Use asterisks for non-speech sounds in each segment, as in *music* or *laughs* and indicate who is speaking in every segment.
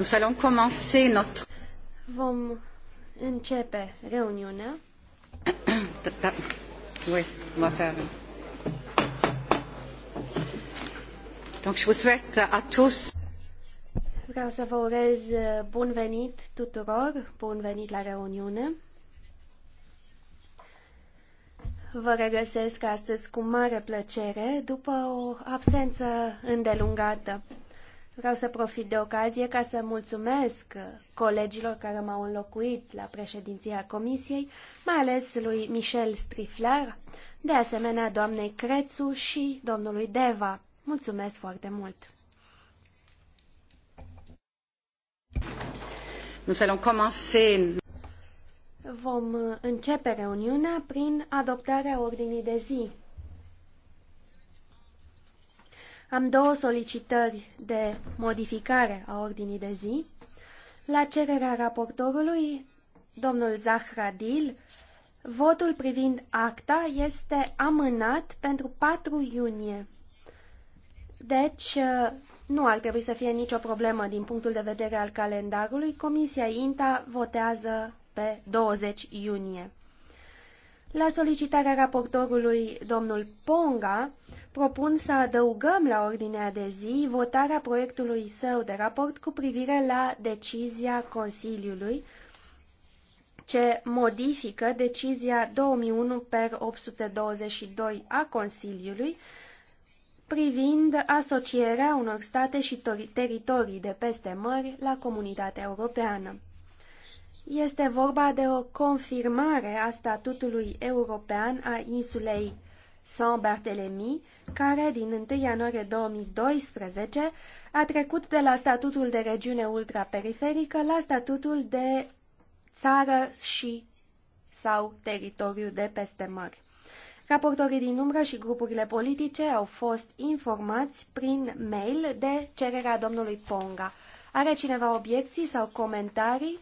Speaker 1: Nous allons commencer notre...
Speaker 2: Vom începe reuniunea.
Speaker 1: *coughs* oui, on va faire... Donc je vous souhaite à tous...
Speaker 2: Vreau să vă urez uh, bun venit tuturor, bun venit la reuniune. Vă regăsesc astăzi cu mare plăcere după o absență îndelungată. Vreau să profit de ocazie ca să mulțumesc colegilor care m-au înlocuit la președinția comisiei, mai ales lui Michel Strifler, de asemenea doamnei Crețu și domnului Deva. Mulțumesc foarte mult!
Speaker 1: Nous allons commencer.
Speaker 2: Vom începe reuniunea prin adoptarea ordinii de zi. Am două solicitări de modificare a ordinii de zi. La cererea raportorului, domnul Zahradil, votul privind acta este amânat pentru 4 iunie. Deci, nu ar trebui să fie nicio problemă din punctul de vedere al calendarului. Comisia INTA votează pe 20 iunie. La solicitarea raportorului domnul Ponga, propun să adăugăm la ordinea de zi votarea proiectului său de raport cu privire la decizia Consiliului ce modifică decizia 2001 per 822 a Consiliului privind asocierea unor state și teritorii de peste mări la comunitatea europeană. Este vorba de o confirmare a statutului european a insulei Saint-Barthélemy, care din 1 ianuarie 2012 a trecut de la statutul de regiune ultraperiferică la statutul de țară și sau teritoriu de peste mări. Raportorii din umbră și grupurile politice au fost informați prin mail de cererea domnului Ponga. Are cineva obiecții sau comentarii?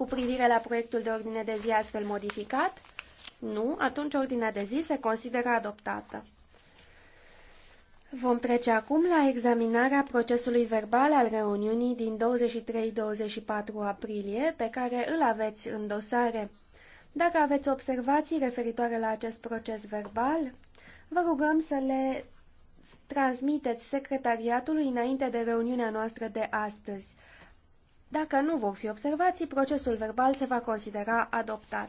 Speaker 2: cu privire la proiectul de ordine de zi astfel modificat? Nu, atunci ordinea de zi se consideră adoptată. Vom trece acum la examinarea procesului verbal al reuniunii din 23-24 aprilie, pe care îl aveți în dosare. Dacă aveți observații referitoare la acest proces verbal, vă rugăm să le transmiteți secretariatului înainte de reuniunea noastră de astăzi. Dacă nu vor fi observații, procesul verbal se va considera adoptat.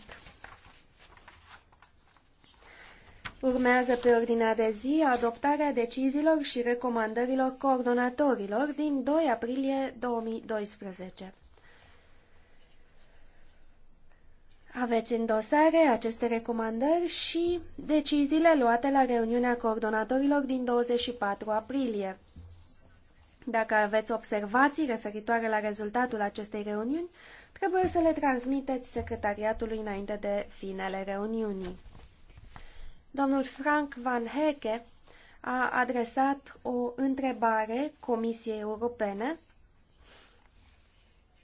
Speaker 2: Urmează pe ordinea de zi adoptarea deciziilor și recomandărilor coordonatorilor din 2 aprilie 2012. Aveți în dosare aceste recomandări și deciziile luate la reuniunea coordonatorilor din 24 aprilie. Dacă aveți observații referitoare la rezultatul acestei reuniuni, trebuie să le transmiteți secretariatului înainte de finele reuniunii. Domnul Frank Van Heke a adresat o întrebare Comisiei Europene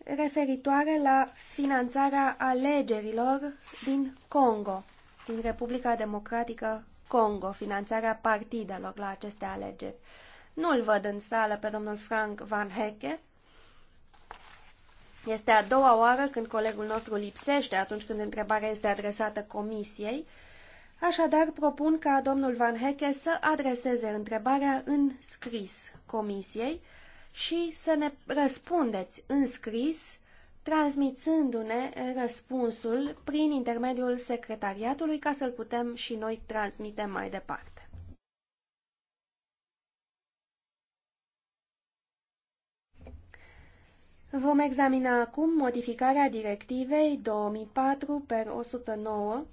Speaker 2: referitoare la finanțarea alegerilor din Congo, din Republica Democratică Congo, finanțarea partidelor la aceste alegeri. Nu-l văd în sală pe domnul Frank Van Hecke. Este a doua oară când colegul nostru lipsește atunci când întrebarea este adresată comisiei. Așadar, propun ca domnul Van Hecke să adreseze întrebarea în scris comisiei și să ne răspundeți în scris, transmițându-ne răspunsul prin intermediul secretariatului ca să-l putem și noi transmite mai departe. Vom examina acum modificarea directivei 2004 per 109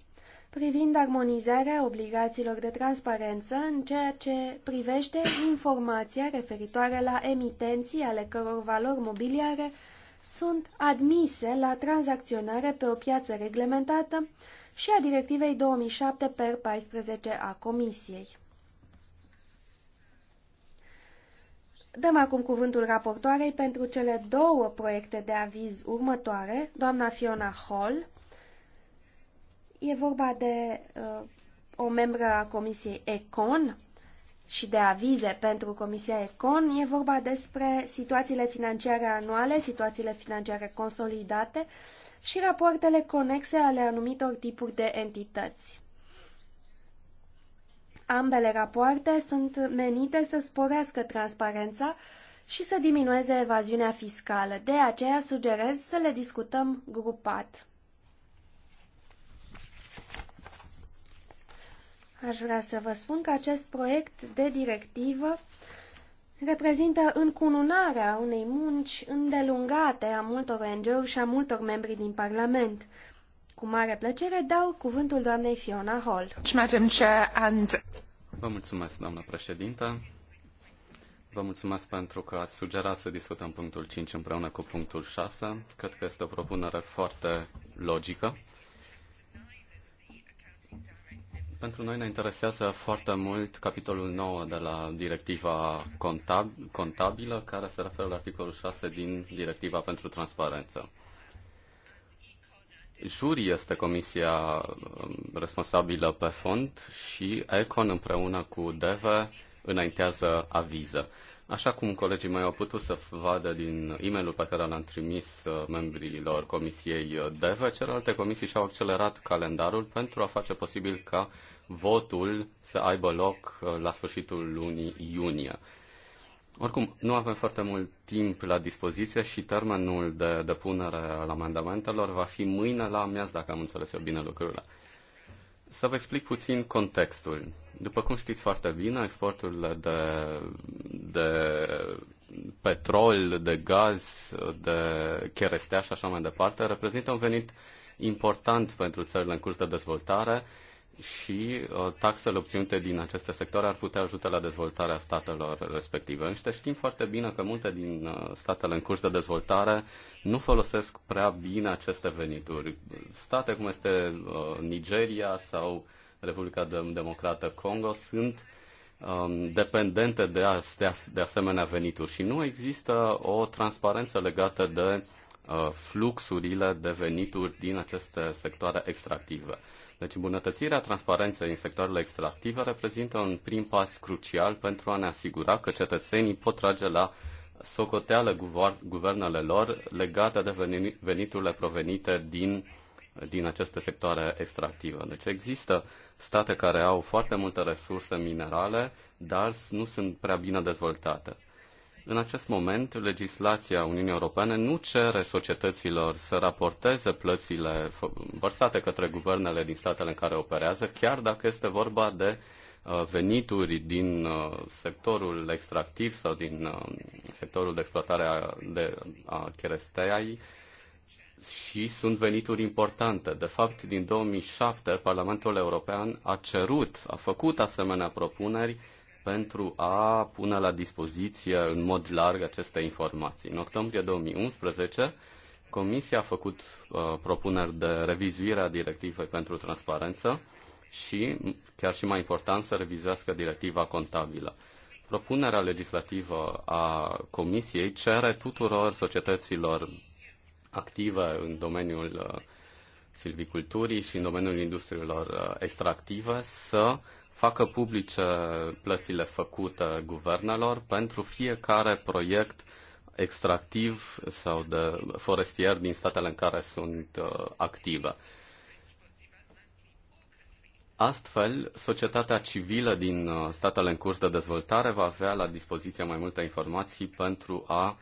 Speaker 2: privind armonizarea obligațiilor de transparență în ceea ce privește informația referitoare la emitenții ale căror valori mobiliare sunt admise la tranzacționare pe o piață reglementată și a directivei 2007 per 14 a Comisiei. Dăm acum cuvântul raportoarei pentru cele două proiecte de aviz următoare, doamna Fiona Hall. E vorba de uh, o membră a Comisiei ECON și de avize pentru Comisia ECON. E vorba despre situațiile financiare anuale, situațiile financiare consolidate și rapoartele conexe ale anumitor tipuri de entități. Ambele rapoarte sunt menite să sporească transparența și să diminueze evaziunea fiscală. De aceea sugerez să le discutăm grupat. Aș vrea să vă spun că acest proiect de directivă reprezintă încununarea unei munci îndelungate a multor ONG-uri și a multor membri din Parlament. Cu mare plăcere dau cuvântul doamnei Fiona Hall.
Speaker 1: and.
Speaker 3: Vă mulțumesc, doamnă președintă. Vă mulțumesc pentru că ați sugerat să discutăm punctul 5 împreună cu punctul 6. Cred că este o propunere foarte logică. Pentru noi ne interesează foarte mult capitolul 9 de la directiva contabilă, care se referă la articolul 6 din directiva pentru transparență. Juri este comisia um, responsabilă pe fond și Econ împreună cu DEVE înaintează aviză. Așa cum colegii mei au putut să vadă din e mail pe care l-am trimis uh, membrilor Comisiei uh, DEVE, celelalte comisii și-au accelerat calendarul pentru a face posibil ca votul să aibă loc uh, la sfârșitul lunii iunie. Oricum, nu avem foarte mult timp la dispoziție și termenul de depunere al amendamentelor va fi mâine la amiaz, dacă am înțeles eu bine lucrurile. Să vă explic puțin contextul. După cum știți foarte bine, exporturile de, de petrol, de gaz, de cherestea și așa mai departe reprezintă un venit important pentru țările în curs de dezvoltare, și uh, taxele obținute din aceste sectoare ar putea ajuta la dezvoltarea statelor respective. Înște știm foarte bine că multe din uh, statele în curs de dezvoltare nu folosesc prea bine aceste venituri. State cum este uh, Nigeria sau Republica Democrată Congo sunt um, dependente de, as, de, as, de asemenea venituri și nu există o transparență legată de fluxurile de venituri din aceste sectoare extractive. Deci îmbunătățirea transparenței în sectoarele extractive reprezintă un prim pas crucial pentru a ne asigura că cetățenii pot trage la socoteală guvernele lor legate de veniturile provenite din, din aceste sectoare extractive. Deci există state care au foarte multe resurse minerale, dar nu sunt prea bine dezvoltate. În acest moment, legislația Uniunii Europene nu cere societăților să raporteze plățile vărsate către guvernele din statele în care operează, chiar dacă este vorba de uh, venituri din uh, sectorul extractiv sau din uh, sectorul de exploatare a, de, a cheresteai și sunt venituri importante. De fapt, din 2007, Parlamentul European a cerut, a făcut asemenea propuneri pentru a pune la dispoziție în mod larg aceste informații. În octombrie 2011, Comisia a făcut uh, propuneri de revizuire a directivei pentru transparență și, chiar și mai important, să revizuiască directiva contabilă. Propunerea legislativă a Comisiei cere tuturor societăților active în domeniul uh, silviculturii și în domeniul industriilor uh, extractive să facă publice plățile făcute guvernelor pentru fiecare proiect extractiv sau de forestier din statele în care sunt uh, active. Astfel, societatea civilă din uh, statele în curs de dezvoltare va avea la dispoziție mai multe informații pentru a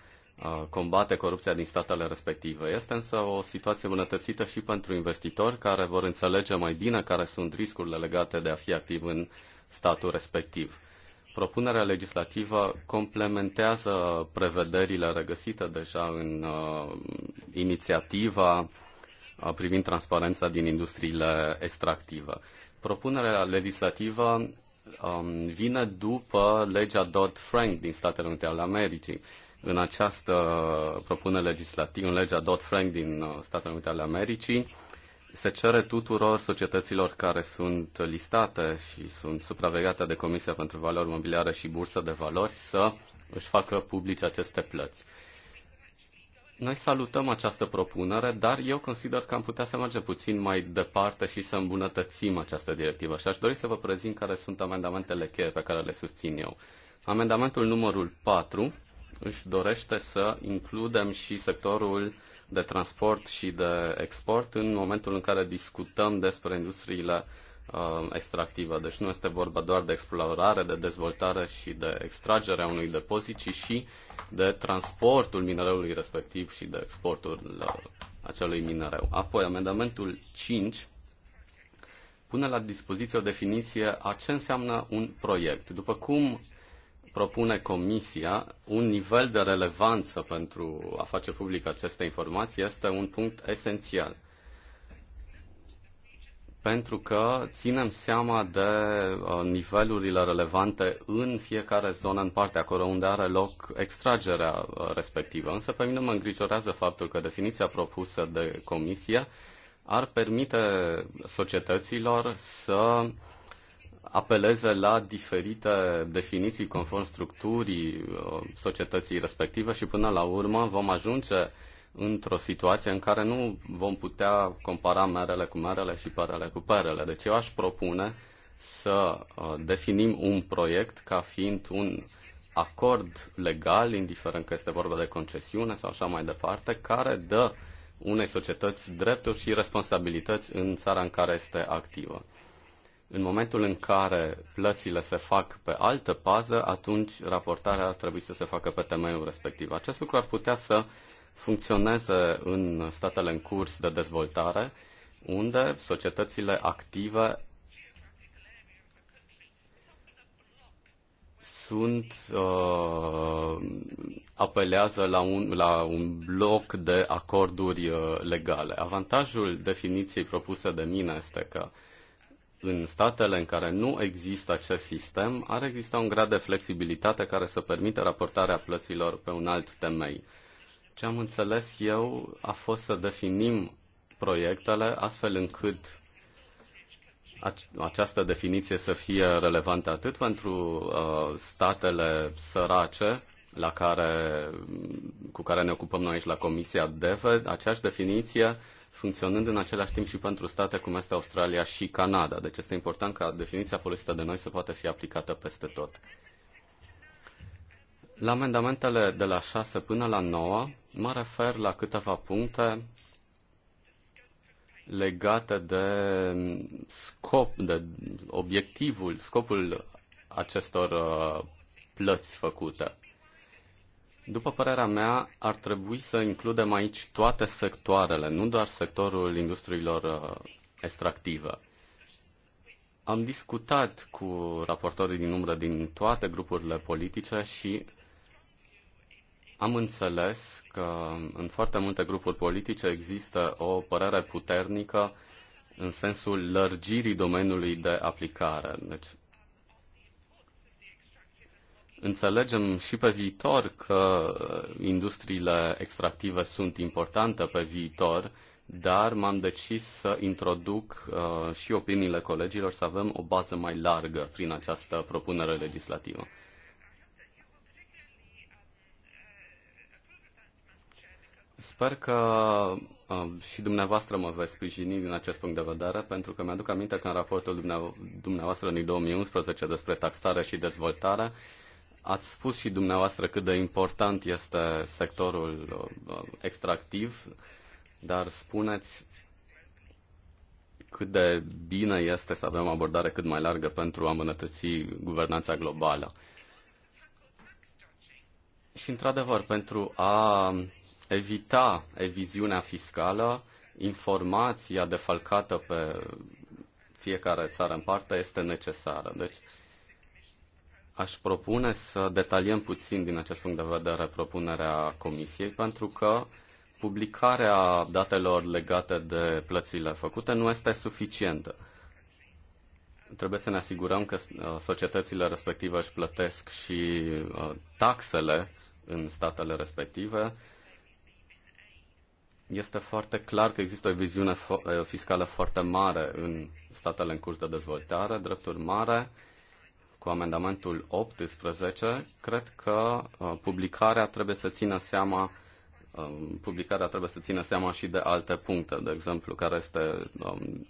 Speaker 3: combate corupția din statele respective. Este însă o situație bunătățită și pentru investitori care vor înțelege mai bine care sunt riscurile legate de a fi activ în statul respectiv. Propunerea legislativă complementează prevederile regăsite deja în uh, inițiativa privind transparența din industriile extractive. Propunerea legislativă um, vine după legea Dodd-Frank din Statele Unite ale Americii, în această propunere legislativă, în legea Dodd-Frank din uh, Statele Unite ale Americii, se cere tuturor societăților care sunt listate și sunt supravegheate de Comisia pentru Valori Mobiliare și Bursă de Valori să își facă publice aceste plăți. Noi salutăm această propunere, dar eu consider că am putea să mergem puțin mai departe și să îmbunătățim această directivă și aș dori să vă prezint care sunt amendamentele cheie pe care le susțin eu. Amendamentul numărul 4 își dorește să includem și sectorul de transport și de export în momentul în care discutăm despre industriile uh, extractive. Deci nu este vorba doar de explorare, de dezvoltare și de extragerea unui depozit, ci și de transportul minereului respectiv și de exportul uh, acelui minereu. Apoi, amendamentul 5 pune la dispoziție o definiție a ce înseamnă un proiect. După cum propune Comisia, un nivel de relevanță pentru a face public aceste informații este un punct esențial. Pentru că ținem seama de uh, nivelurile relevante în fiecare zonă în parte, acolo unde are loc extragerea uh, respectivă. Însă pe mine mă îngrijorează faptul că definiția propusă de Comisie ar permite societăților să apeleze la diferite definiții conform structurii uh, societății respective și până la urmă vom ajunge într-o situație în care nu vom putea compara merele cu merele și perele cu perele. Deci eu aș propune să uh, definim un proiect ca fiind un acord legal, indiferent că este vorba de concesiune sau așa mai departe, care dă unei societăți drepturi și responsabilități în țara în care este activă. În momentul în care plățile se fac pe altă pază, atunci raportarea ar trebui să se facă pe temeiul respectiv. Acest lucru ar putea să funcționeze în statele în curs de dezvoltare, unde societățile active sunt uh, apelează la un, la un bloc de acorduri uh, legale. Avantajul definiției propuse de mine este că uh, în statele în care nu există acest sistem, ar exista un grad de flexibilitate care să permită raportarea plăților pe un alt temei. Ce am înțeles eu a fost să definim proiectele astfel încât această definiție să fie relevantă atât pentru uh, statele sărace, la care, cu care ne ocupăm noi aici la Comisia DEVE, aceeași definiție funcționând în același timp și pentru state cum este Australia și Canada. Deci este important ca definiția folosită de noi să poată fi aplicată peste tot. La amendamentele de la 6 până la 9 mă refer la câteva puncte legate de scop, de obiectivul, scopul acestor uh, plăți făcute. După părerea mea, ar trebui să includem aici toate sectoarele, nu doar sectorul industriilor uh, extractive. Am discutat cu raportorii din umbră din toate grupurile politice și am înțeles că în foarte multe grupuri politice există o părere puternică în sensul lărgirii domeniului de aplicare. Deci înțelegem și pe viitor că industriile extractive sunt importante pe viitor, dar m-am decis să introduc uh, și opiniile colegilor, să avem o bază mai largă prin această propunere legislativă. Sper că uh, și dumneavoastră mă veți sprijini din acest punct de vedere, pentru că mi-aduc aminte că în raportul dumneavoastră din 2011 despre taxare și dezvoltare, uh, Ați spus și dumneavoastră cât de important este sectorul uh, extractiv, dar spuneți cât de bine este să avem abordare cât mai largă pentru a îmbunătăți guvernanța globală. Și, într-adevăr, pentru a evita eviziunea fiscală, informația defalcată pe fiecare țară în parte este necesară. Deci, Aș propune să detaliem puțin din acest punct de vedere propunerea Comisiei, pentru că publicarea datelor legate de plățile făcute nu este suficientă. Trebuie să ne asigurăm că uh, societățile respective își plătesc și uh, taxele în statele respective. Este foarte clar că există o viziune uh, fiscală foarte mare în statele în curs de dezvoltare, drepturi mare cu amendamentul 18, cred că uh, publicarea trebuie să țină seama um, publicarea trebuie să țină seama și de alte puncte, de exemplu, care este um,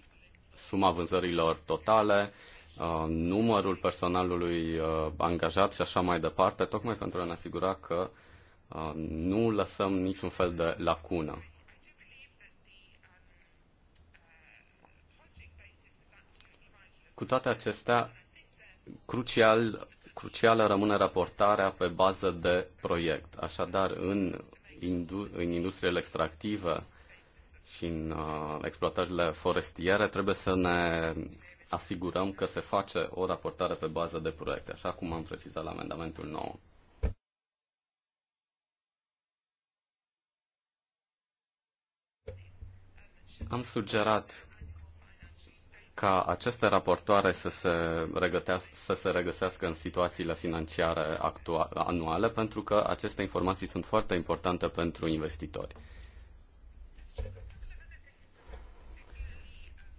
Speaker 3: suma vânzărilor totale, uh, numărul personalului uh, angajat și așa mai departe, tocmai pentru a ne asigura că nu lăsăm niciun fel de lacună. Cu toate acestea, Crucial, crucială rămâne raportarea pe bază de proiect. Așadar, în, indu- în industriile extractive și în uh, exploatările forestiere trebuie să ne asigurăm că se face o raportare pe bază de proiecte, așa cum am precizat la amendamentul 9. Am sugerat ca aceste raportoare să se, să se regăsească în situațiile financiare actuale, anuale, pentru că aceste informații sunt foarte importante pentru investitori.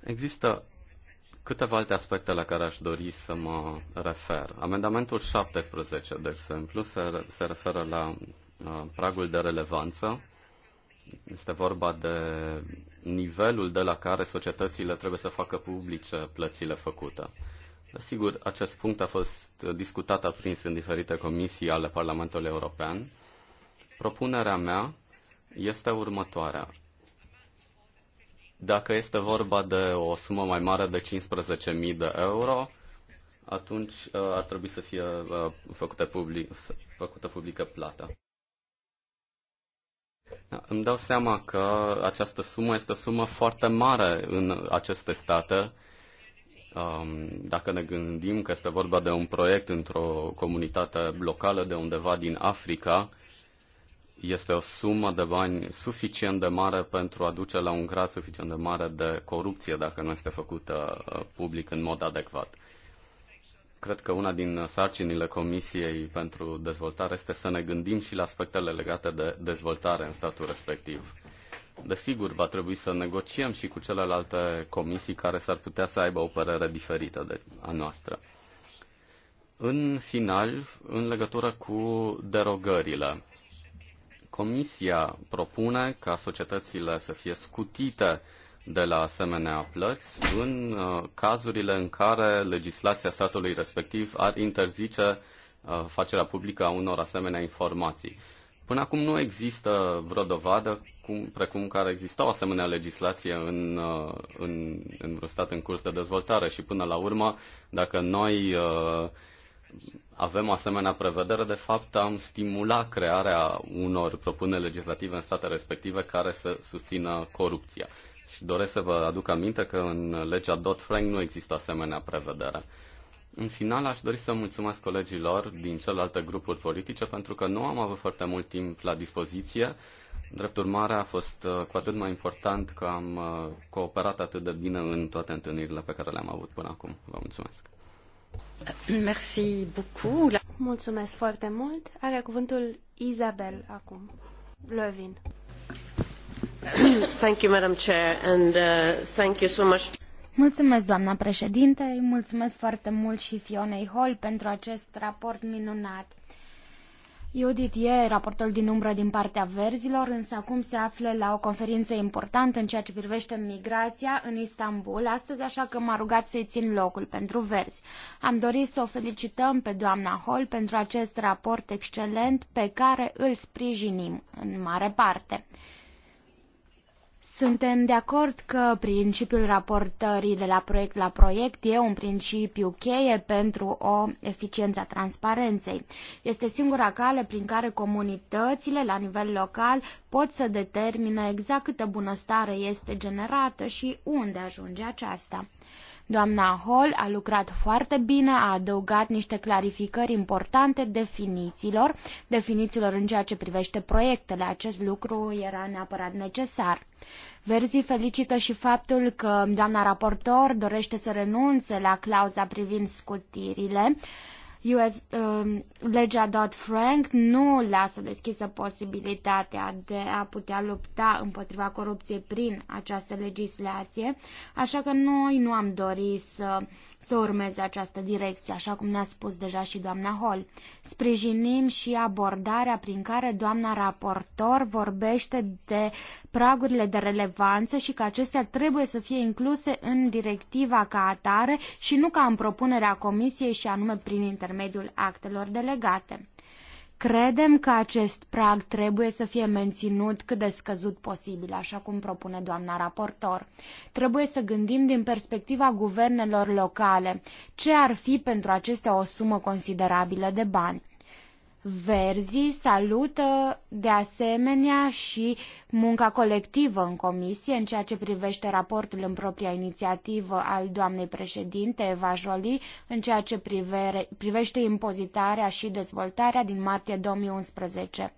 Speaker 3: Există câteva alte aspecte la care aș dori să mă refer. Amendamentul 17, de exemplu, se, se referă la uh, pragul de relevanță este vorba de nivelul de la care societățile trebuie să facă publice plățile făcute. Sigur, acest punct a fost discutat aprins în diferite comisii ale Parlamentului European. Propunerea mea este următoarea. Dacă este vorba de o sumă mai mare de 15.000 de euro, atunci uh, ar trebui să fie uh, făcută, public, făcută publică plata. Da, îmi dau seama că această sumă este o sumă foarte mare în aceste state. Um, dacă ne gândim că este vorba de un proiect într-o comunitate locală de undeva din Africa, este o sumă de bani suficient de mare pentru a duce la un grad suficient de mare de corupție dacă nu este făcută uh, public în mod adecvat cred că una din sarcinile Comisiei pentru Dezvoltare este să ne gândim și la aspectele legate de dezvoltare în statul respectiv. Desigur, va trebui să negociem și cu celelalte comisii care s-ar putea să aibă o părere diferită de a noastră. În final, în legătură cu derogările, Comisia propune ca societățile să fie scutite de la asemenea plăți în uh, cazurile în care legislația statului respectiv ar interzice uh, facerea publică a unor asemenea informații. Până acum nu există vreo dovadă cum, precum care exista o asemenea legislație în, uh, în, în vreun stat în curs de dezvoltare și până la urmă, dacă noi avem asemenea prevedere, de fapt am stimula crearea unor propuneri legislative în state respective care să susțină corupția. Și doresc să vă aduc aminte că în legea Dodd-Frank nu există asemenea prevedere. În final, aș dori să mulțumesc colegilor din celelalte grupuri politice pentru că nu am avut foarte mult timp la dispoziție. Drept urmare, a fost uh, cu atât mai important că am uh, cooperat atât de bine în toate întâlnirile pe care le-am avut până acum. Vă mulțumesc!
Speaker 2: Merci beaucoup. Mulțumesc foarte mult. Are cuvântul Isabel acum.
Speaker 1: Lövin. *coughs* Uh,
Speaker 4: mulțumesc, doamna președinte, mulțumesc foarte mult și Fionei Hall pentru acest raport minunat. Judith e raportul din umbră din partea verzilor, însă acum se află la o conferință importantă în ceea ce privește migrația în Istanbul astăzi, așa că m-a rugat să-i țin locul pentru verzi. Am dorit să o felicităm pe doamna Hall pentru acest raport excelent pe care îl sprijinim în mare parte. Suntem de acord că principiul raportării de la proiect la proiect e un principiu cheie pentru o eficiență a transparenței. Este singura cale prin care comunitățile la nivel local pot să determine exact câtă bunăstare este generată și unde ajunge aceasta. Doamna Hall a lucrat foarte bine, a adăugat niște clarificări importante definițiilor, definițiilor în ceea ce privește proiectele. Acest lucru era neapărat necesar. Verzi felicită și faptul că doamna raportor dorește să renunțe la clauza privind scutirile. Uh, US, um, legea Dodd-Frank nu lasă deschisă posibilitatea de a putea lupta împotriva corupției prin această legislație, așa că noi nu am dorit să, să urmeze această direcție, așa cum ne-a spus deja și doamna Hall. Sprijinim și abordarea prin care doamna raportor vorbește de pragurile de relevanță și că acestea trebuie să fie incluse în directiva ca atare și nu ca în propunerea comisiei și anume prin intermediul intermediul actelor delegate. Credem că acest prag trebuie să fie menținut cât de scăzut posibil, așa cum propune doamna raportor. Trebuie să gândim din perspectiva guvernelor locale ce ar fi pentru acestea o sumă considerabilă de bani. Verzi salută de asemenea și munca colectivă în comisie în ceea ce privește raportul în propria inițiativă al doamnei președinte Eva Jolie în ceea ce privere, privește impozitarea și dezvoltarea din martie 2011.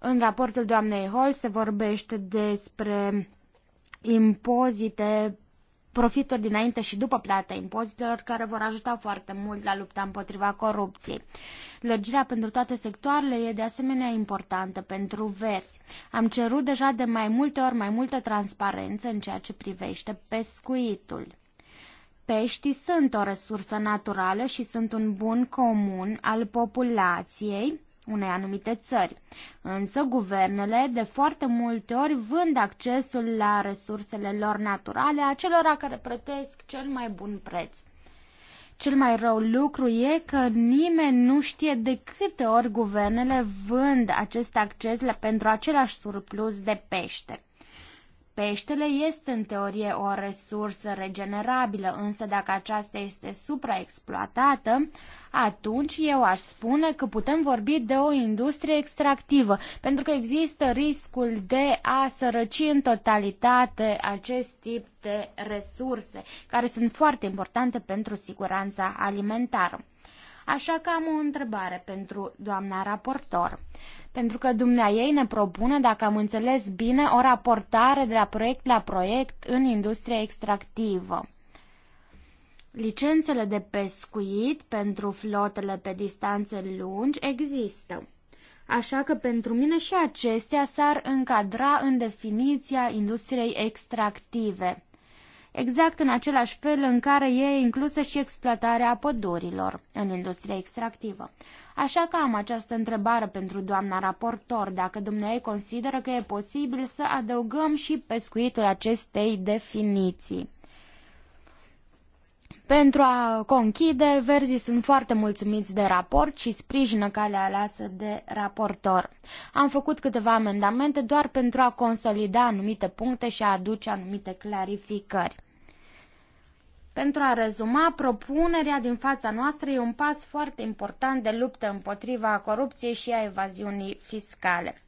Speaker 4: În raportul doamnei Hall se vorbește despre impozite profituri dinainte și după plata impozitelor, care vor ajuta foarte mult la lupta împotriva corupției. Lărgirea pentru toate sectoarele e de asemenea importantă pentru verzi. Am cerut deja de mai multe ori mai multă transparență în ceea ce privește pescuitul. Peștii sunt o resursă naturală și sunt un bun comun al populației unei anumite țări. Însă guvernele de foarte multe ori vând accesul la resursele lor naturale acelora care plătesc cel mai bun preț. Cel mai rău lucru e că nimeni nu știe de câte ori guvernele vând acest acces la, pentru același surplus de pește. Peștele este în teorie o resursă regenerabilă, însă dacă aceasta este supraexploatată, atunci eu aș spune că putem vorbi de o industrie extractivă, pentru că există riscul de a sărăci în totalitate acest tip de resurse, care sunt foarte importante pentru siguranța alimentară. Așa că am o întrebare pentru doamna raportor. Pentru că dumnea ei ne propune, dacă am înțeles bine, o raportare de la proiect la proiect în industria extractivă. Licențele de pescuit pentru flotele pe distanțe lungi există. Așa că pentru mine și acestea s-ar încadra în definiția industriei extractive, exact în același fel în care e inclusă și exploatarea pădurilor în industria extractivă. Așa că am această întrebare pentru doamna raportor, dacă dumneavoastră consideră că e posibil să adăugăm și pescuitul acestei definiții. Pentru a conchide, verzii sunt foarte mulțumiți de raport și sprijină calea aleasă de raportor. Am făcut câteva amendamente doar pentru a consolida anumite puncte și a aduce anumite clarificări. Pentru a rezuma, propunerea din fața noastră e un pas foarte important de luptă împotriva corupției și a evaziunii fiscale.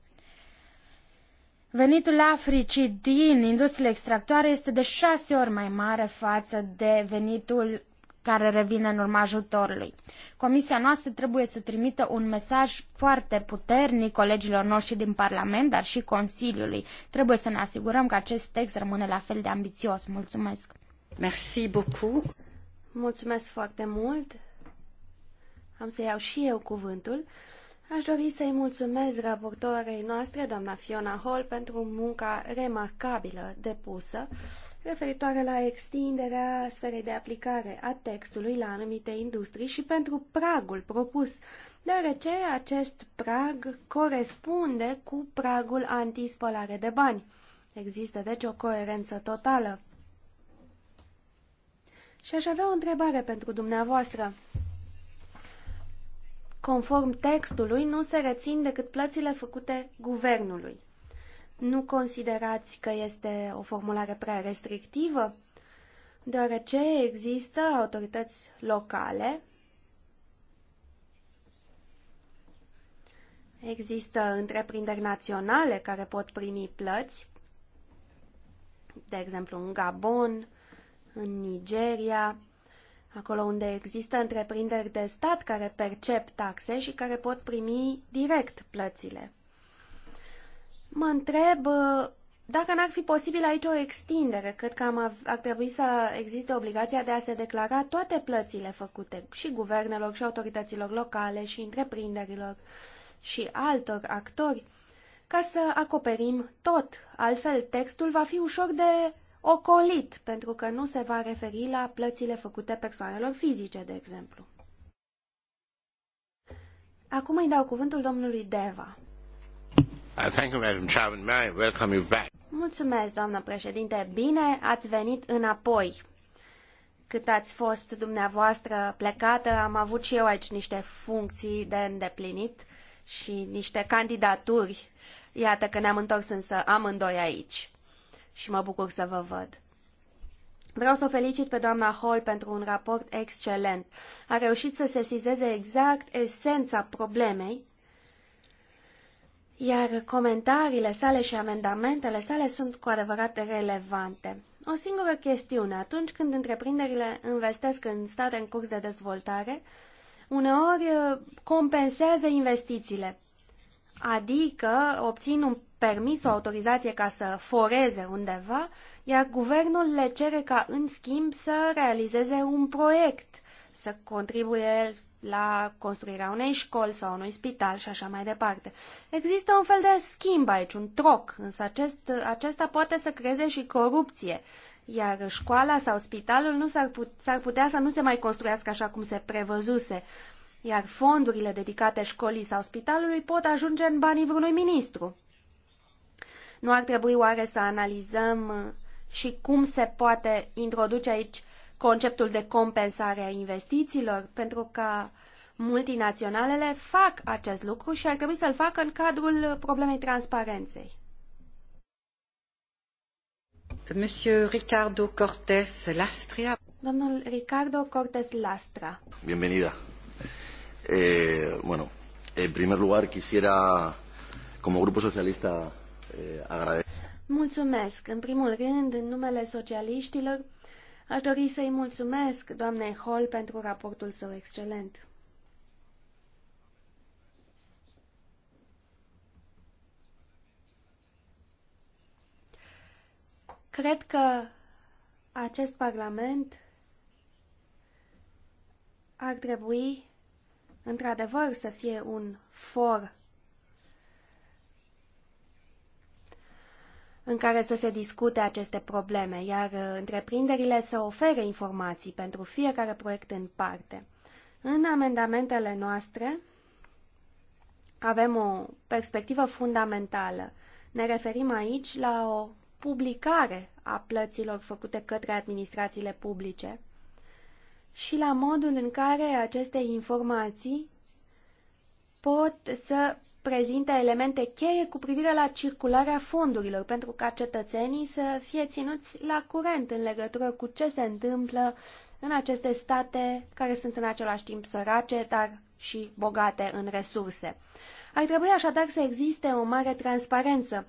Speaker 4: Venitul Africii din industriile extractoare este de șase ori mai mare față de venitul care revine în urma ajutorului. Comisia noastră trebuie să trimită un mesaj foarte puternic colegilor noștri din Parlament, dar și Consiliului. Trebuie să ne asigurăm că acest text rămâne la fel de ambițios. Mulțumesc!
Speaker 2: Merci beaucoup! Mulțumesc foarte mult! Am să iau și eu cuvântul. Aș dori să-i mulțumesc raportoarei noastre, doamna Fiona Hall, pentru munca remarcabilă depusă referitoare la extinderea sferei de aplicare a textului la anumite industrii și pentru pragul propus, deoarece acest prag corespunde cu pragul antispălare de bani. Există deci o coerență totală. Și aș avea o întrebare pentru dumneavoastră. Conform textului, nu se rețin decât plățile făcute guvernului. Nu considerați că este o formulare prea restrictivă? Deoarece există autorități locale, există întreprinderi naționale care pot primi plăți, de exemplu în Gabon, în Nigeria, acolo unde există întreprinderi de stat care percep taxe și care pot primi direct plățile. Mă întreb uh, dacă n-ar fi posibil aici o extindere. Cred că am ar trebui să existe obligația de a se declara toate plățile făcute și guvernelor și autorităților locale și întreprinderilor și altor actori ca să acoperim tot. Altfel, textul va fi ușor de ocolit, pentru că nu se va referi la plățile făcute persoanelor fizice, de exemplu. Acum îi dau cuvântul domnului Deva. Mulțumesc, doamnă președinte. Bine ați venit înapoi. Cât ați fost dumneavoastră plecată, am avut și eu aici niște funcții de îndeplinit și niște candidaturi. Iată că ne-am întors însă amândoi aici și mă bucur să vă văd. Vreau să o felicit pe doamna Hall pentru un raport excelent. A reușit să sesizeze exact esența problemei, iar comentariile sale și amendamentele sale sunt cu adevărat relevante. O singură chestiune, atunci când întreprinderile investesc în state în curs de dezvoltare, uneori eh, compensează investițiile, adică obțin un permis o autorizație ca să foreze undeva, iar guvernul le cere ca, în schimb, să realizeze un proiect, să contribuie la construirea unei școli sau unui spital și așa mai departe. Există un fel de schimb aici, un troc, însă acest, acesta poate să creeze și corupție, iar școala sau spitalul nu s-ar, put, putea să nu se mai construiască așa cum se prevăzuse, iar fondurile dedicate școlii sau spitalului pot ajunge în banii vreunui ministru. Nu ar trebui oare să analizăm uh, și cum se poate introduce aici conceptul de compensare a investițiilor, pentru că multinaționalele fac acest lucru și ar trebui să-l facă în cadrul problemei transparenței.
Speaker 1: Monsieur Ricardo Cortez Lastria.
Speaker 2: Domnul Ricardo Cortez Lastra.
Speaker 3: Bienvenida. Eh, bueno, en primer lugar quisiera, como Grupo Socialista
Speaker 2: Mulțumesc. În primul rând, în numele socialiștilor, aș dori să-i mulțumesc doamnei Hall pentru raportul său excelent. Cred că acest Parlament ar trebui, într-adevăr, să fie un for în care să se discute aceste probleme, iar uh, întreprinderile să ofere informații pentru fiecare proiect în parte. În amendamentele noastre avem o perspectivă fundamentală. Ne referim aici la o publicare a plăților făcute către administrațiile publice și la modul în care aceste informații pot să prezinte elemente cheie cu privire la circularea fondurilor, pentru ca cetățenii să fie ținuți la curent în legătură cu ce se întâmplă în aceste state care sunt în același timp sărace, dar și bogate în resurse. Ar trebui așadar să existe o mare transparență.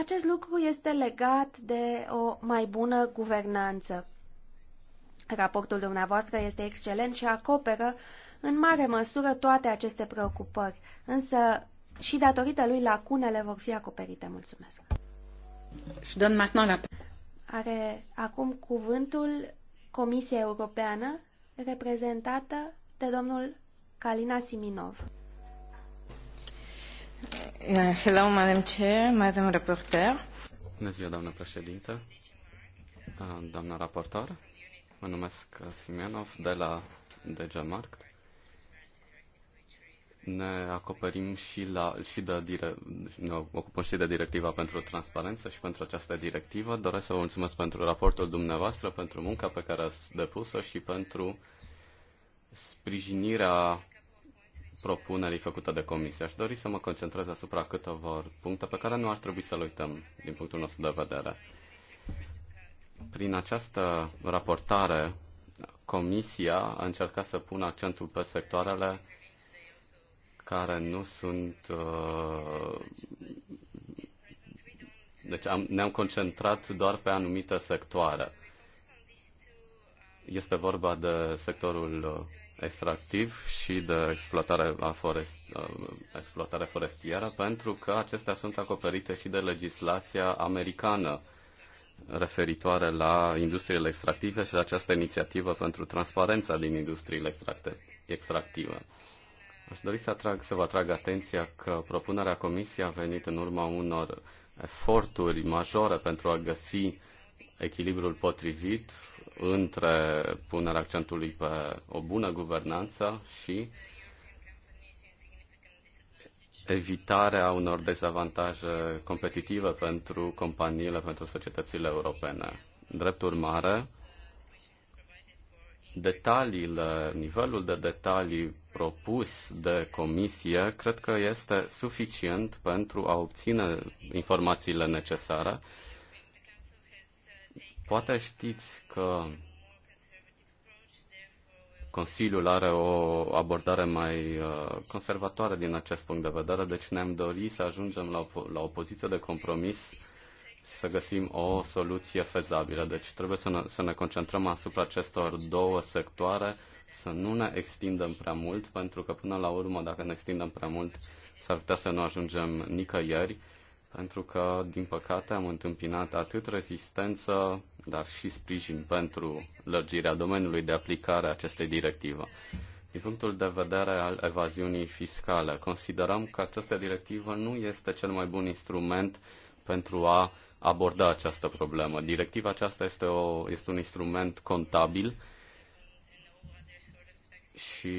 Speaker 2: Acest lucru este legat de o mai bună guvernanță. Raportul dumneavoastră este excelent și acoperă în mare măsură toate aceste preocupări, însă și datorită lui lacunele vor fi acoperite. Mulțumesc.
Speaker 1: Și dăm maintenant
Speaker 2: Are acum cuvântul Comisia Europeană reprezentată de domnul Kalina Siminov.
Speaker 1: Hello, Madam Chair, Madam Reporter.
Speaker 3: Bună ziua, doamnă președintă, ah, doamnă raportor. Mă numesc Simenov de la DG Markt ne acoperim și, la, și de dire, ne ocupăm și de directiva pentru transparență și pentru această directivă. Doresc să vă mulțumesc pentru raportul dumneavoastră, pentru munca pe care ați depus-o și pentru sprijinirea propunerii făcute de comisie. Aș dori să mă concentrez asupra câteva puncte pe care nu ar trebui să le uităm din punctul nostru de vedere. Prin această raportare, comisia a încercat să pună accentul pe sectoarele care nu sunt. Uh, deci am, ne-am concentrat doar pe anumite sectoare. Este vorba de sectorul extractiv și de exploatare, a forest, uh, exploatare forestieră, pentru că acestea sunt acoperite și de legislația americană referitoare la industriile extractive și la această inițiativă pentru transparența din industriile extractive. Aș dori să, atrag, să vă atrag atenția că propunerea Comisiei a venit în urma unor eforturi majore pentru a găsi echilibrul potrivit între punerea accentului pe o bună guvernanță și evitarea unor dezavantaje competitive pentru companiile, pentru societățile europene. Drept urmare, detaliile, nivelul de detalii propus de comisie cred că este suficient pentru a obține informațiile necesare. Poate știți că Consiliul are o abordare mai uh, conservatoare din acest punct de vedere, deci ne-am dorit să ajungem la o, la o poziție de compromis să găsim o soluție fezabilă. Deci trebuie să ne, să ne concentrăm asupra acestor două sectoare să nu ne extindem prea mult, pentru că până la urmă, dacă ne extindem prea mult, s-ar putea să nu ajungem nicăieri, pentru că, din păcate, am întâmpinat atât rezistență, dar și sprijin pentru lărgirea domeniului de aplicare a acestei directive. Din punctul de vedere al evaziunii fiscale, considerăm că această directivă nu este cel mai bun instrument pentru a aborda această problemă. Directiva aceasta este, o, este un instrument contabil și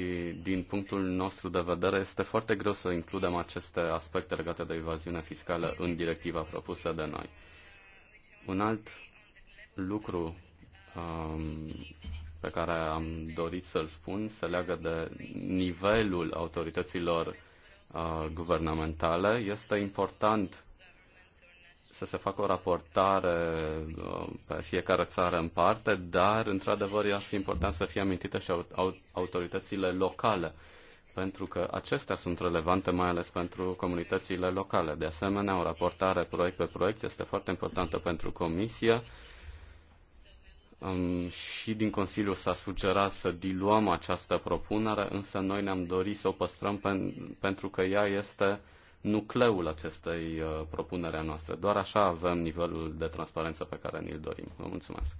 Speaker 3: din punctul nostru de vedere este foarte greu să includem aceste aspecte legate de evaziune fiscală în directiva propusă de noi. Un alt lucru um, pe care am dorit să-l spun se leagă de nivelul autorităților uh, guvernamentale. Este important să se facă o raportare uh, pe fiecare țară în parte, dar, într-adevăr, ar fi important să fie amintite și autoritățile locale, pentru că acestea sunt relevante mai ales pentru comunitățile locale. De asemenea, o raportare proiect pe proiect este foarte importantă pentru Comisie, Um, și din Consiliu s-a sugerat să diluăm această propunere, însă noi ne-am dorit să o păstrăm pen, pentru că ea este nucleul acestei uh, propunere a noastră. Doar așa avem nivelul de transparență pe care ni-l dorim. Vă mulțumesc!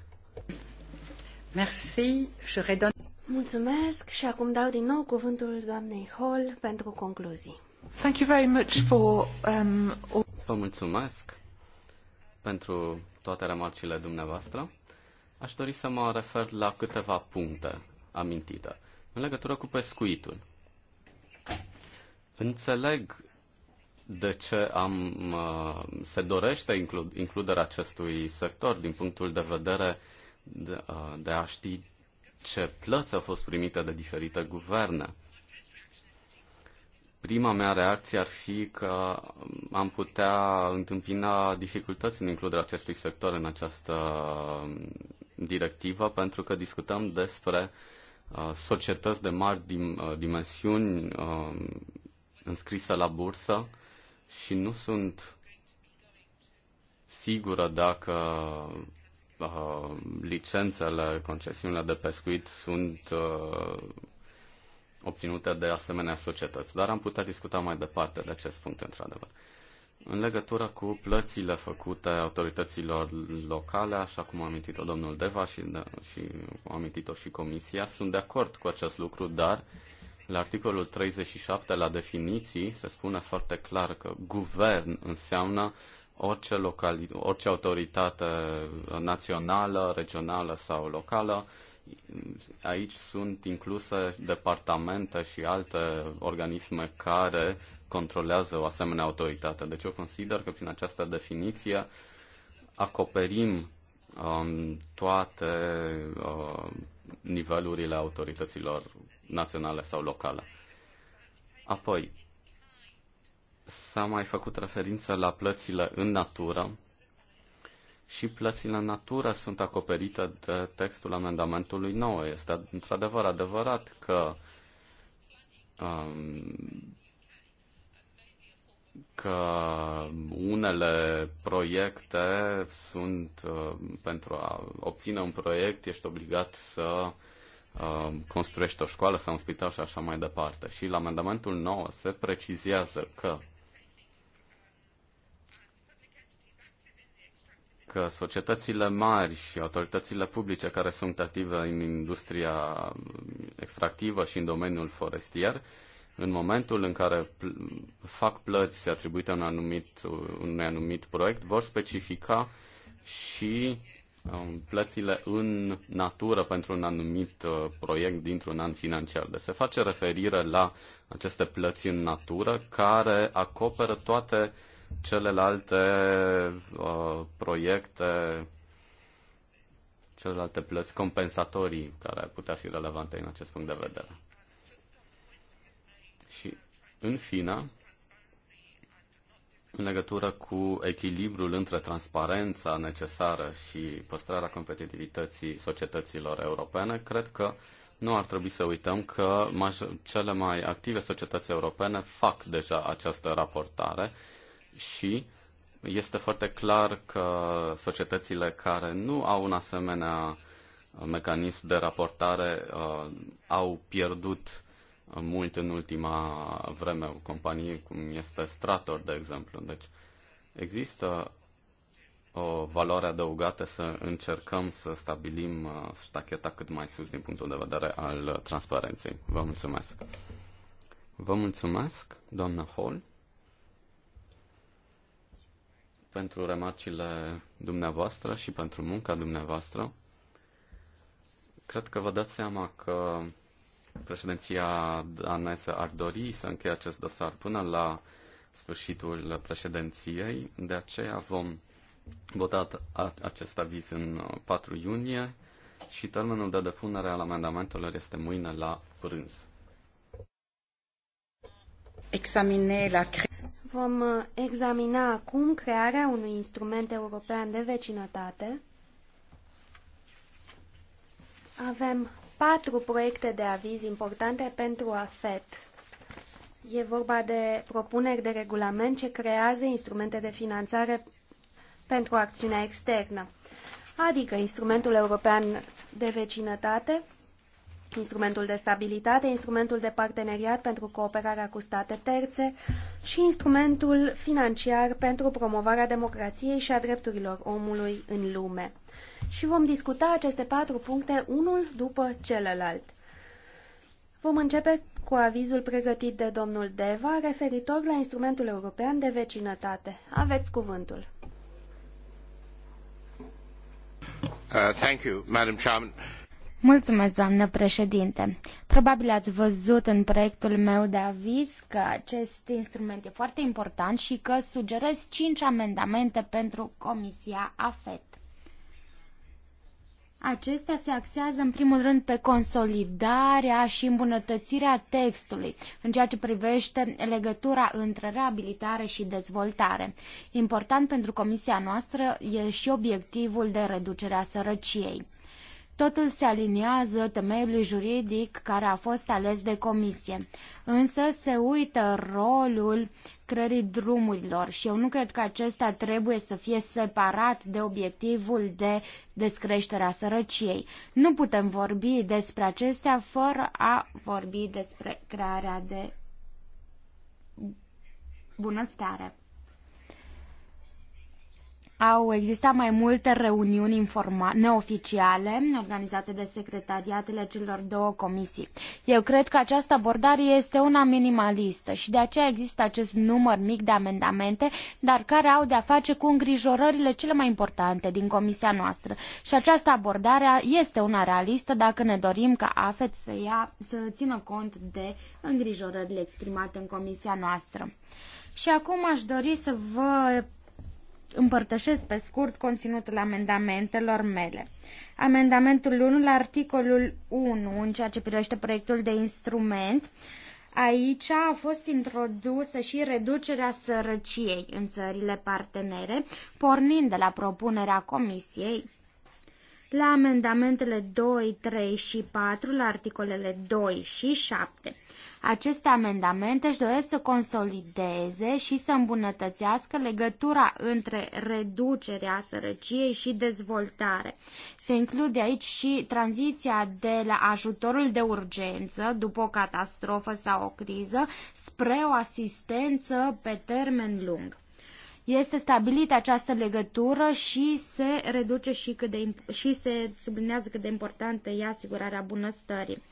Speaker 1: Merci. Je
Speaker 2: Mulțumesc și acum dau din nou cuvântul doamnei Hall pentru concluzii.
Speaker 1: Thank you very much for,
Speaker 2: um,
Speaker 3: all... Vă mulțumesc pentru toate remarcile dumneavoastră. Aș dori să mă refer la câteva puncte amintite în legătură cu pescuitul. Înțeleg de ce am, se dorește includerea acestui sector din punctul de vedere de, de a ști ce plăți au fost primite de diferite guverne. Prima mea reacție ar fi că am putea întâmpina dificultăți în includerea acestui sector în această um, directivă, pentru că discutăm despre uh, societăți de mari uh, dimensiuni um, înscrise la bursă și nu sunt sigură dacă uh, licențele, concesiunile de pescuit sunt uh, obținute de asemenea societăți. Dar am putea discuta mai departe de acest punct, într-adevăr. În legătură cu plățile făcute autorităților locale, așa cum a amintit-o domnul Deva și, de, da, și a amintit-o și Comisia, sunt de acord cu acest lucru, dar uh, la articolul 37, la definiții, se spune foarte clar că guvern înseamnă orice, locali- orice autoritate națională, regională sau locală. Aici sunt incluse departamente și alte organisme care controlează o asemenea autoritate. Deci eu consider că prin această definiție acoperim um, toate uh, nivelurile autorităților naționale sau locale. Apoi, s-a mai făcut referință la plățile în natură și plățile în natură sunt acoperite de textul amendamentului 9. Este într-adevăr adevărat că um, că unele proiecte sunt, uh, pentru a obține un proiect, ești obligat să uh, construiești o școală sau un spital și așa mai departe. Și la amendamentul 9 se precizează că că societățile mari și autoritățile publice care sunt active în industria extractivă și în domeniul forestier în momentul în care fac plăți atribuite în anumit, unui anumit proiect, vor specifica și um, plățile în natură pentru un anumit uh, proiect dintr-un an financiar. De deci se face referire la aceste plăți în natură care acoperă toate celelalte uh, proiecte, celelalte plăți compensatorii care ar putea fi relevante în acest punct de vedere. Și, în fina, în legătură cu echilibrul între transparența necesară și păstrarea competitivității societăților europene, cred că nu ar trebui să uităm că cele mai active societăți europene fac deja această raportare și este foarte clar că societățile care nu au un asemenea mecanism de raportare uh, au pierdut mult în ultima vreme, o companie cum este Strator, de exemplu. Deci există o valoare adăugată să încercăm să stabilim uh, ștacheta cât mai sus din punctul de vedere al transparenței. Vă mulțumesc. Vă mulțumesc, doamnă Hall, pentru remarcile dumneavoastră și pentru munca dumneavoastră. Cred că vă dați seama că Președinția daneză ar dori să încheie acest dosar până la sfârșitul președinției, de aceea vom vota acest aviz în 4 uh, iunie și termenul de depunere al amendamentelor este mâine la prânz.
Speaker 1: la cre-
Speaker 2: Vom uh, examina acum crearea unui instrument european de vecinătate. Avem patru proiecte de aviz importante pentru AFET. E vorba de propuneri de regulament ce creează instrumente de finanțare pentru acțiunea externă, adică instrumentul european de vecinătate, instrumentul de stabilitate, instrumentul de parteneriat pentru cooperarea cu state terțe și instrumentul financiar pentru promovarea democrației și a drepturilor omului în lume. Și vom discuta aceste patru puncte unul după celălalt. Vom începe cu avizul pregătit de domnul Deva referitor la instrumentul european de vecinătate. Aveți cuvântul.
Speaker 1: Uh, thank
Speaker 3: you, Madam Chairman.
Speaker 4: Mulțumesc, doamnă președinte. Probabil ați văzut în proiectul meu de aviz că acest instrument e foarte important și că sugerez cinci amendamente pentru Comisia AFET. Acestea se axează în primul rând pe consolidarea și îmbunătățirea textului în ceea ce privește legătura între reabilitare și dezvoltare. Important pentru comisia noastră e și obiectivul de reducere a sărăciei. Totul se aliniază temeiului juridic care a fost ales de comisie, însă se uită rolul creării drumurilor și eu nu cred că acesta trebuie să fie separat de obiectivul de descreșterea sărăciei. Nu putem vorbi despre acestea fără a vorbi despre crearea de bunăstare au existat mai multe reuniuni neoficiale organizate de secretariatele celor două comisii. Eu cred că această abordare este una minimalistă și de aceea există acest număr mic de amendamente, dar care au de-a face cu îngrijorările cele mai importante din comisia noastră. Și această abordare este una realistă dacă ne dorim ca AFET să, ia, să țină cont de îngrijorările exprimate în comisia noastră. Și acum aș dori să vă împărtășesc pe scurt conținutul amendamentelor mele. Amendamentul 1 la articolul 1 în ceea ce privește proiectul de instrument. Aici a fost introdusă și reducerea sărăciei în țările partenere, pornind de la propunerea Comisiei la amendamentele 2, 3 și 4, la articolele 2 și 7. Aceste amendamente își doresc să consolideze și să îmbunătățească legătura între reducerea sărăciei și dezvoltare. Se include aici și tranziția de la ajutorul de urgență după o catastrofă sau o criză spre o asistență pe termen lung este stabilită această legătură și se reduce și, cât de, și se sublinează cât de importantă e asigurarea bunăstării.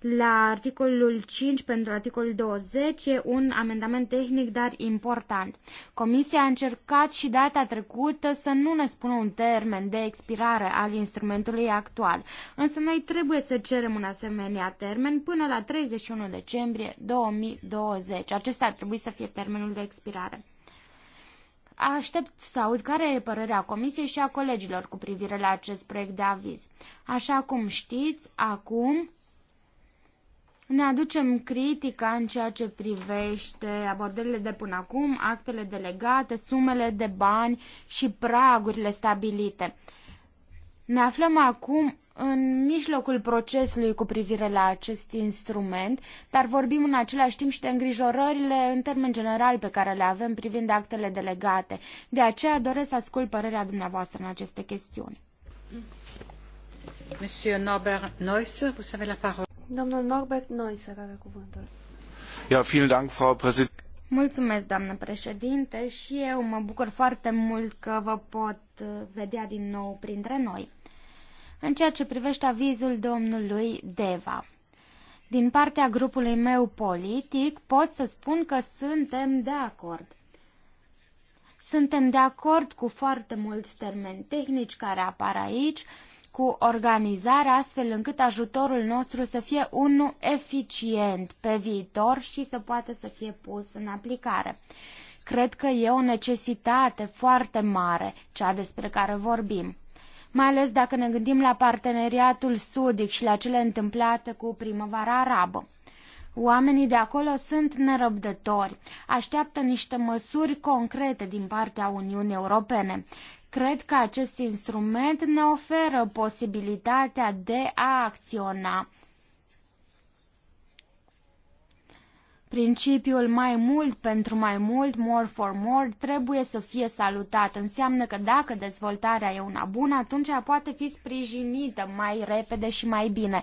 Speaker 4: La articolul 5 pentru articolul 20 e un amendament tehnic, dar important. Comisia a încercat și data trecută să nu ne spună un termen de expirare al instrumentului actual, însă noi trebuie să cerem un asemenea termen până la 31 decembrie 2020. Acesta ar trebui să fie termenul de expirare. Aștept să aud care e părerea Comisiei și a colegilor cu privire la acest proiect de aviz. Așa cum știți, acum ne aducem critica în ceea ce privește abordările de până acum, actele delegate, sumele de bani și pragurile stabilite. Ne aflăm acum în mijlocul procesului cu privire la acest instrument, dar vorbim în același timp și de îngrijorările în termen general pe care le avem privind actele delegate. De aceea doresc să ascult părerea dumneavoastră în aceste chestiuni.
Speaker 1: Monsieur Norbert Neuss, vous avez la parole.
Speaker 2: Domnul Norbert Neusser are cuvântul.
Speaker 1: Ja, vielen Dank, Frau Präsident. Mulțumesc, doamnă președinte, și
Speaker 4: eu mă bucur foarte mult că vă pot uh, vedea din nou printre noi. În ceea ce privește avizul domnului Deva, din partea grupului meu politic pot să spun că suntem de acord. Suntem de acord cu foarte mulți termeni tehnici care apar aici, cu organizarea astfel încât ajutorul nostru să fie unul eficient pe viitor și să poată să fie pus în aplicare. Cred că e o necesitate foarte mare, cea despre care vorbim mai ales dacă ne gândim la parteneriatul sudic și la cele întâmplate cu primăvara arabă. Oamenii de acolo sunt nerăbdători, așteaptă niște măsuri concrete din partea Uniunii Europene. Cred că acest instrument ne oferă posibilitatea de a acționa. Principiul mai mult pentru mai mult, more for more, trebuie să fie salutat. Înseamnă că dacă dezvoltarea e una bună, atunci poate fi sprijinită mai repede și mai bine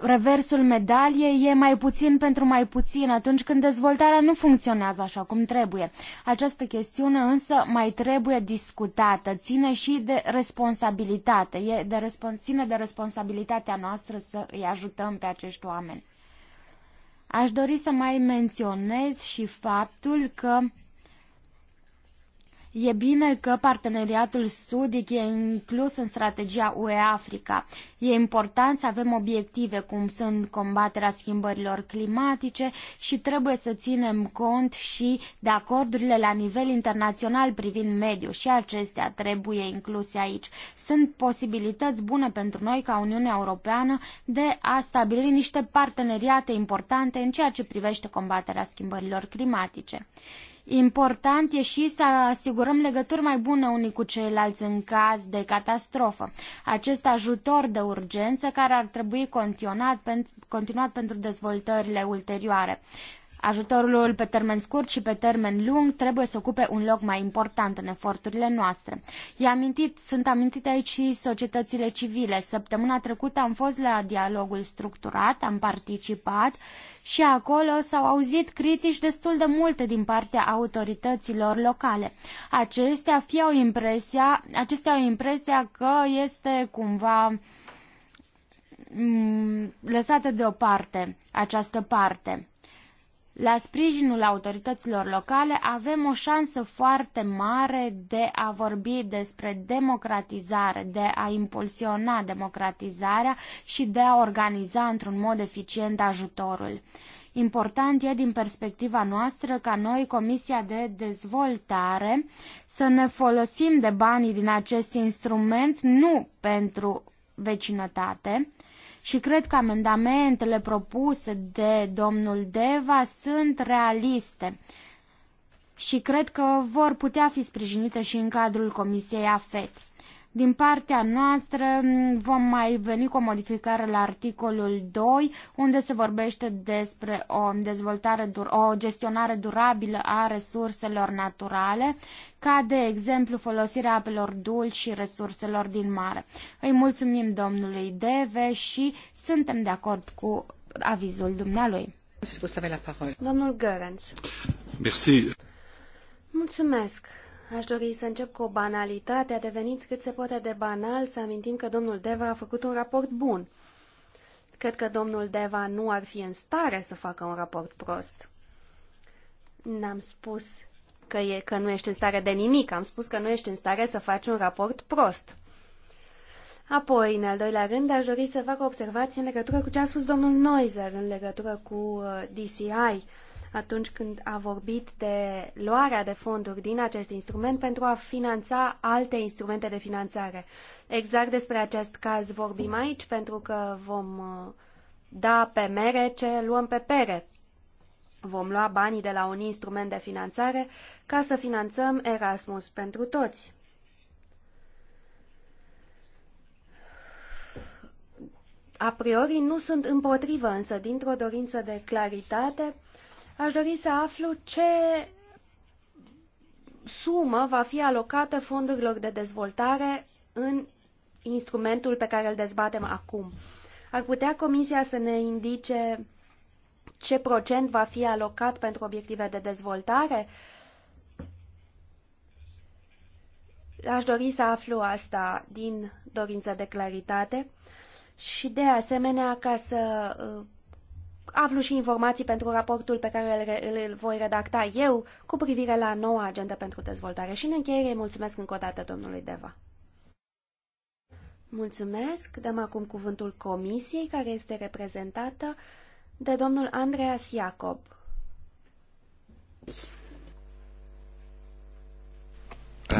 Speaker 4: reversul medaliei e mai puțin pentru mai puțin atunci când dezvoltarea nu funcționează așa cum trebuie. Această chestiune însă mai trebuie discutată, ține și de responsabilitate, e de respons- ține de responsabilitatea noastră să îi ajutăm pe acești oameni. Aș dori să mai menționez și faptul că E bine că parteneriatul sudic e inclus în strategia UE-Africa. E important să avem obiective cum sunt combaterea schimbărilor climatice și trebuie să ținem cont și de acordurile la nivel internațional privind mediul și acestea trebuie incluse aici. Sunt posibilități bune pentru noi ca Uniunea Europeană de a stabili niște parteneriate importante în ceea ce privește combaterea schimbărilor climatice. Important e și să asigurăm legături mai bune unii cu ceilalți în caz de catastrofă. Acest ajutor de urgență care ar trebui continuat, continuat pentru dezvoltările ulterioare. Ajutorul pe termen scurt și pe termen lung trebuie să ocupe un loc mai important în eforturile noastre. I amintit, sunt amintite aici și societățile civile. Săptămâna trecută am fost la dialogul structurat, am participat și acolo s-au auzit critici destul de multe din partea autorităților locale. Acestea, fie au impresia, acestea au impresia că este cumva mm, lăsată deoparte această parte la sprijinul autorităților locale avem o șansă foarte mare de a vorbi despre democratizare, de a impulsiona democratizarea și de a organiza într-un mod eficient ajutorul. Important e din perspectiva noastră ca noi, Comisia de Dezvoltare, să ne folosim de banii din acest instrument nu pentru vecinătate, și cred că amendamentele propuse de domnul Deva sunt realiste și cred că vor putea fi sprijinite și în cadrul Comisiei AFET. Din partea noastră mm, vom mai veni cu o modificare la articolul 2, unde se vorbește despre o dezvoltare, o gestionare durabilă a resurselor naturale, ca de exemplu folosirea apelor dulci și resurselor din mare. Îi mulțumim domnului Deve și suntem de acord cu avizul dumnealui.
Speaker 2: Domnul Görens. Mulțumesc. Aș dori să încep cu o banalitate. A devenit cât se poate de banal să amintim că domnul Deva a făcut un raport bun. Cred că domnul Deva nu ar fi în stare să facă un raport prost. N-am spus că, e, că nu ești în stare de nimic, am spus că nu ești în stare să faci un raport prost. Apoi, în al doilea rând, aș dori să fac o observație în legătură cu ce a spus domnul Noizer în legătură cu uh, DCI atunci când a vorbit de luarea de fonduri din acest instrument pentru a finanța alte instrumente de finanțare. Exact despre acest caz vorbim aici, pentru că vom uh, da pe mere ce luăm pe pere. Vom lua banii de la un instrument de finanțare ca să finanțăm Erasmus pentru toți. A priori nu sunt împotrivă, însă dintr-o dorință de claritate Aș dori să aflu ce sumă va fi alocată fondurilor de dezvoltare în instrumentul pe care îl dezbatem acum. Ar putea Comisia să ne indice ce procent va fi alocat pentru obiective de dezvoltare? Aș dori să aflu asta din dorință de claritate și de asemenea ca să aflu și informații pentru raportul pe care îl, îl voi redacta eu cu privire la noua agenda pentru dezvoltare. Și în încheiere mulțumesc încă o dată domnului Deva. Mulțumesc. Dăm acum cuvântul comisiei care este reprezentată de domnul Andreas Iacob.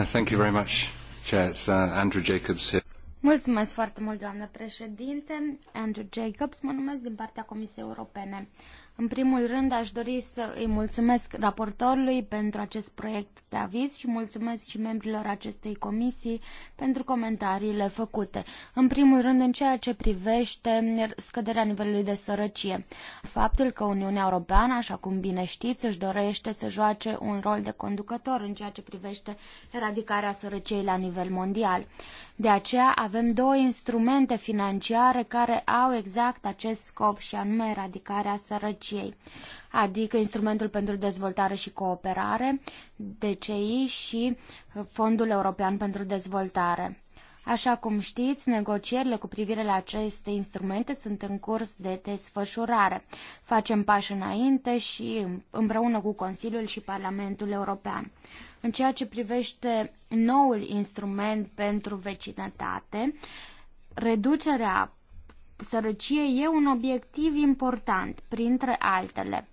Speaker 1: Uh, thank you very much, Chair. It's uh, Andrew Jacobs here.
Speaker 4: Mulțumesc foarte mult, doamnă președinte. Andrew Jacobs, mă numesc din partea Comisiei Europene. În primul rând, aș dori să îi mulțumesc raportorului pentru acest proiect de aviz și mulțumesc și membrilor acestei comisii pentru comentariile făcute. În primul rând, în ceea ce privește scăderea nivelului de sărăcie. Faptul că Uniunea Europeană, așa cum bine știți, își dorește să joace un rol de conducător în ceea ce privește eradicarea sărăciei la nivel mondial. De aceea avem două instrumente financiare care au exact acest scop și anume eradicarea sărăciei Turciei, adică Instrumentul pentru Dezvoltare și Cooperare, DCI și Fondul European pentru Dezvoltare. Așa cum știți, negocierile cu privire la aceste instrumente sunt în curs de desfășurare. Facem pași înainte și împreună cu Consiliul și Parlamentul European. În ceea ce privește noul instrument pentru vecinătate, reducerea sărăcie e un obiectiv important, printre altele.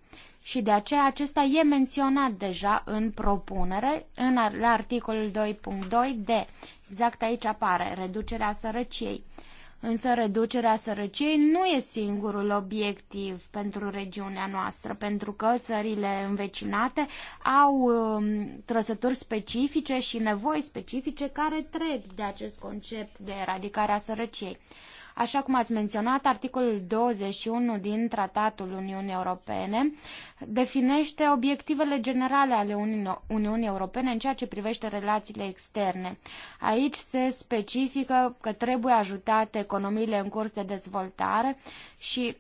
Speaker 4: Și de aceea acesta e menționat deja în propunere, în, la articolul 2.2 de, exact aici apare, reducerea sărăciei. Însă reducerea sărăciei nu e singurul obiectiv pentru regiunea noastră, pentru că țările învecinate au um, trăsături specifice și nevoi specifice care trec de acest concept de eradicare a sărăciei. Așa cum ați menționat, articolul 21 din Tratatul Uniunii Europene definește obiectivele generale ale Uniunii Europene în ceea ce privește relațiile externe. Aici se specifică că trebuie ajutate economiile în curs de dezvoltare și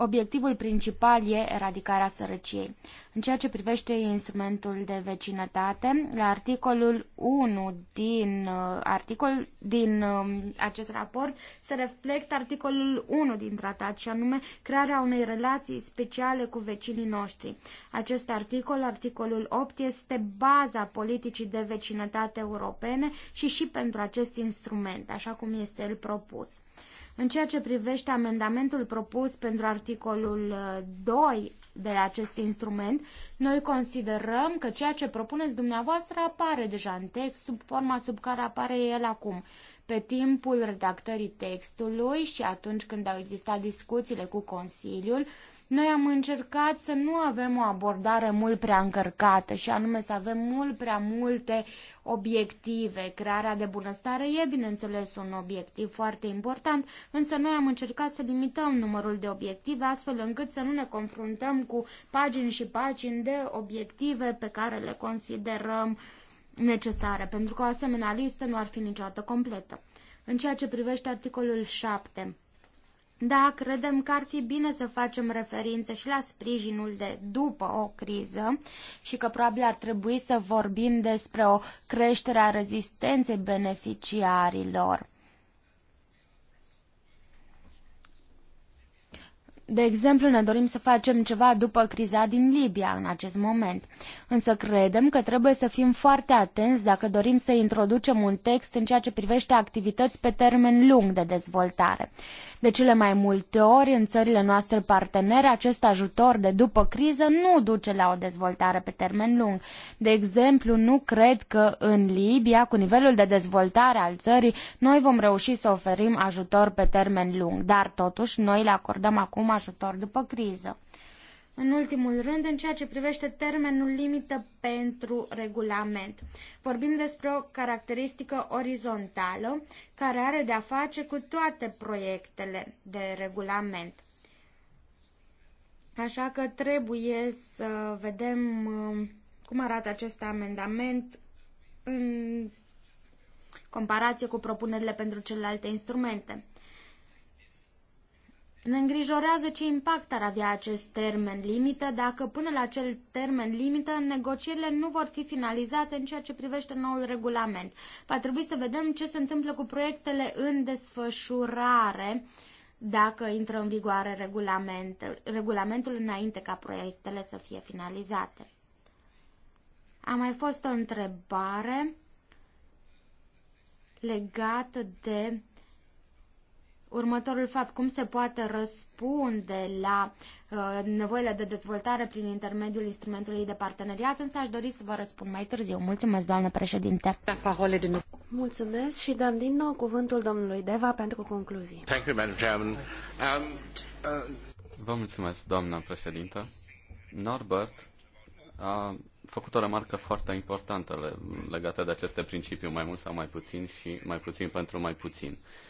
Speaker 4: obiectivul principal e eradicarea sărăciei. În ceea ce privește instrumentul de vecinătate, la articolul 1 din, uh, articol, din um, acest raport se reflectă articolul 1 din tratat și anume crearea unei relații speciale cu vecinii noștri. Acest articol, articolul 8, este baza politicii de vecinătate europene și și pentru acest instrument, așa cum este el propus. În ceea ce privește amendamentul propus pentru articolul 2 uh, de la acest instrument, noi considerăm că ceea ce propuneți dumneavoastră apare deja în text sub forma sub care apare el acum. Pe timpul redactării textului și atunci când au existat discuțiile cu Consiliul, noi am încercat să nu avem o abordare mult prea încărcată și anume să avem mult prea multe obiective. Crearea de bunăstare e, bineînțeles, un obiectiv foarte important, însă noi am încercat să limităm numărul de obiective astfel încât să nu ne confruntăm cu pagini și pagini de obiective pe care le considerăm necesare, pentru că o asemenea listă nu ar fi niciodată completă. În ceea ce privește articolul 7, da, credem că ar fi bine să facem referință și la sprijinul de după o criză și că probabil ar trebui să vorbim despre o creștere a rezistenței beneficiarilor. De exemplu, ne dorim să facem ceva după criza din Libia în acest moment. Însă credem că trebuie să fim foarte atenți dacă dorim să introducem un text în ceea ce privește activități pe termen lung de dezvoltare. De cele mai multe ori, în țările noastre partenere, acest ajutor de după criză nu duce la o dezvoltare pe termen lung. De exemplu, nu cred că în Libia, cu nivelul de dezvoltare al țării, noi vom reuși să oferim ajutor pe termen lung, dar totuși noi le acordăm acum ajutor după criză. În ultimul rând, în ceea ce privește termenul limită pentru regulament, vorbim despre o caracteristică orizontală care are de-a face cu toate proiectele de regulament. Așa că trebuie să vedem uh, cum arată acest amendament în comparație cu propunerile pentru celelalte instrumente. Ne îngrijorează ce impact ar avea acest termen limită dacă până la acel termen limită negocierile nu vor fi finalizate în ceea ce privește noul regulament. Va trebui să vedem ce se întâmplă cu proiectele în desfășurare dacă intră în vigoare regulament, regulamentul înainte ca proiectele să fie finalizate. A mai fost o întrebare legată de următorul fapt, cum se poate răspunde la uh, nevoile de dezvoltare prin intermediul instrumentului de parteneriat, însă aș dori să vă răspund mai târziu.
Speaker 2: Mulțumesc, doamnă președinte. Mulțumesc și dăm din nou cuvântul domnului Deva pentru concluzii.
Speaker 3: Thank you, Madam Chairman. Um, uh... Vă mulțumesc, doamnă președinte. Norbert a făcut o remarcă foarte importantă legată de aceste principii, mai mult sau mai puțin și mai puțin pentru mai puțin. Uh,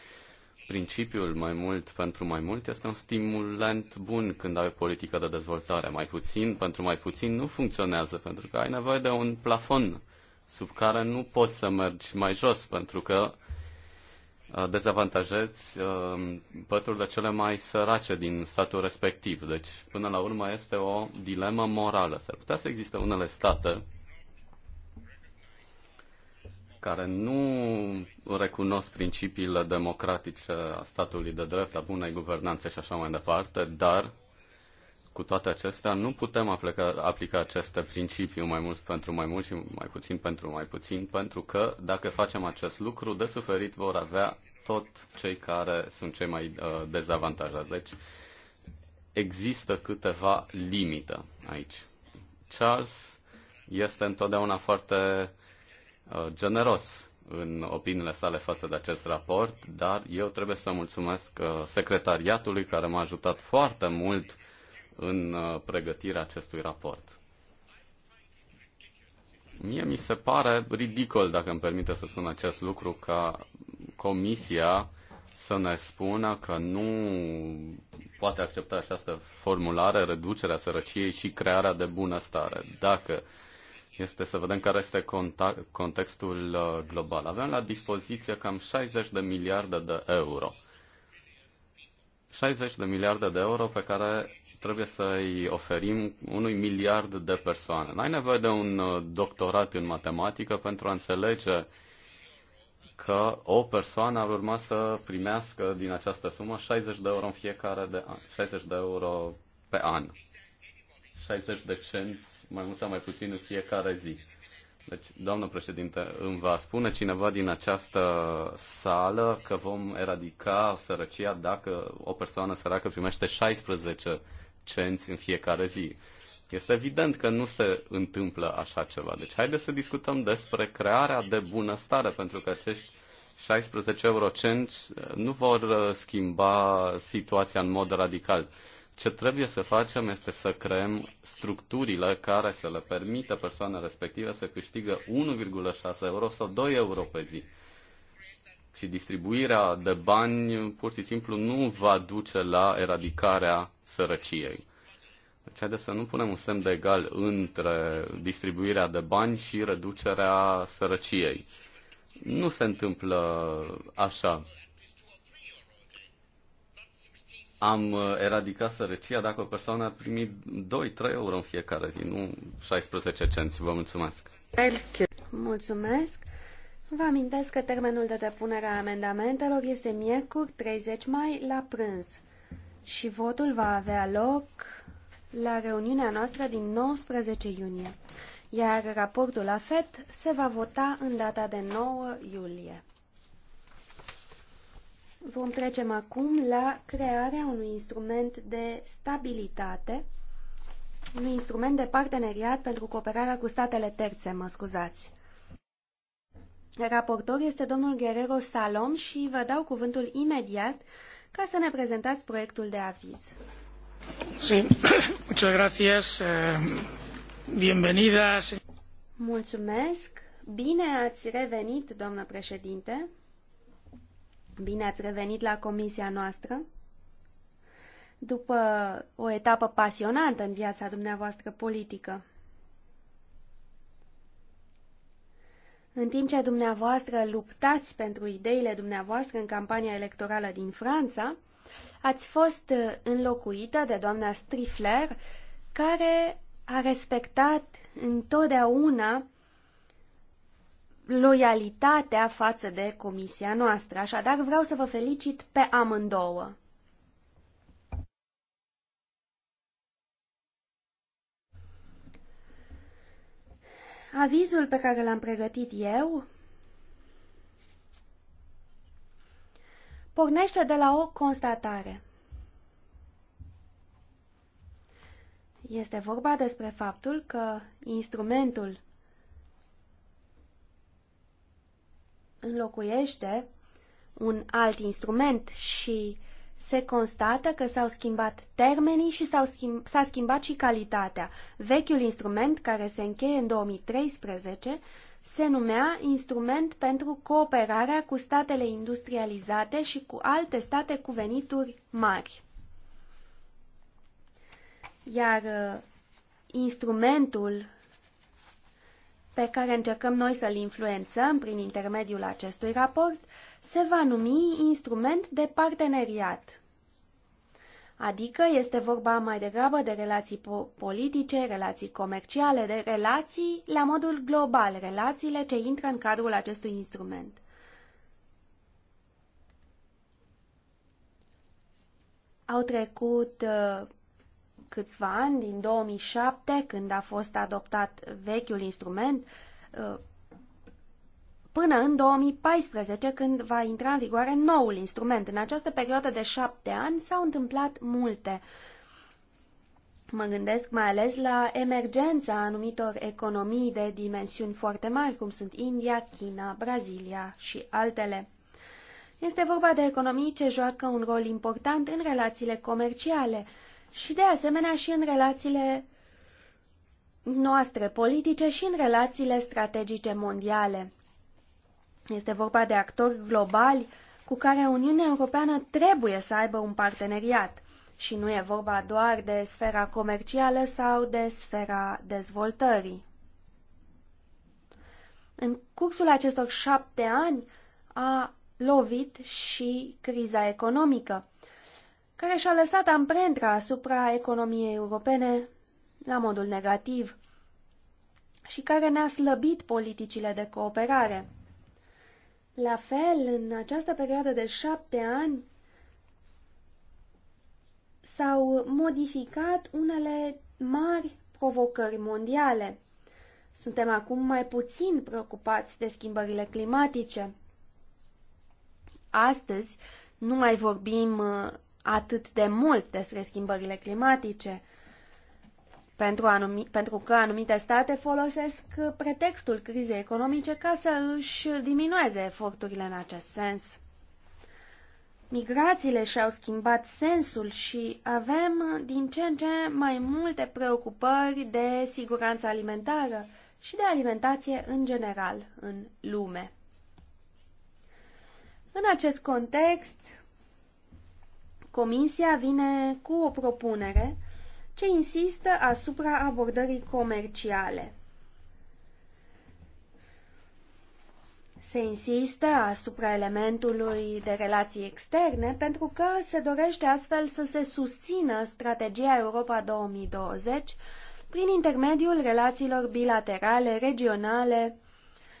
Speaker 3: principiul mai mult pentru mai mult este un stimulant bun când ai o politică de dezvoltare. Mai puțin pentru mai puțin nu funcționează, pentru că ai nevoie de un plafon sub care nu poți să mergi mai jos, pentru că uh, dezavantajezi uh, de cele mai sărace din statul respectiv. Deci, până la urmă, este o dilemă morală. S-ar putea să existe unele state care nu recunosc principiile democratice a statului de drept, a bunei guvernanțe și așa mai departe, dar cu toate acestea nu putem aplica, aplica aceste principii mai mult pentru mai mult și mai puțin pentru mai puțin, pentru că dacă facem acest lucru, de suferit vor avea tot cei care sunt cei mai uh, dezavantajați. Deci există câteva limită aici. Charles este întotdeauna foarte uh, Uh, generos în opiniile sale față de acest raport, dar eu trebuie să mulțumesc uh, secretariatului care m-a ajutat foarte mult în uh, pregătirea acestui raport. Mie mi se pare ridicol, dacă îmi permite să spun acest lucru, ca Comisia să ne spună că nu poate accepta această formulare, reducerea sărăciei și crearea de bunăstare. Dacă uh, este să vedem care este contextul uh, global. Avem la dispoziție cam 60 de miliarde de euro. 60 de miliarde de euro pe care trebuie să-i oferim unui miliard de persoane. N-ai nevoie de un uh, doctorat în matematică pentru a înțelege că o persoană ar urma să primească din această sumă 60 de euro în fiecare de an, 60 de euro pe an. 60 de cenți, mai mult sau mai puțin, în fiecare zi. Deci, doamnă președinte, îmi va spune cineva din această sală că vom eradica sărăcia dacă o persoană săracă primește 16 cenți în fiecare zi. Este evident că nu se întâmplă așa ceva. Deci haideți să discutăm despre crearea de bunăstare, pentru că acești 16 eurocenți nu vor schimba situația în mod radical. Ce trebuie să facem este să creăm structurile care să le permită persoanei respective să câștigă 1,6 euro sau 2 euro pe zi. Și distribuirea de bani pur și simplu nu va duce la eradicarea sărăciei. Deci haideți să nu punem un semn de egal între distribuirea de bani și reducerea sărăciei. Nu se întâmplă așa am uh, eradicat sărăcia dacă o persoană ar primi 2-3 euro în fiecare zi, nu 16 cenți. Vă mulțumesc!
Speaker 2: Mulțumesc! Vă amintesc că termenul de depunere a amendamentelor este miercuri 30 mai la prânz și votul va avea loc la reuniunea noastră din 19 iunie, iar raportul AFET se va vota în data de 9 iulie. Vom trece acum la crearea unui instrument de stabilitate, unui instrument de parteneriat pentru cooperarea cu statele terțe, mă scuzați. Raportor este domnul Guerrero Salom și vă dau cuvântul imediat ca să ne prezentați proiectul de aviz.
Speaker 3: Sí. *coughs* Muchas gracias. Eh, bienvenida.
Speaker 2: Mulțumesc. Bine ați revenit, doamnă președinte. Bine ați revenit la comisia noastră. După o etapă pasionantă în viața dumneavoastră politică. În timp ce dumneavoastră luptați pentru ideile dumneavoastră în campania electorală din Franța, ați fost înlocuită de doamna Strifler, care a respectat întotdeauna loialitatea față de comisia noastră. Așadar, vreau să vă felicit pe amândouă. Avizul pe care l-am pregătit eu pornește de la o constatare. Este vorba despre faptul că instrumentul înlocuiește un alt instrument și se constată că s-au schimbat termenii și s-a schimb, schimbat și calitatea. Vechiul instrument, care se încheie în 2013, se numea Instrument pentru cooperarea cu statele industrializate și cu alte state cu venituri mari. Iar uh, instrumentul pe care încercăm noi să-l influențăm prin intermediul acestui raport se va numi instrument de parteneriat. Adică este vorba mai degrabă de relații politice, relații comerciale, de relații la modul global, relațiile ce intră în cadrul acestui instrument. Au trecut uh, câțiva ani, din 2007, când a fost adoptat vechiul instrument, uh, până în 2014, când va intra în vigoare noul instrument. În această perioadă de șapte ani s-au întâmplat multe. Mă gândesc mai ales la emergența anumitor economii de dimensiuni foarte mari, cum sunt India, China, Brazilia și altele. Este vorba de economii ce joacă un rol important în relațiile comerciale, și de asemenea și în relațiile noastre politice și în relațiile strategice mondiale. Este vorba de actori globali cu care Uniunea Europeană trebuie să aibă un parteneriat și nu e vorba doar de sfera comercială sau de sfera dezvoltării. În cursul acestor șapte ani a lovit și criza economică care și-a lăsat amprenta asupra economiei europene la modul negativ și care ne-a slăbit politicile de cooperare. La fel, în această perioadă de șapte ani, s-au modificat unele mari provocări mondiale. Suntem acum mai puțin preocupați de schimbările climatice. Astăzi nu mai vorbim uh, atât de mult despre schimbările climatice, pentru, anumi, pentru că anumite state folosesc pretextul crizei economice ca să își diminueze eforturile în acest sens. Migrațiile și-au schimbat sensul și avem din ce în ce mai multe preocupări de siguranță alimentară și de alimentație în general în lume. În acest context, Comisia vine cu o propunere ce insistă asupra abordării comerciale. Se insistă asupra elementului de relații externe pentru că se dorește astfel să se susțină strategia Europa 2020 prin intermediul relațiilor bilaterale, regionale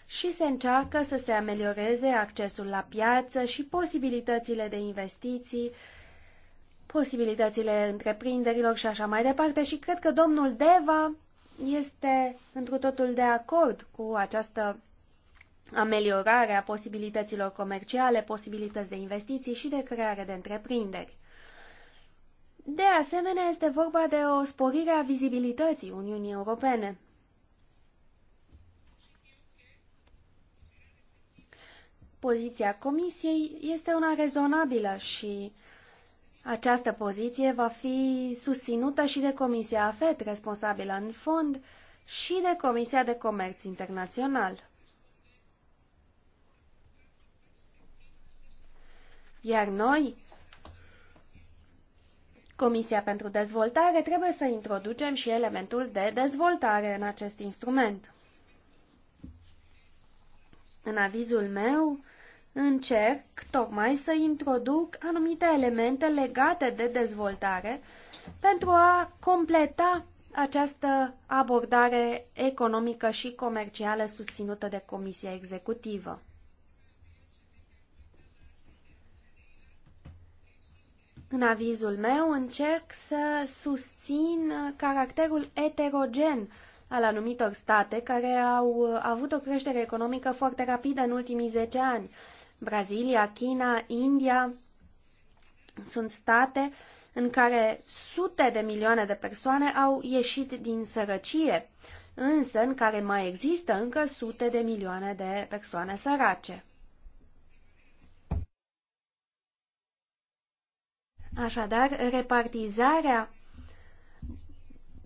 Speaker 2: și se încearcă să se amelioreze accesul la piață și posibilitățile de investiții posibilitățile întreprinderilor și așa mai departe și cred că domnul Deva este întru totul de acord cu această ameliorare a posibilităților comerciale, posibilități de investiții și de creare de întreprinderi. De asemenea, este vorba de o sporire a vizibilității Uniunii Europene. Poziția Comisiei este una rezonabilă și uh, această poziție va fi susținută și de Comisia AFET, responsabilă în fond, și de Comisia de Comerț Internațional. Iar noi, Comisia pentru Dezvoltare, trebuie să introducem și elementul de dezvoltare în acest instrument. În avizul meu, încerc tocmai să introduc anumite elemente legate de dezvoltare pentru a completa această abordare economică și comercială susținută de Comisia Executivă. În avizul meu încerc să susțin caracterul eterogen al anumitor state care au avut o creștere economică foarte rapidă în ultimii 10 ani Brazilia, China, India sunt state în care sute de milioane de persoane au ieșit din sărăcie, însă în care mai există încă sute de milioane de persoane sărace. Așadar, repartizarea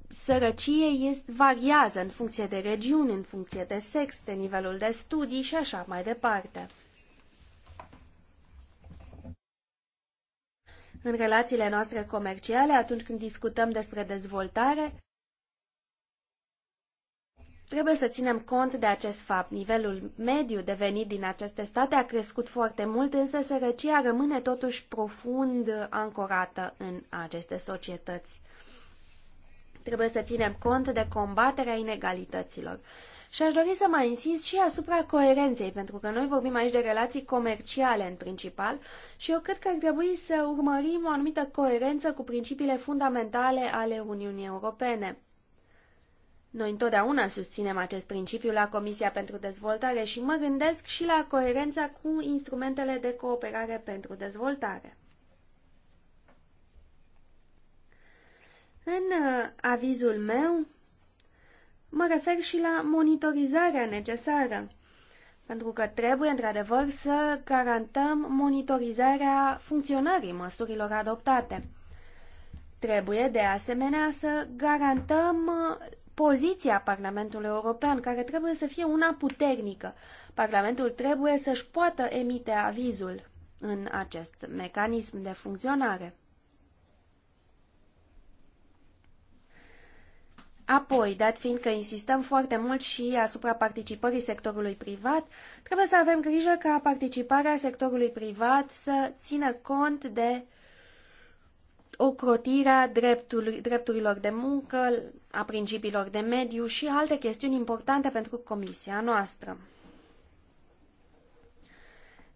Speaker 2: sărăciei este, variază în funcție de regiuni, în funcție de sex, de nivelul de studii și așa mai departe. în relațiile noastre comerciale, atunci când discutăm despre dezvoltare, Trebuie să ținem cont de acest fapt. Nivelul mediu devenit din aceste state a crescut foarte mult, însă sărăcia rămâne totuși profund ancorată în aceste societăți. Trebuie să ținem cont de combaterea inegalităților. Și aș dori să mai insist și asupra coerenței, pentru că noi vorbim aici de relații comerciale în principal și eu cred că ar trebui să urmărim o anumită coerență cu principiile fundamentale ale Uniunii Europene. Noi întotdeauna susținem acest principiu la Comisia pentru Dezvoltare și mă gândesc și la coerența cu instrumentele de cooperare pentru dezvoltare. În uh, avizul meu Mă refer și la monitorizarea necesară, pentru că trebuie într-adevăr să garantăm monitorizarea funcționării măsurilor adoptate. Trebuie de asemenea să garantăm uh, poziția Parlamentului European, care trebuie să fie una puternică. Parlamentul trebuie să-și poată emite avizul în acest mecanism de funcționare. Apoi, dat fiind că insistăm foarte mult și asupra participării sectorului privat, trebuie să avem grijă ca participarea sectorului privat să țină cont de ocrotirea drepturilor de muncă, a principiilor de mediu și alte chestiuni importante pentru comisia noastră.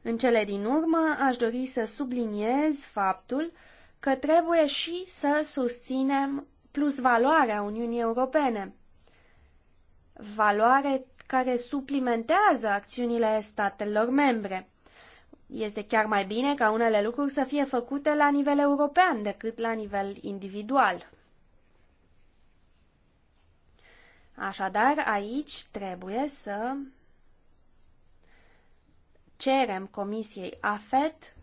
Speaker 2: În cele din urmă, aș dori să subliniez faptul că trebuie și să susținem plus valoare a Uniunii Europene. Valoare care suplimentează acțiunile statelor membre. Este chiar mai bine ca unele lucruri să fie făcute la nivel european decât la nivel individual. Așadar, aici trebuie să cerem Comisiei AFET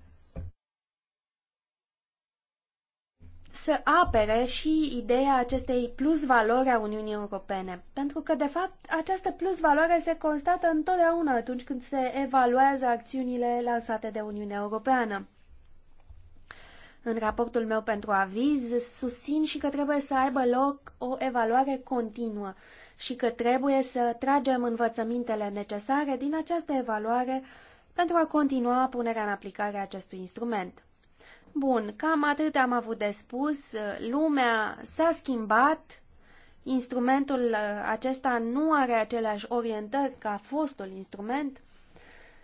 Speaker 2: să apere și ideea acestei plus valori a Uniunii Europene. Pentru că, de fapt, această plus valoare se constată întotdeauna atunci când se evaluează acțiunile lansate de Uniunea Europeană. În raportul meu pentru aviz, susțin și că trebuie să aibă loc o evaluare continuă și că trebuie să tragem învățămintele necesare din această evaluare pentru a continua punerea în aplicare a acestui instrument. Bun, cam atât am avut de spus. Lumea s-a schimbat. Instrumentul uh, acesta nu are aceleași orientări ca fostul instrument.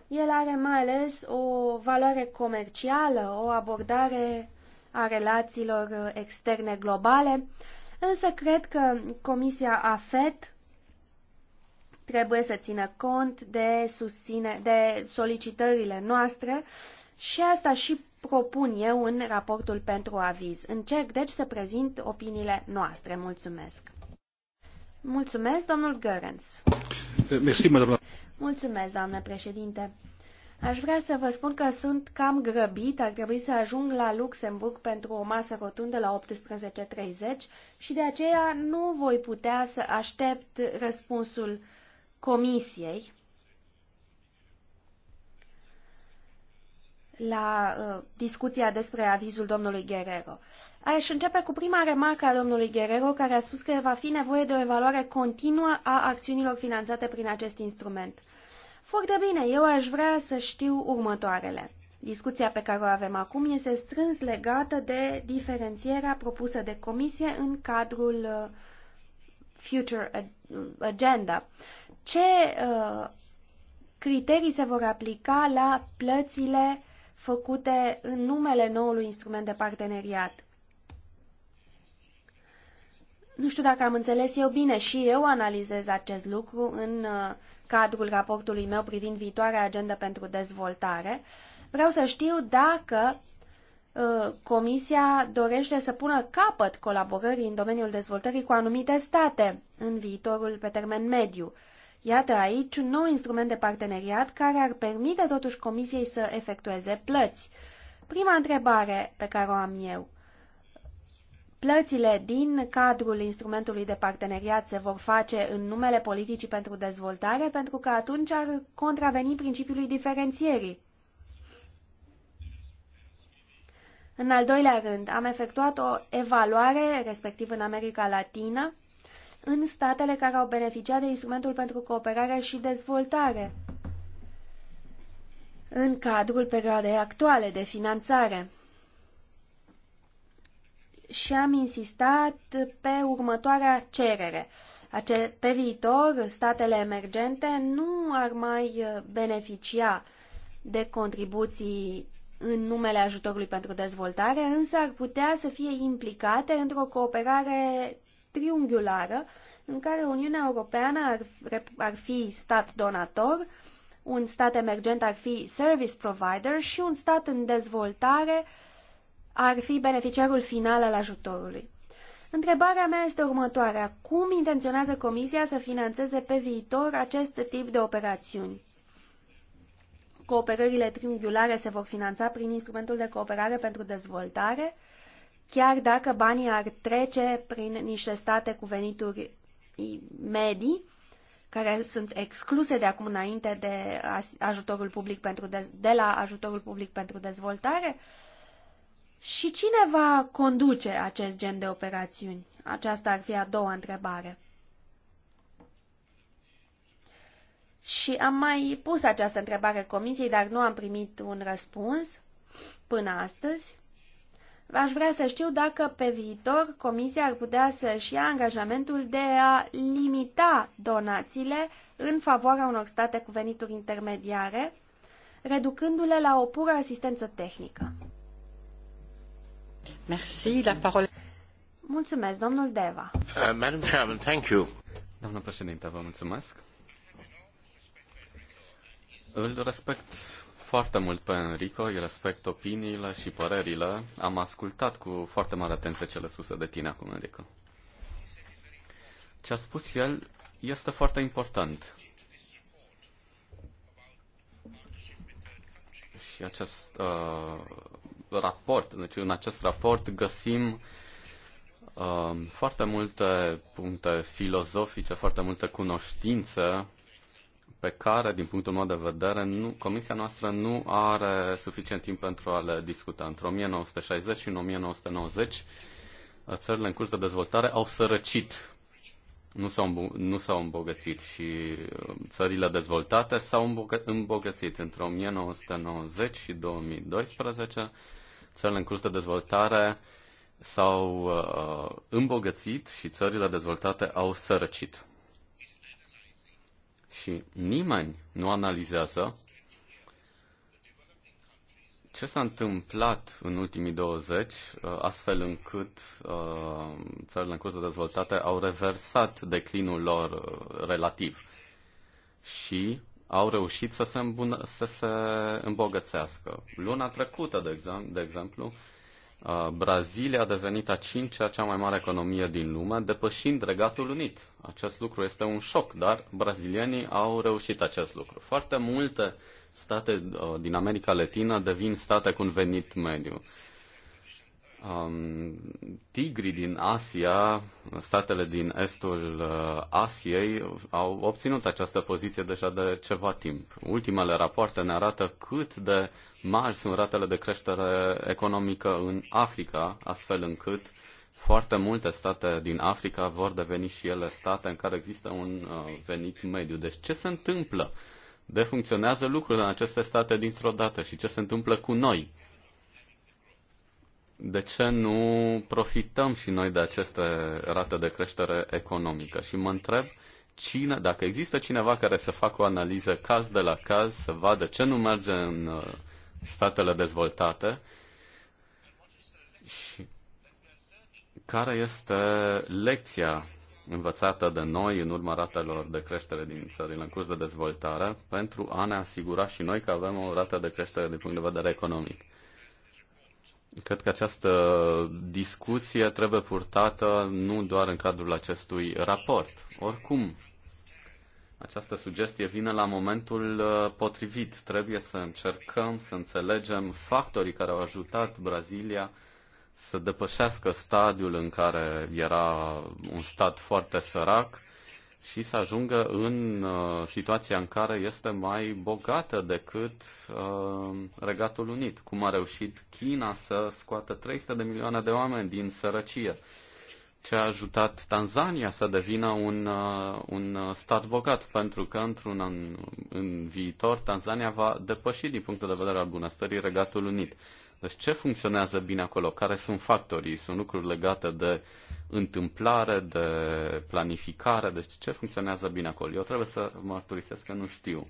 Speaker 2: El are mai ales o valoare comercială, o abordare a relațiilor uh, externe globale, însă cred că Comisia AFET trebuie să țină cont de, susține, de solicitările noastre și asta și propun eu în raportul pentru aviz. Încerc deci să prezint opiniile noastre. Mulțumesc. Mulțumesc, domnul Görens. Mulțumesc, doamnă președinte. Aș vrea să vă spun că sunt cam grăbit, ar trebui să ajung la Luxemburg pentru o masă rotundă la 18.30 și de aceea nu voi putea să aștept răspunsul comisiei la uh, discuția despre avizul domnului Guerrero. Aș începe cu prima remarcă a domnului Guerrero, care a spus că va fi nevoie de o evaluare continuă a acțiunilor finanțate prin acest instrument. Foarte bine, eu aș vrea să știu următoarele. Discuția pe care o avem acum este strâns legată de diferențierea propusă de comisie în cadrul uh, Future uh, Agenda. Ce uh, criterii se vor aplica la plățile făcute în numele noului instrument de parteneriat. Nu știu dacă am înțeles eu bine și eu analizez acest lucru în uh, cadrul raportului meu privind viitoarea agenda pentru dezvoltare. Vreau să știu dacă uh, Comisia dorește să pună capăt colaborării în domeniul dezvoltării cu anumite state în viitorul pe termen mediu Iată aici un nou instrument de parteneriat care ar permite totuși Comisiei să efectueze plăți. Prima întrebare pe care o am eu. Plățile din cadrul instrumentului de parteneriat se vor face în numele politicii pentru dezvoltare pentru că atunci ar contraveni principiului diferențierii. În al doilea rând, am efectuat o evaluare, respectiv în America Latină, în statele care au beneficiat de instrumentul pentru cooperare și dezvoltare în cadrul perioadei actuale de finanțare. Și am insistat pe următoarea cerere. Pe viitor, statele emergente nu ar mai beneficia de contribuții în numele ajutorului pentru dezvoltare, însă ar putea să fie implicate într-o cooperare triunghiulară în care Uniunea Europeană ar, ar fi stat donator, un stat emergent ar fi service provider și un stat în dezvoltare ar fi beneficiarul final al ajutorului. Întrebarea mea este următoarea. Cum intenționează Comisia să financeze pe viitor acest tip de operațiuni? Cooperările triunghiulare se vor finanța prin instrumentul de cooperare pentru dezvoltare chiar dacă banii ar trece prin niște state cu venituri medii, care sunt excluse de acum înainte de ajutorul public pentru de, de la ajutorul public pentru dezvoltare, și cine va conduce acest gen de operațiuni? Aceasta ar fi a doua întrebare. Și am mai pus această întrebare comisiei, dar nu am primit un răspuns până astăzi. Aș vrea să știu dacă pe viitor Comisia ar putea să-și ia angajamentul de a limita donațiile în favoarea unor state cu venituri intermediare, reducându-le la o pură asistență tehnică.
Speaker 1: Merci, la parole.
Speaker 2: Mulțumesc, domnul Deva.
Speaker 3: Uh, Madam Chairman, thank you. președinte, vă mulțumesc. Îl respect foarte mult pe Enrico, îi respect opiniile și părerile. Am ascultat cu foarte mare atenție cele spuse de tine acum, Enrico. Ce a spus el este foarte important. Și acest uh, raport, deci în acest raport găsim uh, foarte multe puncte filozofice, foarte multe cunoștințe pe care, din punctul meu de vedere, nu, comisia noastră nu are suficient timp pentru a le discuta. Între 1960 și în 1990, țările în curs de dezvoltare au sărăcit, nu s-au, nu s-au îmbogățit și uh, țările dezvoltate s-au îmbogățit. Între 1990 și 2012, țările în curs de dezvoltare s-au uh, îmbogățit și țările dezvoltate au sărăcit și nimeni nu analizează ce s-a întâmplat în ultimii 20, uh, astfel încât uh, țările în curs de dezvoltate au reversat declinul lor uh, relativ și au reușit să se, îmbună, să se îmbogățească. Luna trecută, de, exam- de exemplu, Uh, Brazilia a devenit a cincea cea mai mare economie din lume, depășind Regatul Unit. Acest lucru este un șoc, dar brazilienii au reușit acest lucru. Foarte multe state uh, din America Latină devin state cu un venit mediu um, tigrii din Asia, statele din estul uh, Asiei, au obținut această poziție deja de ceva timp. Ultimele rapoarte ne arată cât de mari sunt ratele de creștere economică în Africa, astfel încât foarte multe state din Africa vor deveni și ele state în care există un uh, venit mediu. Deci ce se întâmplă? Defuncționează lucrurile în aceste state dintr-o dată și ce se întâmplă cu noi? de ce nu profităm și noi de aceste rate de creștere economică? Și mă întreb cine, dacă există cineva care să facă o analiză caz de la caz, să vadă ce nu merge în uh, statele dezvoltate și care este lecția învățată de noi în urma ratelor de creștere din țările în curs de dezvoltare pentru a ne asigura și noi că avem o rată de creștere din punct de vedere economic. Cred că această discuție trebuie purtată nu doar în cadrul acestui raport. Oricum, această sugestie vine la momentul uh, potrivit. Trebuie să încercăm să înțelegem factorii care au ajutat Brazilia să depășească stadiul în care era un stat foarte sărac și să ajungă în uh, situația în care este mai bogată decât uh, Regatul Unit, cum a reușit China să scoată 300 de milioane de oameni din sărăcie, ce a ajutat Tanzania să devină un, uh, un uh, stat bogat, pentru că într-un an în viitor Tanzania va depăși din punctul de vedere al bunăstării Regatul Unit. Deci ce funcționează bine acolo? Care sunt factorii? Sunt lucruri legate de întâmplare, de planificare, deci ce funcționează bine acolo. Eu trebuie să mărturisesc că nu știu.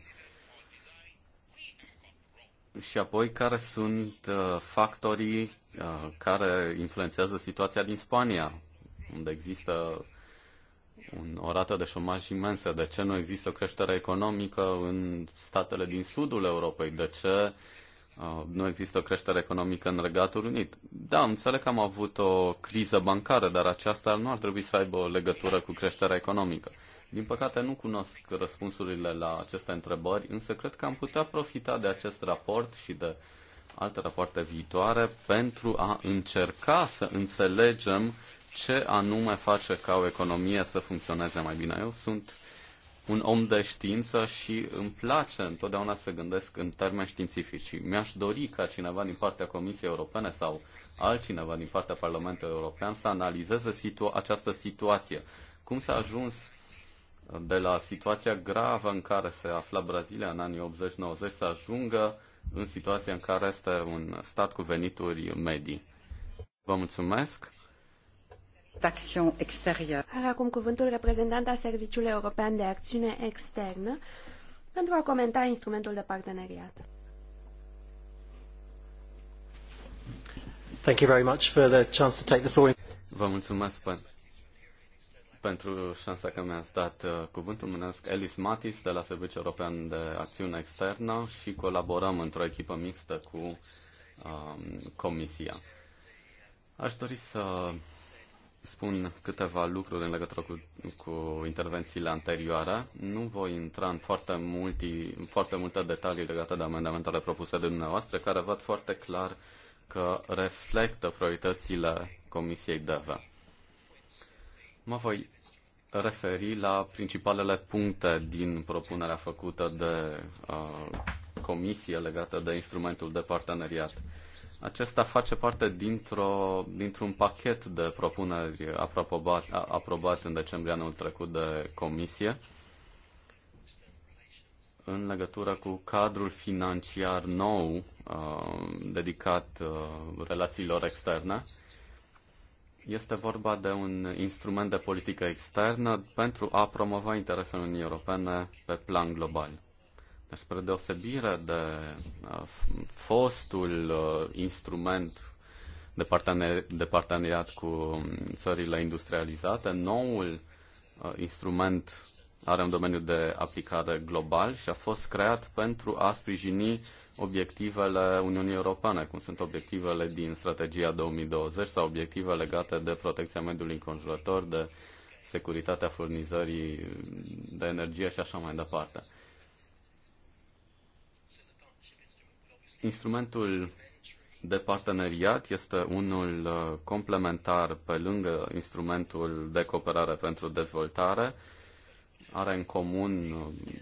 Speaker 3: Și apoi, care sunt uh, factorii uh, care influențează situația din Spania, unde există un, o rată de șomaj imensă? De ce nu există o creștere economică în statele din sudul Europei? De ce Uh, nu există o creștere economică în Regatul Unit. Da, înțeleg că am avut o criză bancară, dar aceasta nu ar trebui să aibă o legătură cu creșterea economică. Din păcate nu cunosc răspunsurile la aceste întrebări, însă cred că am putea profita de acest raport și de alte rapoarte viitoare pentru a încerca să înțelegem ce anume face ca o economie să funcționeze mai bine. Eu sunt un om de știință și îmi place întotdeauna să gândesc în termeni științifici. mi-aș dori ca cineva din partea Comisiei Europene sau altcineva din partea Parlamentului European să analizeze situa- această situație. Cum s-a ajuns de la situația gravă în care se afla Brazilia în anii 80-90 să ajungă în situația în care este un stat cu venituri medii. Vă mulțumesc
Speaker 1: d'action extérieure.
Speaker 2: acum cuvântul reprezentanta Serviciului European de Acțiune Externă pentru a comenta instrumentul de parteneriat.
Speaker 3: Thank you very much for the chance to take the floor. Vă mulțumesc pe, pentru șansa că mi-ați dat uh, cuvântul. Mă numesc Elis Matis de la Serviciul European de Acțiune Externă și colaborăm într-o echipă mixtă cu um, Comisia. Aș dori să spun câteva lucruri în legătură cu, cu intervențiile anterioare. Nu voi intra în foarte, multi, foarte multe detalii legate de amendamentele propuse de dumneavoastră, care văd foarte clar că reflectă prioritățile Comisiei DEVE. Mă voi referi la principalele puncte din propunerea făcută de uh, Comisie legată de instrumentul de parteneriat. Acesta face parte dintr-o, dintr-un pachet de propuneri aprobat, aprobat în decembrie anul trecut de Comisie în legătură cu cadrul financiar nou uh, dedicat uh, relațiilor externe. Este vorba de un instrument de politică externă pentru a promova interesele Uniunii Europene pe plan global spre deosebire de uh, fostul uh, instrument de, partener, de parteneriat cu um, țările industrializate, noul uh, instrument are un domeniu de aplicare global și a fost creat pentru a sprijini obiectivele Uniunii Europene, cum sunt obiectivele din strategia 2020 sau obiective legate de protecția mediului înconjurător, de securitatea furnizării de energie și așa mai departe. Instrumentul de parteneriat este unul uh, complementar pe lângă instrumentul de cooperare pentru dezvoltare. Are în comun uh,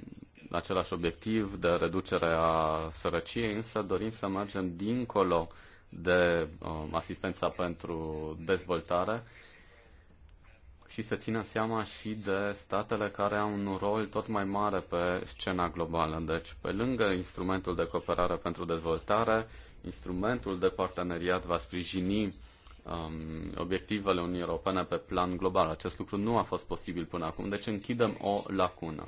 Speaker 3: același obiectiv de reducere a sărăciei, însă dorim să mergem dincolo de uh, asistența pentru dezvoltare și să țină seama și de statele care au un rol tot mai mare pe scena globală. Deci, pe lângă instrumentul de cooperare pentru dezvoltare, instrumentul de parteneriat va sprijini um, obiectivele Uniunii Europene pe plan global. Acest lucru nu a fost posibil până acum, deci închidem o lacună.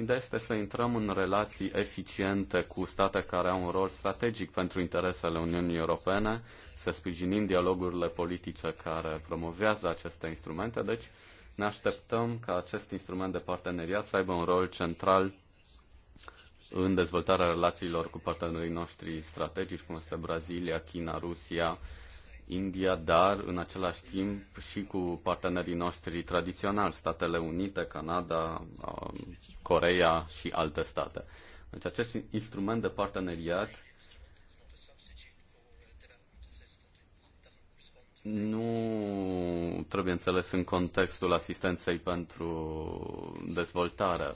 Speaker 3: Ideea este să intrăm în relații eficiente cu state care au un rol strategic pentru interesele Uniunii Europene, să sprijinim dialogurile politice care promovează aceste instrumente, deci ne așteptăm ca acest instrument de parteneriat să aibă un rol central în dezvoltarea relațiilor cu partenerii noștri strategici, cum este Brazilia, China, Rusia, India, dar în același timp și cu partenerii noștri tradiționali, Statele Unite, Canada, um, Coreea și alte state. Deci acest instrument de parteneriat nu trebuie înțeles în contextul asistenței pentru dezvoltare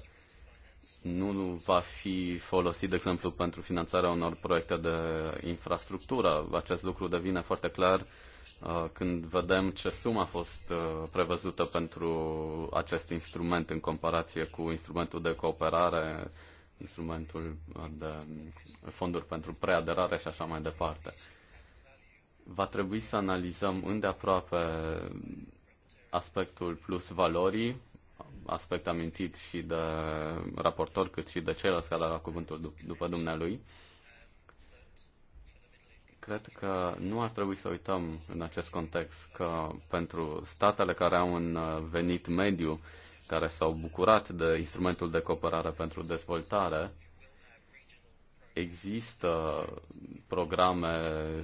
Speaker 3: nu va fi folosit, de exemplu, pentru finanțarea unor proiecte de infrastructură. Acest lucru devine foarte clar uh, când vedem ce sumă a fost uh, prevăzută pentru acest instrument în comparație cu instrumentul de cooperare, instrumentul uh, de fonduri pentru preaderare și așa mai departe. Va trebui să analizăm îndeaproape aspectul plus valorii aspect amintit și de raportor, cât și de ceilalți care au cuvântul după dumnealui. Cred că nu ar trebui să uităm în acest context că pentru statele care au un uh, venit mediu, care s-au bucurat de instrumentul de cooperare pentru dezvoltare, există programe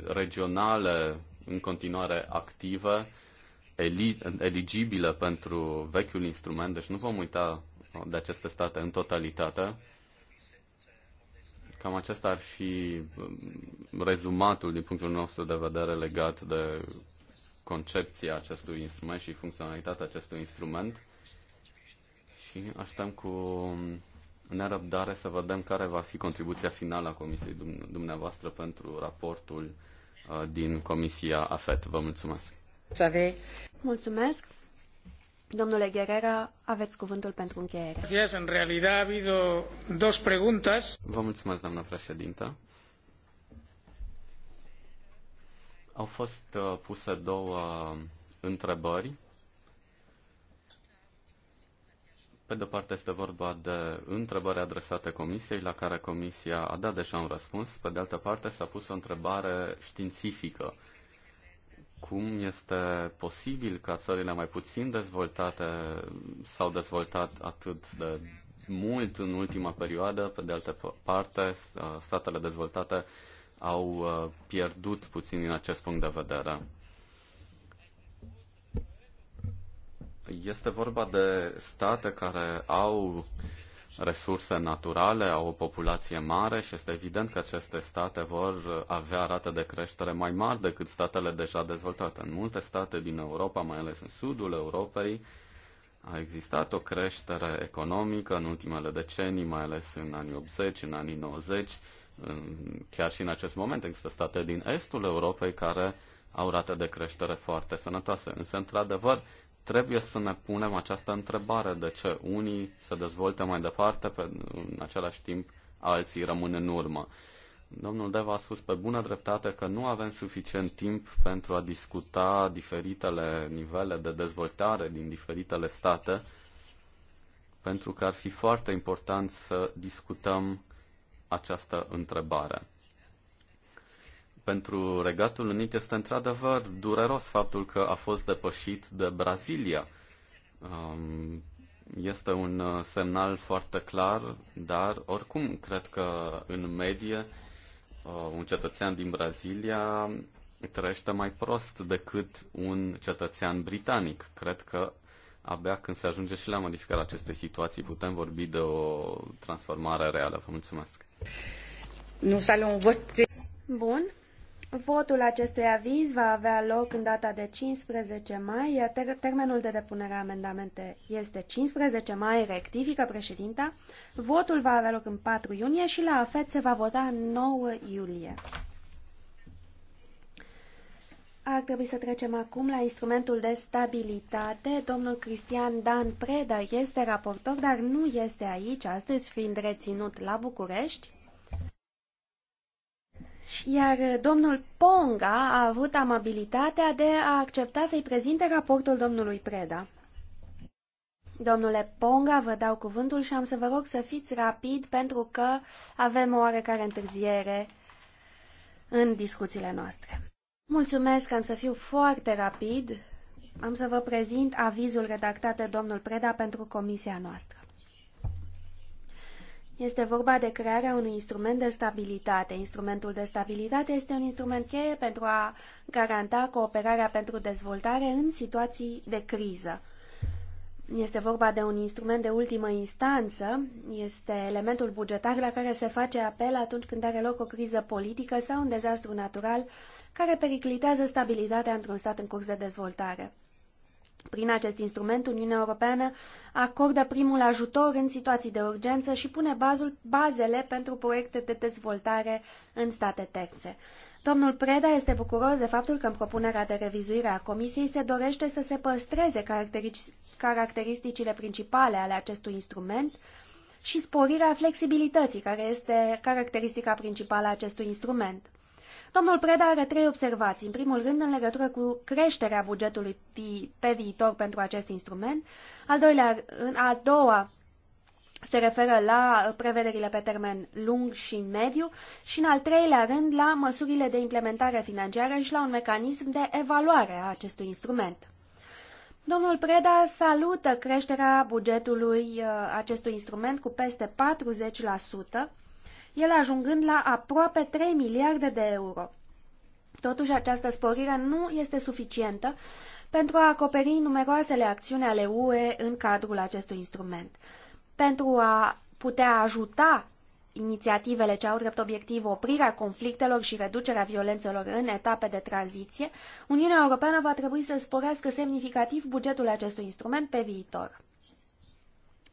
Speaker 3: regionale în continuare active eligibilă pentru vechiul instrument, deci nu vom uita uh, de aceste state în totalitate. Cam acesta ar fi um, rezumatul din punctul nostru de vedere legat de concepția acestui instrument și funcționalitatea acestui instrument și așteptăm cu nerăbdare să vedem care va fi contribuția finală a Comisiei dumneavoastră pentru raportul uh, din Comisia AFET. Vă mulțumesc!
Speaker 2: Mulțumesc. Domnule Guerrera, aveți cuvântul pentru încheiere.
Speaker 3: În realidad ha habido dos preguntas. Vă mulțumesc, doamna președintă. Au fost uh, puse două uh, întrebări. Pe de parte este vorba de întrebări adresate comisiei, la care comisia a dat deja un răspuns. Pe de altă parte s-a pus o întrebare științifică cum este posibil ca țările mai puțin dezvoltate s-au dezvoltat atât de mult în ultima perioadă, pe de altă parte, statele dezvoltate au uh, pierdut puțin din acest punct de vedere. Este vorba de state care au resurse naturale, au o populație mare și este evident că aceste state vor avea rate de creștere mai mari decât statele deja dezvoltate. În multe state din Europa, mai ales în sudul Europei, a existat o creștere economică în ultimele decenii, mai ales în anii 80, în anii 90. Chiar și în acest moment există state din estul Europei care au rate de creștere foarte sănătoase. Însă, într-adevăr, trebuie să ne punem această întrebare de ce unii se dezvoltă mai departe, pe, în același timp alții rămân în urmă. Domnul Deva a spus pe bună dreptate că nu avem suficient timp pentru a discuta diferitele nivele de dezvoltare din diferitele state, pentru că ar fi foarte important să discutăm această întrebare. Pentru Regatul Unit este într-adevăr dureros faptul că a fost depășit de Brazilia. Um, este un uh, semnal foarte clar, dar oricum cred că în medie uh, un cetățean din Brazilia trăiește mai prost decât un cetățean britanic. Cred că abia când se ajunge și la modificarea acestei situații putem vorbi de o transformare reală. Vă mulțumesc.
Speaker 2: Nu sală Bun. Votul acestui aviz va avea loc în data de 15 mai, iar termenul de depunere a amendamente este 15 mai, rectifică președinta. Votul va avea loc în 4 iunie și la AFET se va vota în 9 iulie. Ar trebui să trecem acum la instrumentul de stabilitate. Domnul Cristian Dan Preda este raportor, dar nu este aici astăzi, fiind reținut la București. Iar eh, domnul Ponga a avut amabilitatea de a accepta să-i prezinte raportul domnului Preda. Domnule Ponga, vă dau cuvântul și am să vă rog să fiți rapid pentru că avem o oarecare întârziere în discuțiile noastre. Mulțumesc, am să fiu foarte rapid. Am să vă prezint avizul redactat de domnul Preda pentru comisia noastră. Este vorba de crearea unui instrument de stabilitate. Instrumentul de stabilitate este un instrument cheie pentru a garanta cooperarea pentru dezvoltare în situații de criză. Este vorba de un instrument de ultimă instanță, este elementul bugetar la care se face apel atunci când are loc o criză politică sau un dezastru natural care periclitează stabilitatea într-un stat în curs de dezvoltare. Prin acest instrument, Uniunea Europeană acordă primul ajutor în situații de urgență și pune bazul, bazele pentru proiecte de dezvoltare în state terțe. Domnul Preda este bucuros de faptul că în propunerea de revizuire a Comisiei se dorește să se păstreze caracteristicile principale ale acestui instrument și sporirea flexibilității, care este caracteristica principală a acestui instrument. Domnul Preda are trei observații. În primul rând, în legătură cu creșterea bugetului pe viitor pentru acest instrument. Al doilea, în a doua se referă la prevederile pe termen lung și mediu și, în al treilea rând, la măsurile de implementare financiară și la un mecanism de evaluare a acestui instrument. Domnul Preda salută creșterea bugetului uh, acestui instrument cu peste 40%, el ajungând la aproape 3 miliarde de euro. Totuși, această sporire nu este suficientă pentru a acoperi numeroasele acțiuni ale UE în cadrul acestui instrument. Pentru a putea ajuta inițiativele ce au drept obiectiv oprirea conflictelor și reducerea violențelor în etape de tranziție, Uniunea Europeană va trebui să sporească semnificativ bugetul acestui instrument pe viitor.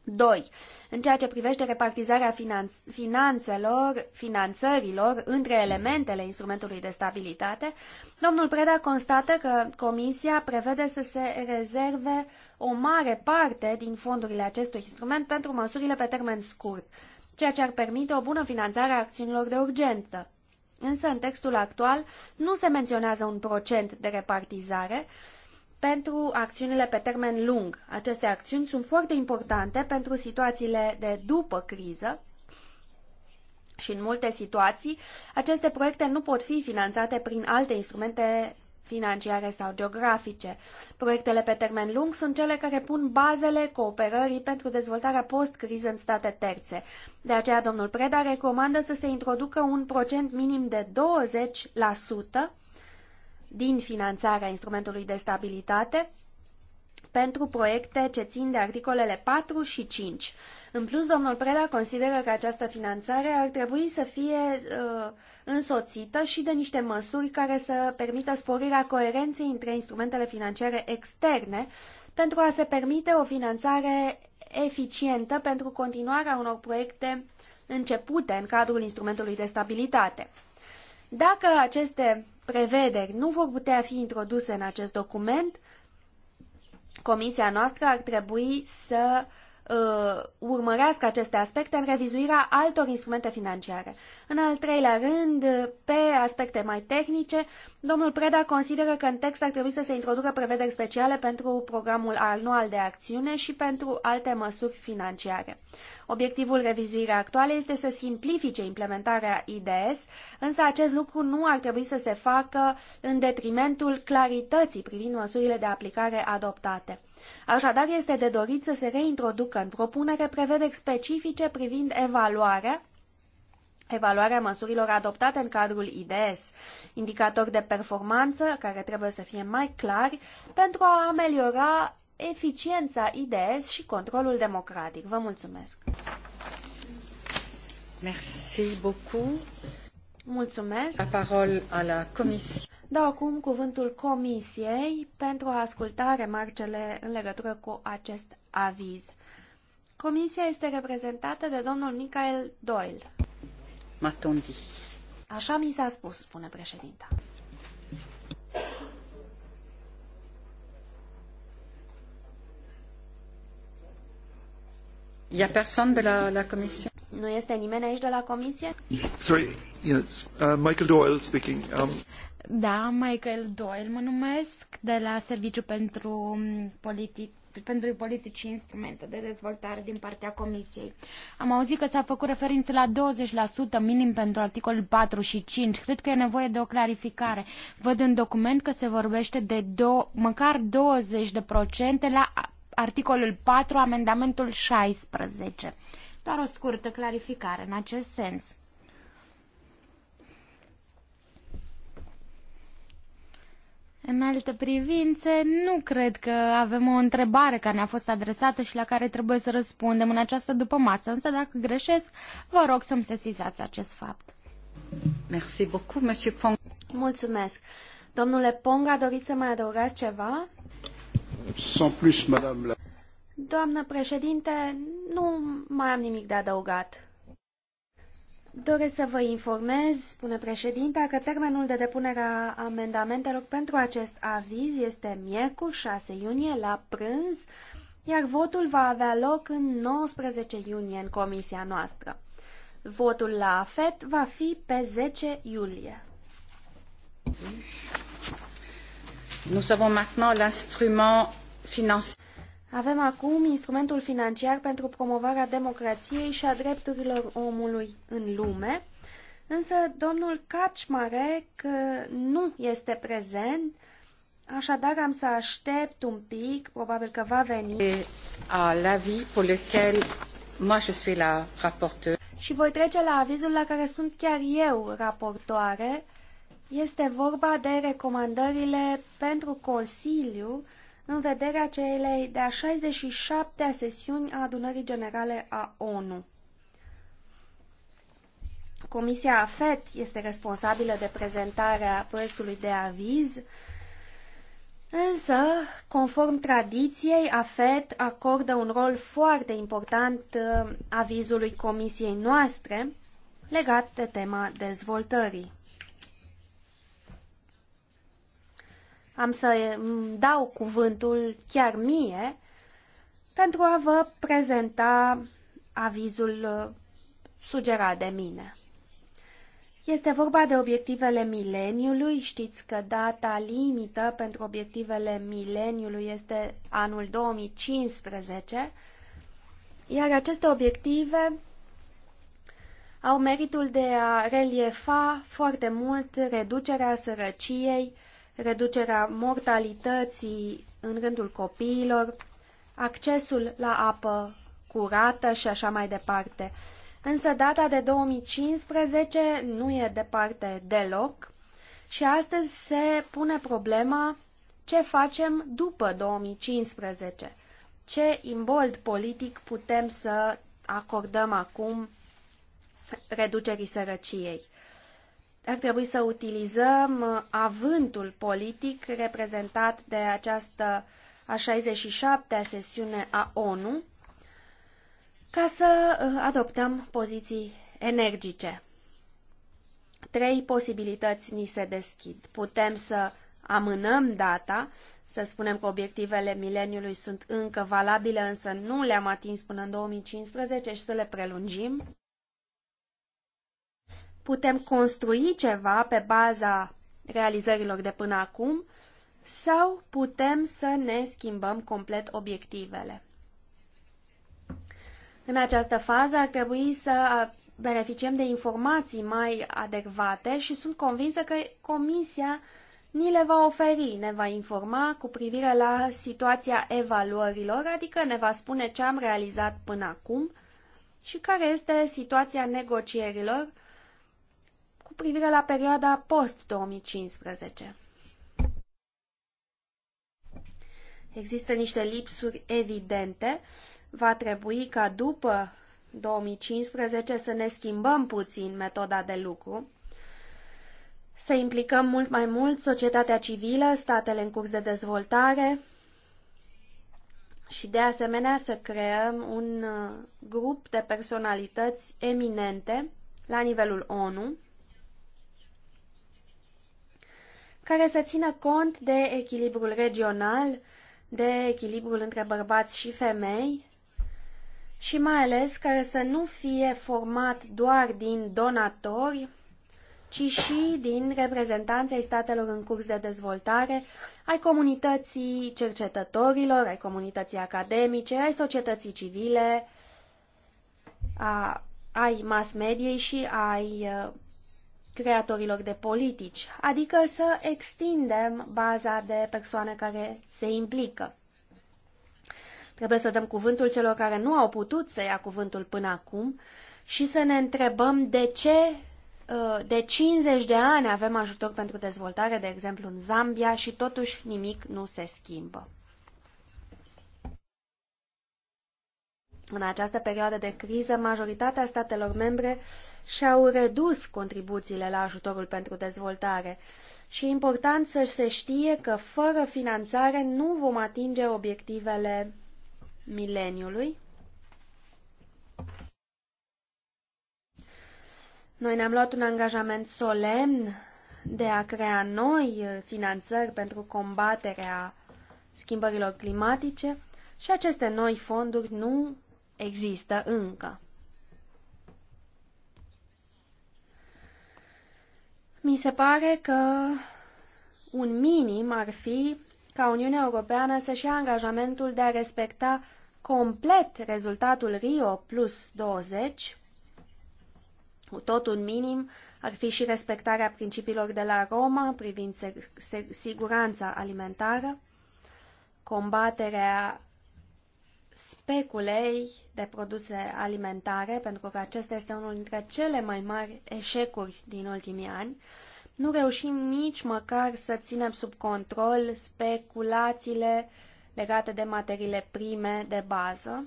Speaker 2: 2. În ceea ce privește repartizarea finanț- finanțelor, finanțărilor între elementele instrumentului de stabilitate, domnul Preda constată că Comisia prevede să se rezerve o mare parte din fondurile acestui instrument pentru măsurile pe termen scurt, ceea ce ar permite o bună finanțare a acțiunilor de urgență. Însă, în textul actual, nu se menționează un procent de repartizare, pentru acțiunile pe termen lung. Aceste acțiuni sunt foarte importante pentru situațiile de după criză și în multe situații aceste proiecte nu pot fi finanțate prin alte instrumente financiare sau geografice. Proiectele pe termen lung sunt cele care pun bazele cooperării pentru dezvoltarea post-criză în state terțe. De aceea, domnul Preda recomandă să se introducă un procent minim de 20% din finanțarea instrumentului de stabilitate pentru proiecte ce țin de articolele 4 și 5. În plus, domnul Preda consideră că această finanțare ar trebui să fie uh, însoțită și de niște măsuri care să permită sporirea coerenței între instrumentele financiare externe pentru a se permite o finanțare eficientă pentru continuarea unor proiecte începute în cadrul instrumentului de stabilitate. Dacă aceste prevederi nu vor putea fi introduse în acest document, comisia noastră ar trebui să uh, uh, urmărească aceste aspecte în revizuirea altor instrumente financiare. În al treilea rând, pe aspecte mai tehnice, domnul Preda consideră că în text ar trebui să se introducă prevederi speciale pentru programul anual de acțiune și pentru alte măsuri financiare. Obiectivul revizuirii actuale este să simplifice implementarea IDS, însă acest lucru nu ar trebui să se facă în detrimentul clarității privind măsurile de aplicare adoptate. Așadar, este de dorit să se reintroducă în propunere prevederi specifice privind evaluarea evaluarea măsurilor adoptate în cadrul IDS, indicatori de performanță care trebuie să fie mai clari pentru a ameliora eficiența IDS și controlul democratic. Vă mulțumesc!
Speaker 1: Merci beaucoup.
Speaker 2: Mulțumesc.
Speaker 1: La la comisie.
Speaker 2: Dau acum cuvântul comisiei pentru a asculta remarcele în legătură cu acest aviz. Comisia este reprezentată de domnul Michael Doyle. Matondi. Așa mi s-a spus, spune președinta.
Speaker 1: Y a personne de la, la commission?
Speaker 2: Nu este nimeni aici de la comisie?
Speaker 1: Sorry, yes, uh, Michael Doyle speaking. Um...
Speaker 2: Da, Michael Doyle
Speaker 4: mă numesc, de la Serviciu pentru mm, Politic pentru politici și instrumente de dezvoltare din partea Comisiei. Am auzit că s-a făcut referință la 20% minim pentru articolul 4 și 5. Cred că e nevoie de o clarificare. Văd în document că se vorbește de do- măcar 20% la articolul 4, amendamentul 16. Doar o scurtă clarificare în acest sens. În alte privințe, nu cred că avem o întrebare care ne-a fost adresată și la care trebuie să răspundem în această după masă, însă dacă greșesc, vă rog să-mi sesizați acest
Speaker 2: fapt. Merci beaucoup, monsieur Pong. Mulțumesc. Domnule Pong, a dorit să mai adăugați ceva?
Speaker 1: Sans plus, madame la...
Speaker 2: Doamnă președinte, nu mai am nimic de adăugat. Doresc să vă informez, spune președinta, că termenul de depunere a amendamentelor pentru acest aviz este miercuri 6 iunie la prânz, iar votul va avea loc în 19 iunie în comisia noastră. Votul la AFET va fi pe 10 iulie.
Speaker 1: Nous avons maintenant l'instrument financier.
Speaker 2: Avem acum instrumentul financiar pentru promovarea democrației și a drepturilor omului în lume, însă domnul Kaczmarek uh, nu este prezent, așadar am să aștept un pic, probabil că va veni.
Speaker 1: A l'avis lequel je suis la rapporteur.
Speaker 2: Și voi trece la avizul la care sunt chiar eu raportoare. Este vorba de recomandările pentru Consiliu în vederea celei de-a 67-a sesiuni a adunării generale a ONU. Comisia AFET este responsabilă de prezentarea proiectului de aviz, însă, conform tradiției, AFET acordă un rol foarte important uh, avizului comisiei noastre legat de tema dezvoltării. Am să dau cuvântul chiar mie pentru a vă prezenta avizul uh, sugerat de mine. Este vorba de obiectivele mileniului. Știți că data limită pentru obiectivele mileniului este anul 2015, iar aceste obiective au meritul de a reliefa foarte mult reducerea sărăciei, reducerea mortalității în rândul copiilor, accesul la apă curată și așa mai departe. Însă data de 2015 nu e departe deloc și astăzi se pune problema ce facem după 2015, ce imbold politic putem să acordăm acum reducerii sărăciei ar trebui să utilizăm uh, avântul politic reprezentat de această a 67-a sesiune a ONU ca să uh, adoptăm poziții energice. Trei posibilități ni se deschid. Putem să amânăm data, să spunem că obiectivele mileniului sunt încă valabile, însă nu le-am atins până în 2015 și să le prelungim putem construi ceva pe baza realizărilor de până acum sau putem să ne schimbăm complet obiectivele. În această fază ar trebui să beneficiem de informații mai adecvate și sunt convinsă că Comisia ni le va oferi, ne va informa cu privire la situația evaluărilor, adică ne va spune ce am realizat până acum și care este situația negocierilor privire la perioada post-2015. Există niște lipsuri evidente. Va trebui ca după 2015 să ne schimbăm puțin metoda de lucru, să implicăm mult mai mult societatea civilă, statele în curs de dezvoltare și de asemenea să creăm un uh, grup de personalități eminente la nivelul ONU care să țină cont de echilibrul regional, de echilibrul între bărbați și femei și mai ales care să nu fie format doar din donatori, ci și din reprezentanții statelor în curs de dezvoltare, ai comunității cercetătorilor, ai comunității academice, ai societății civile, a, ai mass mediei și ai uh, creatorilor de politici, adică să extindem baza de persoane care se implică. Trebuie să dăm cuvântul celor care nu au putut să ia cuvântul până acum și să ne întrebăm de ce uh, de 50 de ani avem ajutor pentru dezvoltare, de exemplu în Zambia, și totuși nimic nu se schimbă. În această perioadă de criză, majoritatea statelor membre și-au redus contribuțiile la ajutorul pentru dezvoltare și e important să se știe că fără finanțare nu vom atinge obiectivele mileniului. Noi ne-am luat un angajament solemn de a crea noi finanțări pentru combaterea schimbărilor climatice și aceste noi fonduri nu există încă. Mi se pare că un minim ar fi ca Uniunea Europeană să-și ia angajamentul de a respecta complet rezultatul Rio plus 20, tot un minim ar fi și respectarea principiilor de la Roma privind siguranța alimentară, combaterea speculei de produse alimentare, pentru că acesta este unul dintre cele mai mari eșecuri din ultimii ani. Nu reușim nici măcar să ținem sub control speculațiile legate de materiile prime de bază.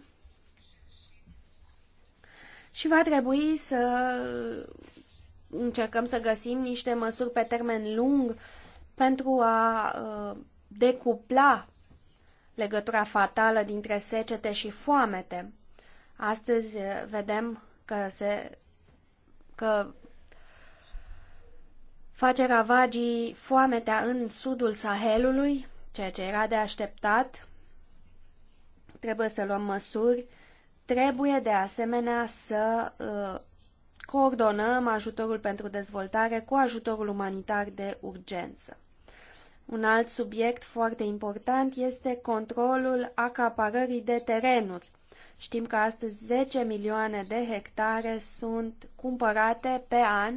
Speaker 2: Și va trebui să încercăm să găsim niște măsuri pe termen lung pentru a uh, decupla legătura fatală dintre secete și foamete. Astăzi eh, vedem că se că face ravagii foametea în sudul Sahelului, ceea ce era de așteptat. Trebuie să luăm măsuri. Trebuie de asemenea să eh, coordonăm ajutorul pentru dezvoltare cu ajutorul umanitar de urgență. Un alt subiect foarte important este controlul acaparării de terenuri. Știm că astăzi 10 milioane de hectare sunt cumpărate pe an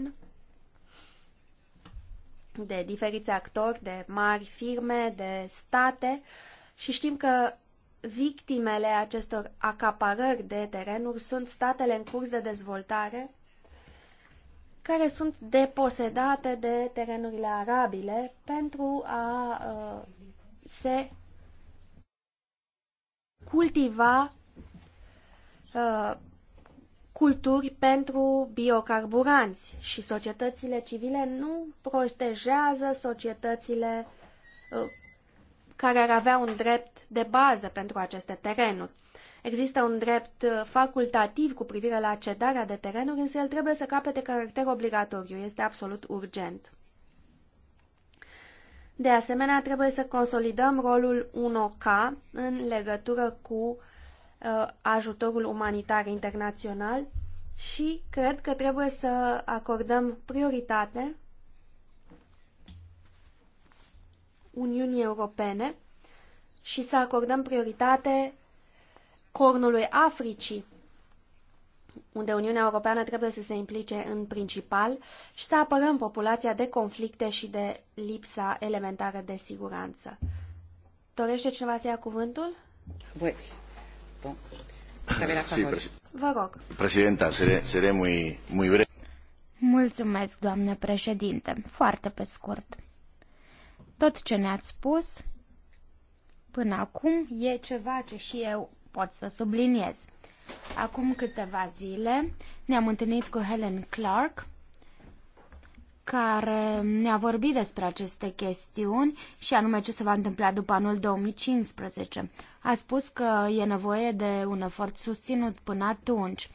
Speaker 2: de diferiți actori, de mari firme, de state și știm că victimele acestor acaparări de terenuri sunt statele în curs de dezvoltare care sunt deposedate de terenurile arabile pentru a uh, se cultiva uh, culturi pentru biocarburanți și societățile civile nu protejează societățile uh, care ar avea un drept de bază pentru aceste terenuri. Există un drept uh, facultativ cu privire la cedarea de terenuri, însă el trebuie să capete caracter obligatoriu. Este absolut urgent. De asemenea, trebuie să consolidăm rolul 1K în legătură cu uh, ajutorul umanitar internațional și cred că trebuie să acordăm prioritate Uniunii Europene și să acordăm prioritate Cornului Africii, unde Uniunea Europeană trebuie să se implice în principal și să apărăm populația de conflicte și de lipsa elementară de siguranță. Dorește cineva să ia cuvântul? Voi.
Speaker 3: Sí, Vă rog. Președinta, seré, seré muy, muy breve.
Speaker 4: Mulțumesc, doamnă președinte. Foarte pe scurt. Tot ce ne-ați spus până acum e ceva ce și eu pot să subliniez. Acum câteva zile ne-am întâlnit cu Helen Clark, care ne-a vorbit despre aceste chestiuni și anume ce se va întâmpla după anul 2015. A spus că e nevoie de un efort susținut până atunci.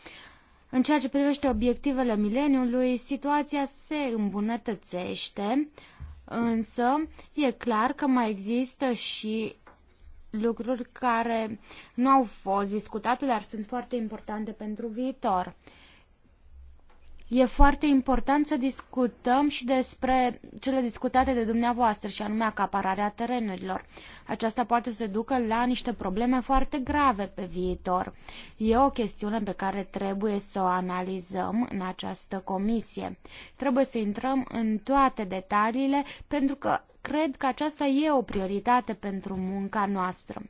Speaker 4: În ceea ce privește obiectivele mileniului, situația se îmbunătățește, însă e clar că mai există și lucruri care nu au fost discutate, dar sunt foarte importante pentru viitor. E foarte important să discutăm și despre cele discutate de dumneavoastră, și anume acapararea terenurilor. Aceasta poate să ducă la niște probleme foarte grave pe viitor. E o chestiune pe care trebuie să o analizăm în această comisie. Trebuie să intrăm în toate detaliile pentru că cred că aceasta e o prioritate pentru munca noastră.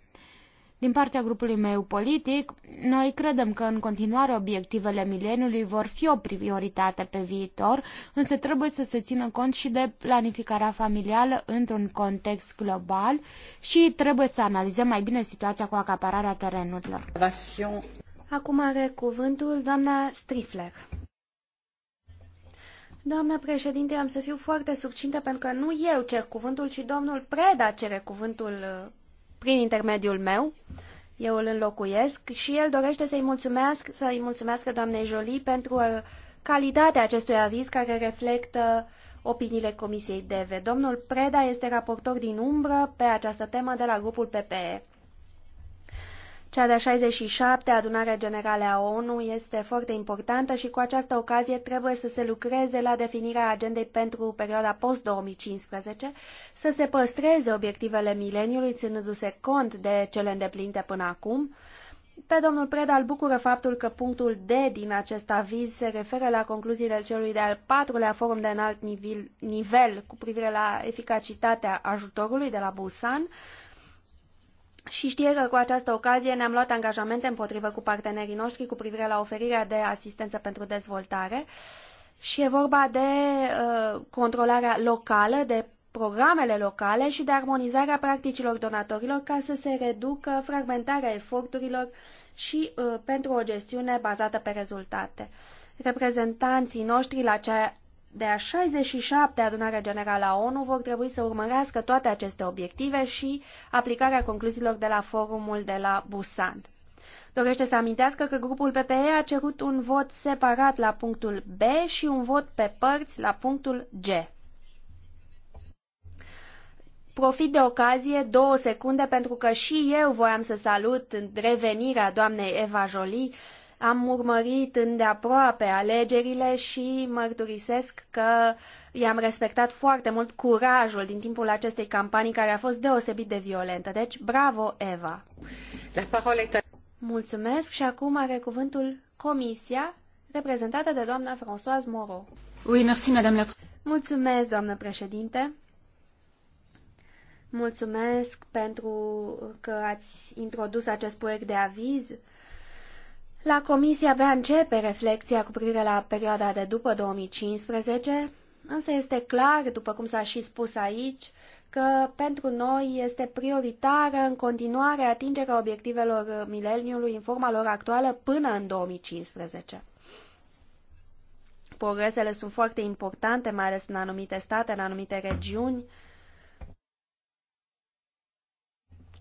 Speaker 4: Din partea grupului meu politic, noi credem că în continuare obiectivele mileniului vor fi o prioritate pe viitor, însă trebuie să se țină cont și de planificarea familială într-un context global și trebuie să analizăm mai bine situația cu acapararea terenurilor.
Speaker 2: Acum are cuvântul doamna Strifler. Doamna președinte, am să fiu foarte succintă pentru că nu eu cer cuvântul, ci domnul Preda cere cuvântul prin intermediul meu. Eu îl înlocuiesc și el dorește să-i mulțumesc, să-i mulțumească doamnei Jolie pentru uh, calitatea acestui aviz care reflectă opiniile Comisiei DEVE. Domnul Preda este raportor din umbră pe această temă de la grupul PPE. Cea de-a 67, adunare generală a ONU, este foarte importantă și cu această ocazie trebuie să se lucreze la definirea agendei pentru perioada post-2015, să se păstreze obiectivele mileniului ținându-se cont de cele îndeplinite până acum. Pe domnul Preda îl bucură faptul că punctul D din acest aviz se referă la concluziile celui de-al patrulea forum de înalt nivel, nivel cu privire la eficacitatea ajutorului de la Busan, și știe că cu această ocazie ne-am luat angajamente împotrivă cu partenerii noștri cu privire la oferirea de asistență pentru dezvoltare și e vorba de uh, controlarea locală, de programele locale și de armonizarea practicilor donatorilor ca să se reducă fragmentarea eforturilor și uh, pentru o gestiune bazată pe rezultate. Reprezentanții noștri la cea de a 67 adunare generală a ONU vor trebui să urmărească toate aceste obiective și aplicarea concluziilor de la forumul de la Busan. Dorește să amintească că grupul PPE a cerut un vot separat la punctul B și un vot pe părți la punctul G. Profit de ocazie două secunde pentru că și eu voiam să salut revenirea doamnei Eva Jolie am urmărit îndeaproape alegerile și mărturisesc că i-am respectat foarte mult curajul din timpul acestei campanii care a fost deosebit de violentă. Deci, bravo, Eva! Mulțumesc și acum are cuvântul Comisia, reprezentată de doamna Françoise Moreau. Oui, merci, madame la... Mulțumesc, doamnă președinte! Mulțumesc pentru că ați introdus acest proiect de aviz. La comisie abia începe reflexia cu privire la perioada de după 2015, însă este clar, după cum s-a și spus aici, că pentru noi este prioritară în continuare atingerea obiectivelor mileniului în forma lor actuală până în 2015. Progresele sunt foarte importante, mai ales în anumite state, în anumite regiuni,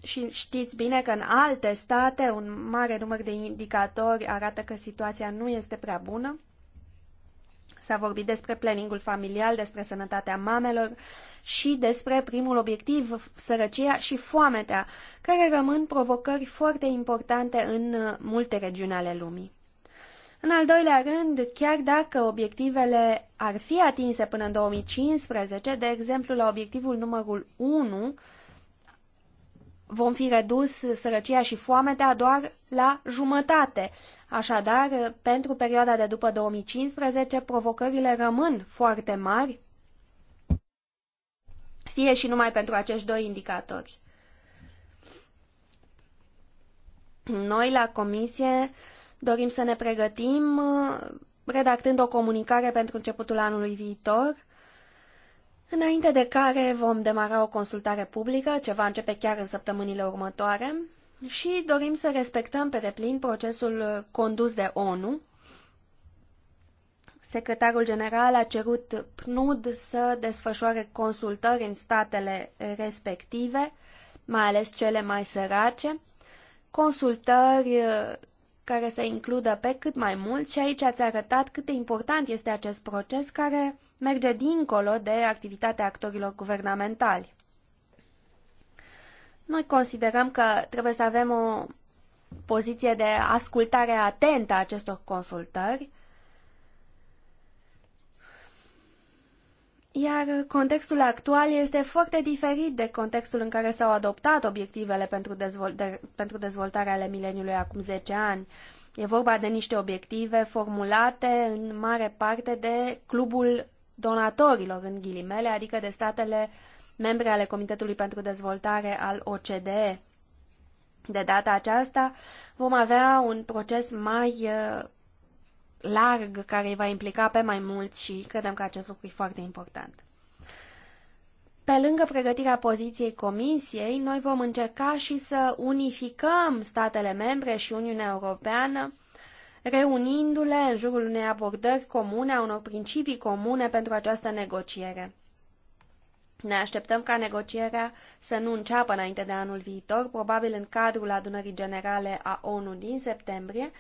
Speaker 2: și știți bine că în alte state un mare număr de indicatori arată că situația nu este prea bună. S-a vorbit despre planningul familial, despre sănătatea mamelor și despre primul obiectiv, sărăcia și foametea, care rămân provocări foarte importante în multe regiuni ale lumii. În al doilea rând, chiar dacă obiectivele ar fi atinse până în 2015, de exemplu la obiectivul numărul 1, vom fi redus sărăcia și foametea doar la jumătate. Așadar, pentru perioada de după 2015, provocările rămân foarte mari, fie și numai pentru acești doi indicatori. Noi, la Comisie, dorim să ne pregătim redactând o comunicare pentru începutul anului viitor înainte de care vom demara o consultare publică, ce va începe chiar în săptămânile următoare, și dorim să respectăm pe deplin procesul condus de ONU. Secretarul general a cerut PNUD să desfășoare consultări în statele respective, mai ales cele mai sărace, consultări uh, care să includă pe cât mai mult și aici ați arătat cât de important este acest proces care merge dincolo de activitatea actorilor guvernamentali. Noi considerăm că trebuie să avem o poziție de ascultare atentă a acestor consultări, iar contextul actual este foarte diferit de contextul în care s-au adoptat obiectivele pentru, de pentru dezvoltarea ale mileniului acum 10 ani. E vorba de niște obiective formulate în mare parte de Clubul donatorilor, în ghilimele, adică de statele membre ale Comitetului pentru Dezvoltare al OCDE. De data aceasta vom avea un proces mai uh, larg care îi va implica pe mai mulți și credem că acest lucru e foarte important. Pe lângă pregătirea poziției Comisiei, noi vom încerca și să unificăm statele membre și Uniunea Europeană reunindu-le în jurul unei abordări comune, a unor principii comune pentru această negociere. Ne așteptăm ca negocierea să nu înceapă înainte de anul viitor, probabil în cadrul adunării generale a ONU din septembrie,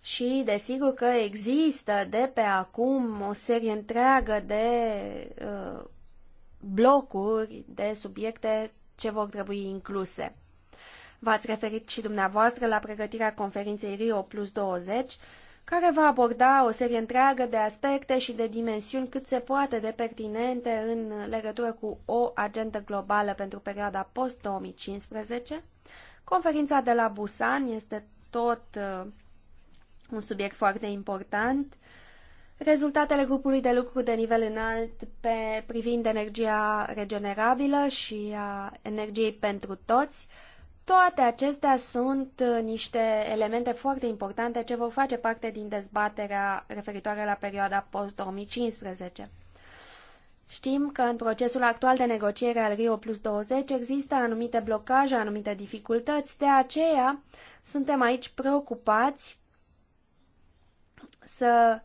Speaker 2: și desigur că există de pe acum o serie întreagă de uh, blocuri de subiecte ce vor trebui incluse. V-ați referit și dumneavoastră la pregătirea conferinței Rio Plus 20, care va aborda o serie întreagă de aspecte și de dimensiuni cât se poate de pertinente în legătură cu o agendă globală pentru perioada post-2015. Conferința de la Busan este tot uh, un subiect foarte important. Rezultatele grupului de lucru de nivel înalt pe, privind energia regenerabilă și a energiei pentru toți uh, toate acestea sunt uh, niște elemente foarte importante ce vor face parte din dezbaterea referitoare la perioada post-2015. Știm că în procesul actual de negociere al Rio Plus 20 există anumite blocaje, anumite dificultăți, de aceea suntem aici preocupați să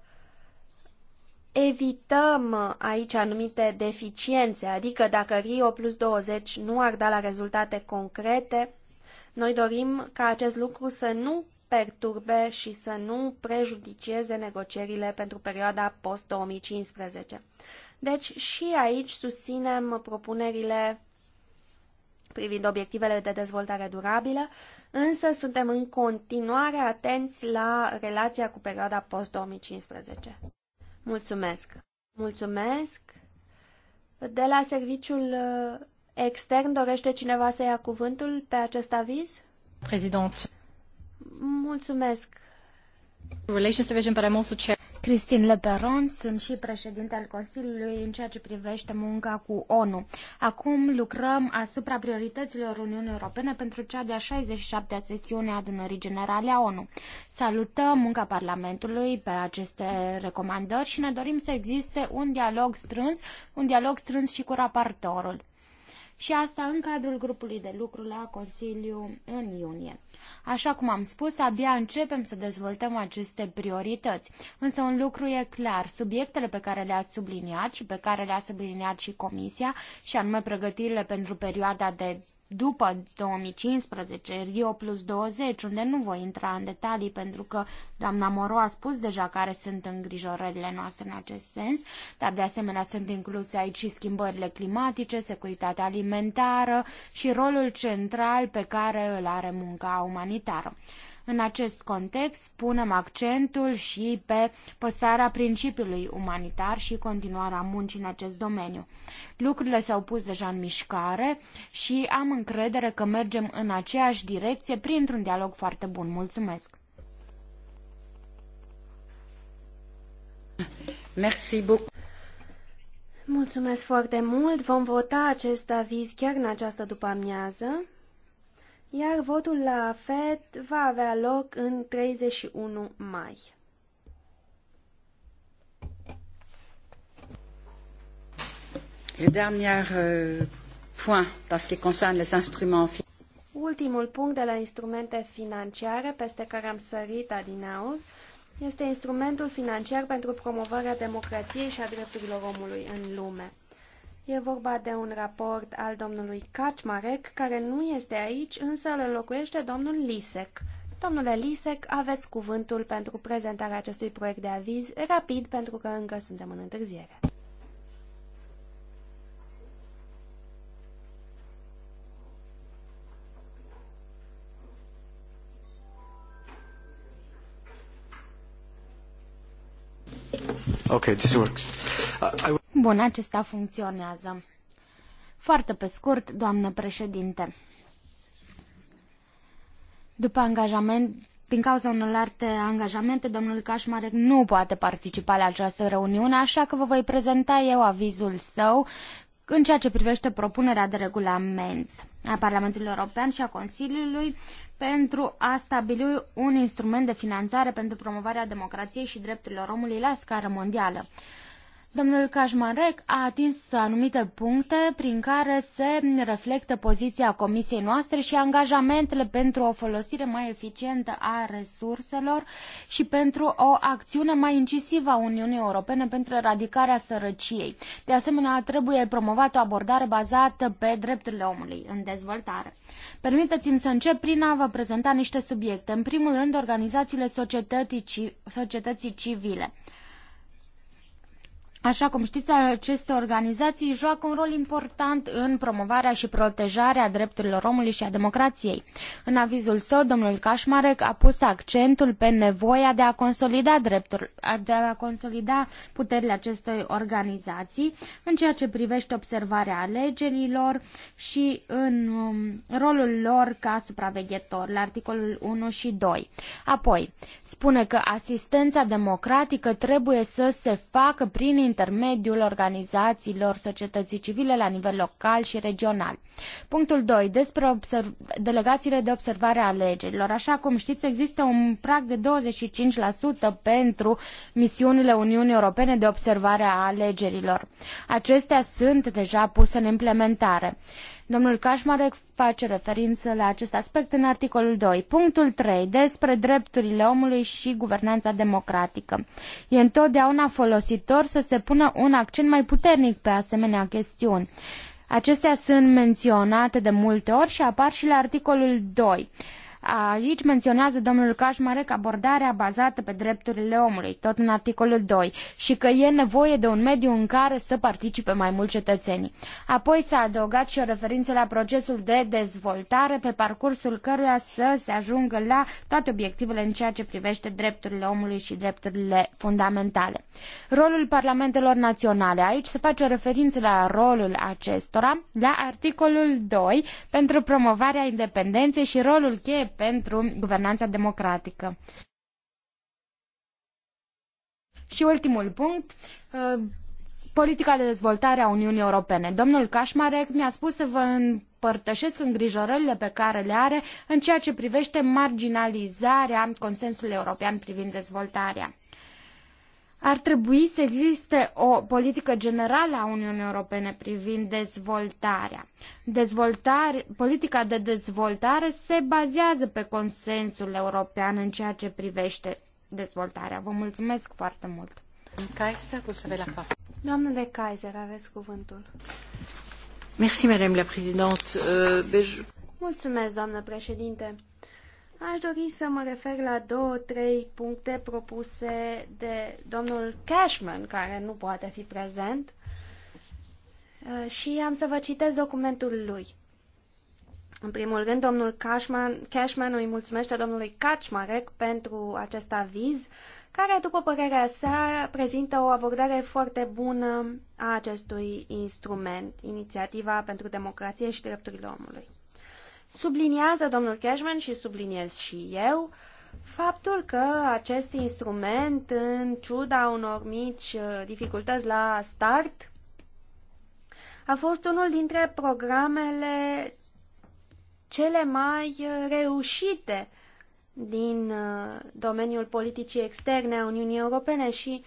Speaker 2: evităm aici anumite deficiențe, adică dacă Rio Plus 20 nu ar da la rezultate concrete, noi dorim ca acest lucru să nu perturbe și să nu prejudicieze negocierile pentru perioada post-2015. Deci și aici susținem propunerile privind obiectivele de dezvoltare durabilă, însă suntem în continuare atenți la relația cu perioada post-2015. Mulțumesc! Mulțumesc! De la Serviciul extern. Dorește cineva să ia cuvântul pe acest aviz?
Speaker 1: Prezident.
Speaker 2: Mulțumesc.
Speaker 4: Relations Division, but I'm also chair. Christine Leperon, sunt și președinte al Consiliului în ceea ce privește munca cu ONU. Acum lucrăm asupra priorităților Uniunii Europene pentru cea de-a 67-a sesiune a adunării generale a ONU. Salutăm munca Parlamentului pe aceste recomandări și ne dorim să existe un dialog strâns, un dialog strâns și cu raportorul și asta în cadrul grupului de lucru la Consiliu în iunie. Așa cum am spus, abia începem să dezvoltăm aceste priorități, însă un lucru e clar, subiectele pe care le-ați subliniat și pe care le-a subliniat și Comisia, și anume pregătirile pentru perioada de după 2015, Rio plus 20, unde nu voi intra în detalii pentru că doamna Moro a spus deja care sunt îngrijorările noastre în acest sens, dar de asemenea sunt incluse aici și schimbările climatice, securitatea alimentară și rolul central pe care îl are munca umanitară. În acest context, punem accentul și pe păsarea principiului umanitar și continuarea muncii în acest domeniu. Lucrurile s-au pus deja în mișcare și am încredere că mergem în aceeași direcție printr-un dialog foarte bun. Mulțumesc!
Speaker 1: Merci beaucoup.
Speaker 2: Mulțumesc foarte mult. Vom vota acest aviz chiar în această după-amiază, iar votul la FED va avea loc în 31 mai.
Speaker 1: Le dernier euh, point, ce qui concerne les instruments
Speaker 2: Ultimul punct de la instrumente financiare peste care am sărit adinaur este instrumentul financiar pentru promovarea democrației și a drepturilor omului în lume. E vorba de un raport al domnului Kaczmarek, care nu este aici, însă îl înlocuiește domnul Lisek. Domnule Lisek, aveți cuvântul pentru prezentarea acestui proiect de aviz, rapid, pentru că încă suntem în întârziere.
Speaker 1: Okay, this works.
Speaker 2: I...
Speaker 4: Bun, acesta funcționează. Foarte pe scurt, doamnă președinte. După angajament, din cauza unor alte angajamente, domnul Cașmarec nu poate participa la această reuniune, așa că vă voi prezenta eu avizul său în ceea ce privește propunerea de regulament a Parlamentului European și a Consiliului pentru a stabili un instrument de finanțare pentru promovarea democrației și drepturilor omului la scară mondială. Domnul Cașmarec a atins anumite puncte prin care se reflectă poziția comisiei noastre și angajamentele pentru o folosire mai eficientă a resurselor și pentru o acțiune mai incisivă a Uniunii Europene pentru eradicarea sărăciei. De asemenea, trebuie promovată o abordare bazată pe drepturile omului în dezvoltare. Permiteți-mi să încep prin a vă prezenta niște subiecte. În primul rând, organizațiile societății civile. Așa cum știți, aceste organizații joacă un rol important în promovarea și protejarea drepturilor omului și a democrației. În avizul său, domnul Cașmarec a pus accentul pe nevoia de a consolida dreptul, de a consolida puterile acestei organizații în ceea ce privește observarea alegerilor și în um, rolul lor ca supraveghetor, la articolul 1 și 2. Apoi, spune că asistența democratică trebuie să se facă prin intermediul organizațiilor societății civile la nivel local și regional. Punctul 2. Despre observ- delegațiile de observare a legilor, Așa cum știți, există un prag de 25% pentru misiunile Uniunii Europene de observare a alegerilor. Acestea sunt deja puse în implementare. Domnul Cașmarec face referință la acest aspect în articolul 2. Punctul 3. Despre drepturile omului și guvernanța democratică. E întotdeauna folositor să se pună un accent mai puternic pe asemenea chestiuni. Acestea sunt menționate de multe ori și apar și la articolul 2. Aici menționează domnul Cașmarec abordarea bazată pe drepturile omului, tot în articolul 2, și că e nevoie de un mediu în care să participe mai mulți cetățenii. Apoi s-a adăugat și o referință la procesul de dezvoltare pe parcursul căruia să se ajungă la toate obiectivele în ceea ce privește drepturile omului și drepturile fundamentale. Rolul parlamentelor naționale. Aici se face o referință la rolul acestora, la articolul 2, pentru promovarea independenței și rolul cheie pentru guvernanța democratică. Și ultimul punct, uh, politica de dezvoltare a Uniunii Europene. Domnul Cașmarec mi-a spus să vă împărtășesc îngrijorările pe care le are în ceea ce privește marginalizarea consensului european privind dezvoltarea ar trebui să existe o politică generală a Uniunii Europene privind dezvoltarea. Dezvoltare, politica de dezvoltare se bazează pe consensul european în ceea ce privește dezvoltarea. Vă mulțumesc foarte mult! Kaiser,
Speaker 2: Doamnele Kaiser, aveți cuvântul.
Speaker 1: Euh,
Speaker 2: mulțumesc, doamnă președinte. Aș dori să mă refer la două, trei puncte propuse de domnul Cashman, care nu poate fi prezent, uh, și am să vă citesc documentul lui. În primul rând, domnul Cashman, Cashman îi mulțumește domnului Kaczmarek pentru acest aviz, care, după părerea sa, prezintă o abordare foarte bună a acestui instrument, Inițiativa pentru Democrație și Drepturile Omului. Subliniază domnul Cashman și subliniez și eu faptul că acest instrument, în ciuda unor mici uh, dificultăți la start, a fost unul dintre programele cele mai uh, reușite din uh, domeniul politicii externe a Uniunii Europene și uh,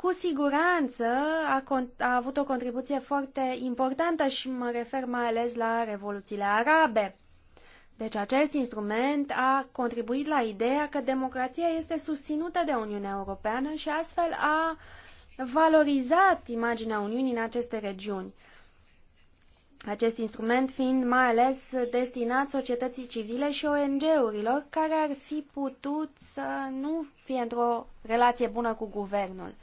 Speaker 2: cu siguranță a, a avut o contribuție foarte importantă și mă refer mai ales la revoluțiile arabe. Deci acest instrument a contribuit la ideea că democrația este susținută de Uniunea Europeană și astfel a valorizat imaginea Uniunii în aceste regiuni. Acest instrument fiind mai ales destinat societății civile și ONG-urilor care ar fi putut să nu fie într-o relație bună cu guvernul.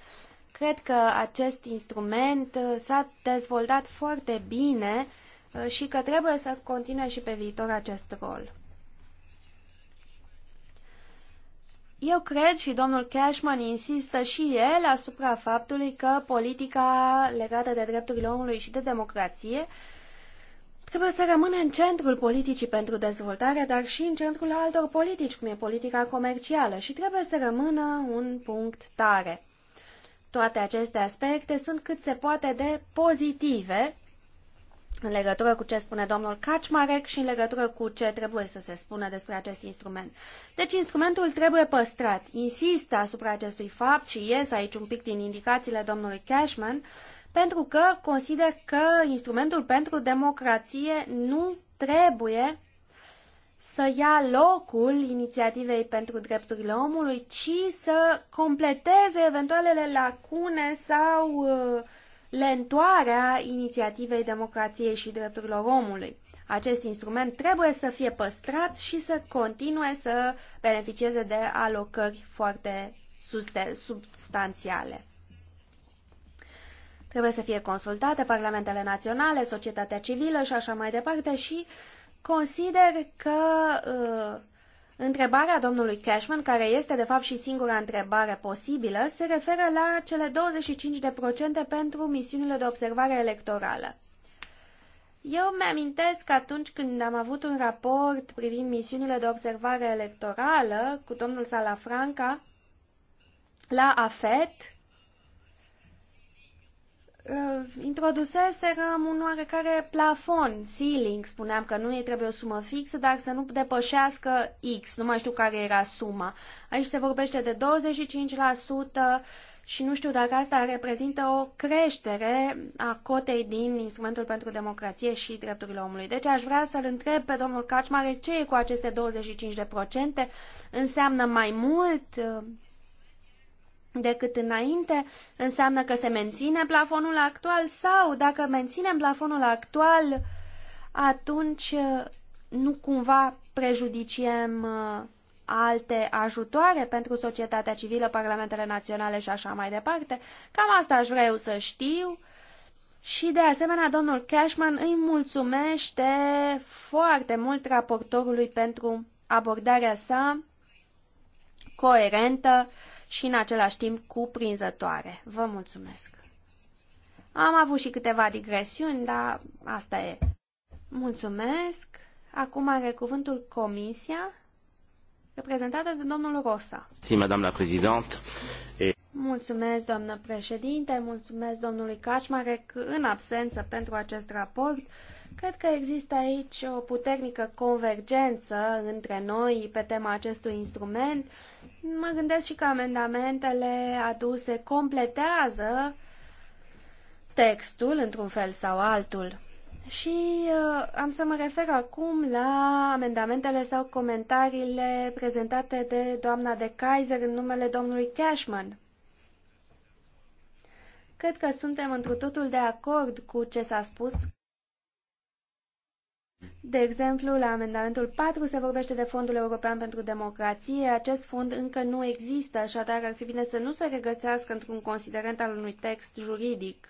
Speaker 2: Cred că acest instrument uh, s-a dezvoltat foarte bine uh, și că trebuie să continue și pe viitor acest rol. Eu cred și domnul Cashman insistă și el asupra faptului că politica legată de drepturile omului și de democrație trebuie să rămână în centrul politicii pentru dezvoltare, dar și în centrul altor politici, cum e politica comercială, și trebuie să rămână un punct tare. Toate aceste aspecte sunt cât se poate de pozitive în legătură cu ce spune domnul Kaczmarek și în legătură cu ce trebuie să se spună despre acest instrument. Deci instrumentul trebuie păstrat. Insistă asupra acestui fapt și ies aici un pic din indicațiile domnului Cashman, pentru că consider că instrumentul pentru democrație nu trebuie să ia locul inițiativei pentru drepturile omului, ci să completeze eventualele lacune sau uh, lentoarea inițiativei democrației și drepturilor omului. Acest instrument trebuie să fie păstrat și să continue să beneficieze de alocări foarte substanțiale. Trebuie să fie consultate parlamentele naționale, societatea civilă și așa mai departe și uh, Consider că uh, întrebarea domnului Cashman, care este de fapt și singura întrebare posibilă, se referă la cele 25% pentru misiunile de observare electorală. Eu mi-amintesc atunci când am avut un raport privind misiunile de observare electorală cu domnul Salafranca la AFET, Uh, introduseserăm un oarecare plafon, ceiling, spuneam că nu e trebuie o sumă fixă, dar să nu depășească X, nu mai știu care era suma. Aici se vorbește de 25% și nu știu dacă asta reprezintă o creștere a cotei din instrumentul pentru democrație și drepturile omului. Deci aș vrea să-l întreb pe domnul Cacmare ce e cu aceste 25%, înseamnă mai mult, decât înainte, înseamnă că se menține plafonul actual sau dacă menținem plafonul actual, atunci uh, nu cumva prejudiciem uh, alte ajutoare pentru societatea civilă, parlamentele naționale și așa mai departe. Cam asta aș vrea eu să știu. Și de asemenea, domnul Cashman îi mulțumește foarte mult raportorului pentru abordarea sa coerentă și în același timp cuprinzătoare. Vă mulțumesc! Am avut și câteva digresiuni, dar asta e. Mulțumesc! Acum are cuvântul Comisia, reprezentată de domnul Rosa.
Speaker 1: Si, madame la présidente. Et...
Speaker 2: Mulțumesc, doamnă președinte, mulțumesc domnului Cașmarec în absență pentru acest raport. Cred că există aici o puternică convergență între noi pe tema acestui instrument Mă gândesc și că amendamentele aduse completează textul într-un fel sau altul. Și uh, am să mă refer acum la amendamentele sau comentariile prezentate de doamna de Kaiser în numele domnului Cashman. Cred că suntem întru totul de acord cu ce s-a spus de exemplu, la amendamentul 4 se vorbește de Fondul European pentru Democrație. Acest fond încă nu există, așadar ar fi bine să nu se regăsească într-un considerent al unui text juridic,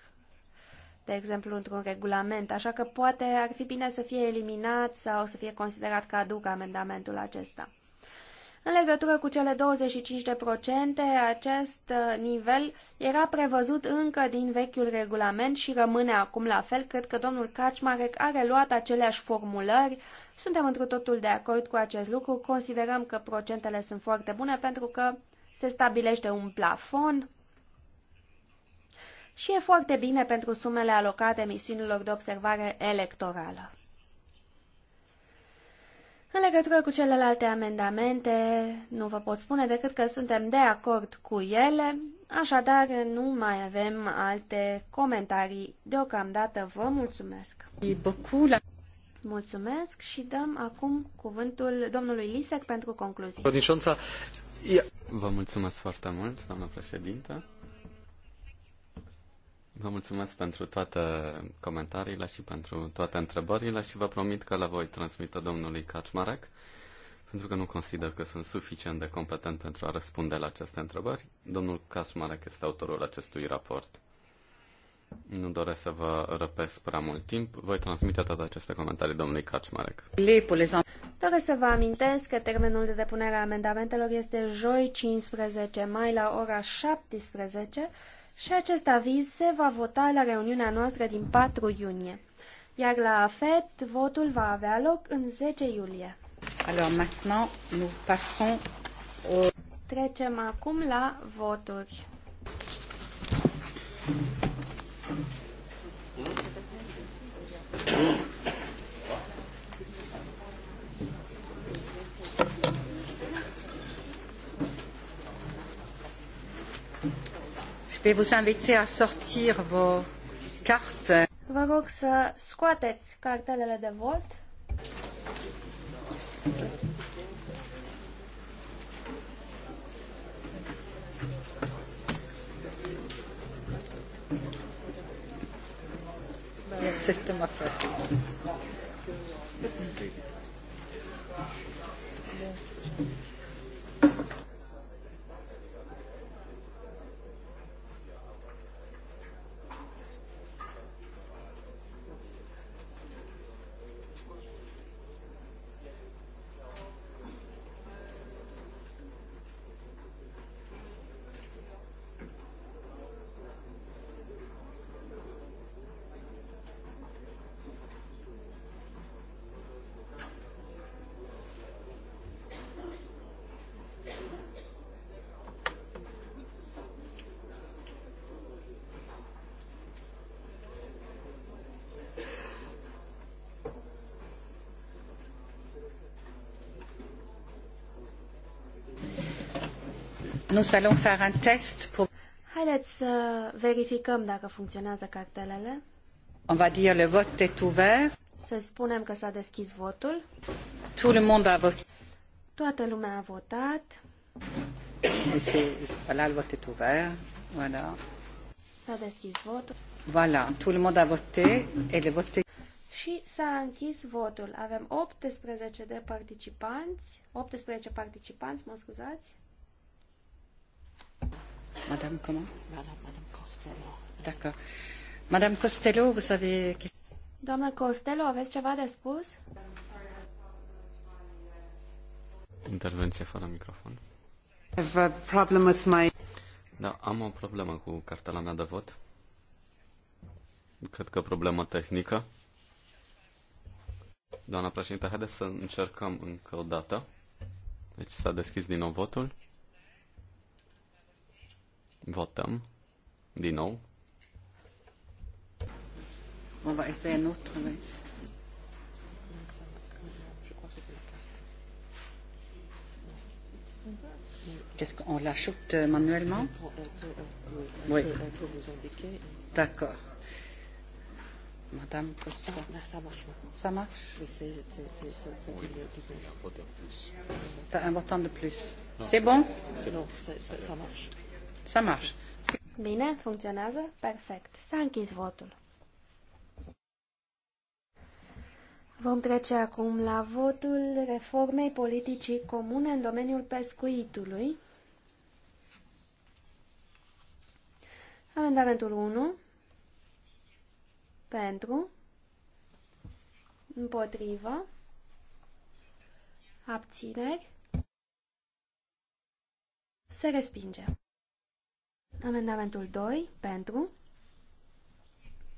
Speaker 2: de exemplu într-un regulament, așa că poate ar fi bine să fie eliminat sau să fie considerat caduc amendamentul acesta. În legătură cu cele 25%, acest uh, nivel era prevăzut încă din vechiul regulament și rămâne acum la fel. Cred că domnul Kaczmarek a reluat aceleași formulări. Suntem într totul de acord cu acest lucru. Considerăm că procentele sunt foarte bune pentru că se stabilește un plafon și e foarte bine pentru sumele alocate misiunilor de observare electorală. În legătură cu celelalte amendamente, nu vă pot spune decât că suntem de acord cu ele, așadar nu mai avem alte comentarii. Deocamdată vă mulțumesc! Mulțumesc și dăm acum cuvântul domnului Lisec pentru concluzii.
Speaker 3: Vă mulțumesc foarte mult, doamnă președintă. Vă mulțumesc pentru toate comentariile și pentru toate întrebările și vă promit că le voi transmite domnului Kaczmarek, pentru că nu consider că sunt suficient de competent pentru a răspunde la aceste întrebări. Domnul Kaczmarek este autorul acestui raport. Nu doresc să vă răpesc prea mult timp. Voi transmite toate aceste comentarii domnului Kaczmarek.
Speaker 2: Doresc să vă amintesc că termenul de depunere a amendamentelor este joi 15 mai la ora 17 și acest aviz se va vota la reuniunea noastră din 4 iunie, iar la AFET votul va avea loc în 10 iulie.
Speaker 1: Alors maintenant, nous passons au...
Speaker 2: Trecem acum la voturi.
Speaker 1: vais vous inviter à sortir vos
Speaker 2: cartes. Vă rog să scoateți cartelele de vot. Este mă
Speaker 1: Nous allons faire un test pour...
Speaker 2: Haideți să verificăm dacă funcționează cartelele.
Speaker 1: On va dire le vote est ouvert.
Speaker 2: Să spunem că s-a deschis votul.
Speaker 1: Tout le monde a voté.
Speaker 2: Toată lumea a votat.
Speaker 1: Voilà, le vote est ouvert. Voilà.
Speaker 2: S-a deschis votul.
Speaker 1: Voilà, tout le monde a voté et le vote
Speaker 2: și s-a închis votul. Avem 18 de participanți, 18 participanți, mă scuzați.
Speaker 1: Madame comment Madame, Madame Costello. D'accord. Madame Costello, vous avez...
Speaker 2: Doamna Costello, aveți ceva de spus?
Speaker 3: Intervenție fără microfon. have
Speaker 1: a problem with my...
Speaker 3: Da, am o problemă cu cartela mea de vot. Cred că problemă tehnică. Doamna președinte, haideți să încercăm încă o dată. Deci s-a deschis din nou votul. Votăm. Din nou.
Speaker 1: On va essayer un autre. Mais... Qu'est-ce qu'on l'ajoute manuellement Oui. D'accord. Madame Costa. Ah, ça marche Ça marche Oui, c'est un bouton de plus. C'est bon C'est bon, ça marche.
Speaker 2: Bine, funcționează? Perfect. S-a închis votul. Vom trece acum la votul reformei politicii comune în domeniul pescuitului. Amendamentul 1. Pentru. Împotrivă. Abțineri. Se respinge. Amendamentul 2 pentru,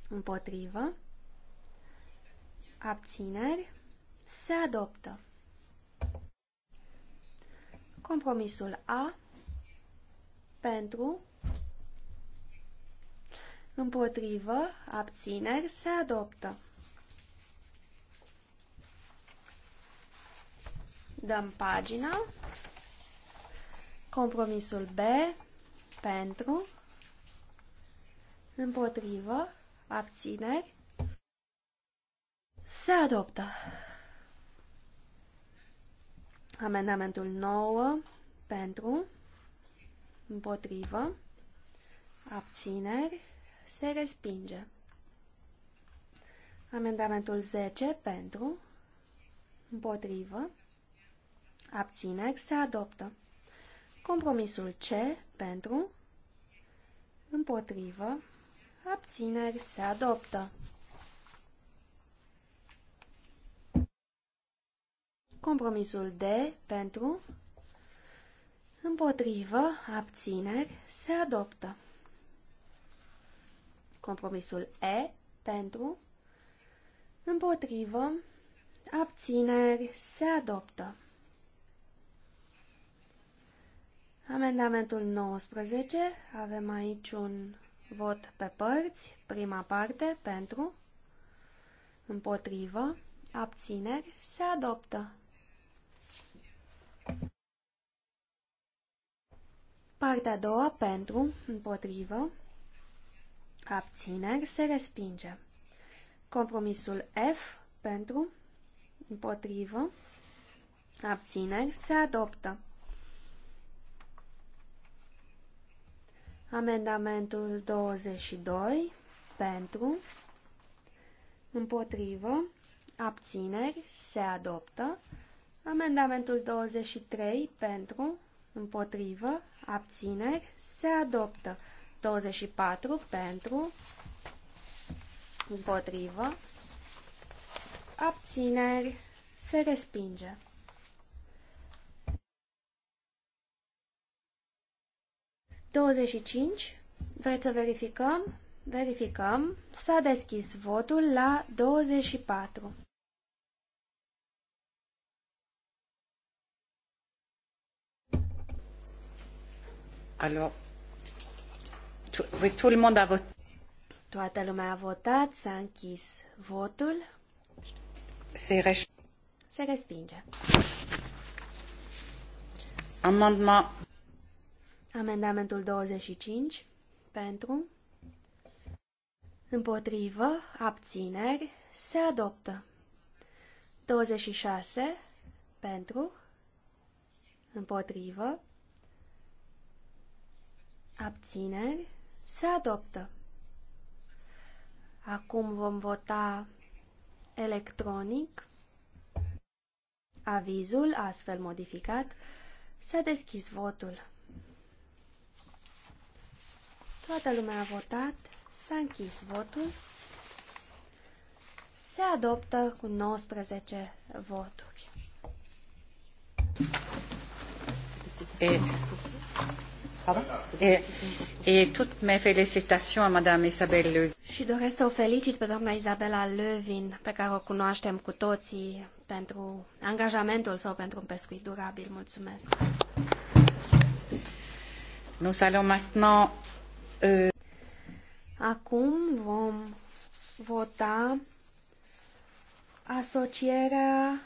Speaker 2: împotrivă, abțineri, se adoptă. Compromisul A pentru, împotrivă, abțineri, se adoptă. Dăm pagina. Compromisul B pentru, împotrivă, abțineri, se adoptă. Amendamentul 9 pentru, împotrivă, abțineri, se respinge. Amendamentul 10 pentru, împotrivă, abțineri, se adoptă. Compromisul C pentru, împotrivă, abțineri se adoptă. Compromisul D pentru, împotrivă, abțineri se adoptă. Compromisul E pentru, împotrivă, abțineri se adoptă. Amendamentul 19, avem aici un vot pe părți, prima parte, pentru, împotrivă, abțineri, se adoptă. Partea a doua, pentru, împotrivă, abțineri, se respinge. Compromisul F, pentru, împotrivă, abțineri, se adoptă. Amendamentul 22 pentru, împotrivă, abțineri, se adoptă. Amendamentul 23 pentru, împotrivă, abțineri, se adoptă. 24 pentru, împotrivă, abțineri, se respinge. 25. Vreți să verificăm? Verificăm. S-a deschis votul la 24. Alo. Păi tout, le monde a voté. Toată lumea a votat, s-a închis votul. Se, res- Se respinge.
Speaker 1: Amendement
Speaker 2: Amendamentul 25 pentru, împotrivă, abțineri, se adoptă. 26 pentru, împotrivă, abțineri, se adoptă. Acum vom vota electronic avizul astfel modificat. S-a deschis votul. Toată lumea a votat. S-a închis votul. Se adoptă cu 19 voturi.
Speaker 1: E, e, e toutes mes félicitations Madame Isabel Levin.
Speaker 2: Și doresc să o felicit pe doamna Isabela Levin, pe care o cunoaștem cu toții, pentru angajamentul său pentru un pescuit durabil. Mulțumesc! Nous allons maintenant Acum vom vota asocierea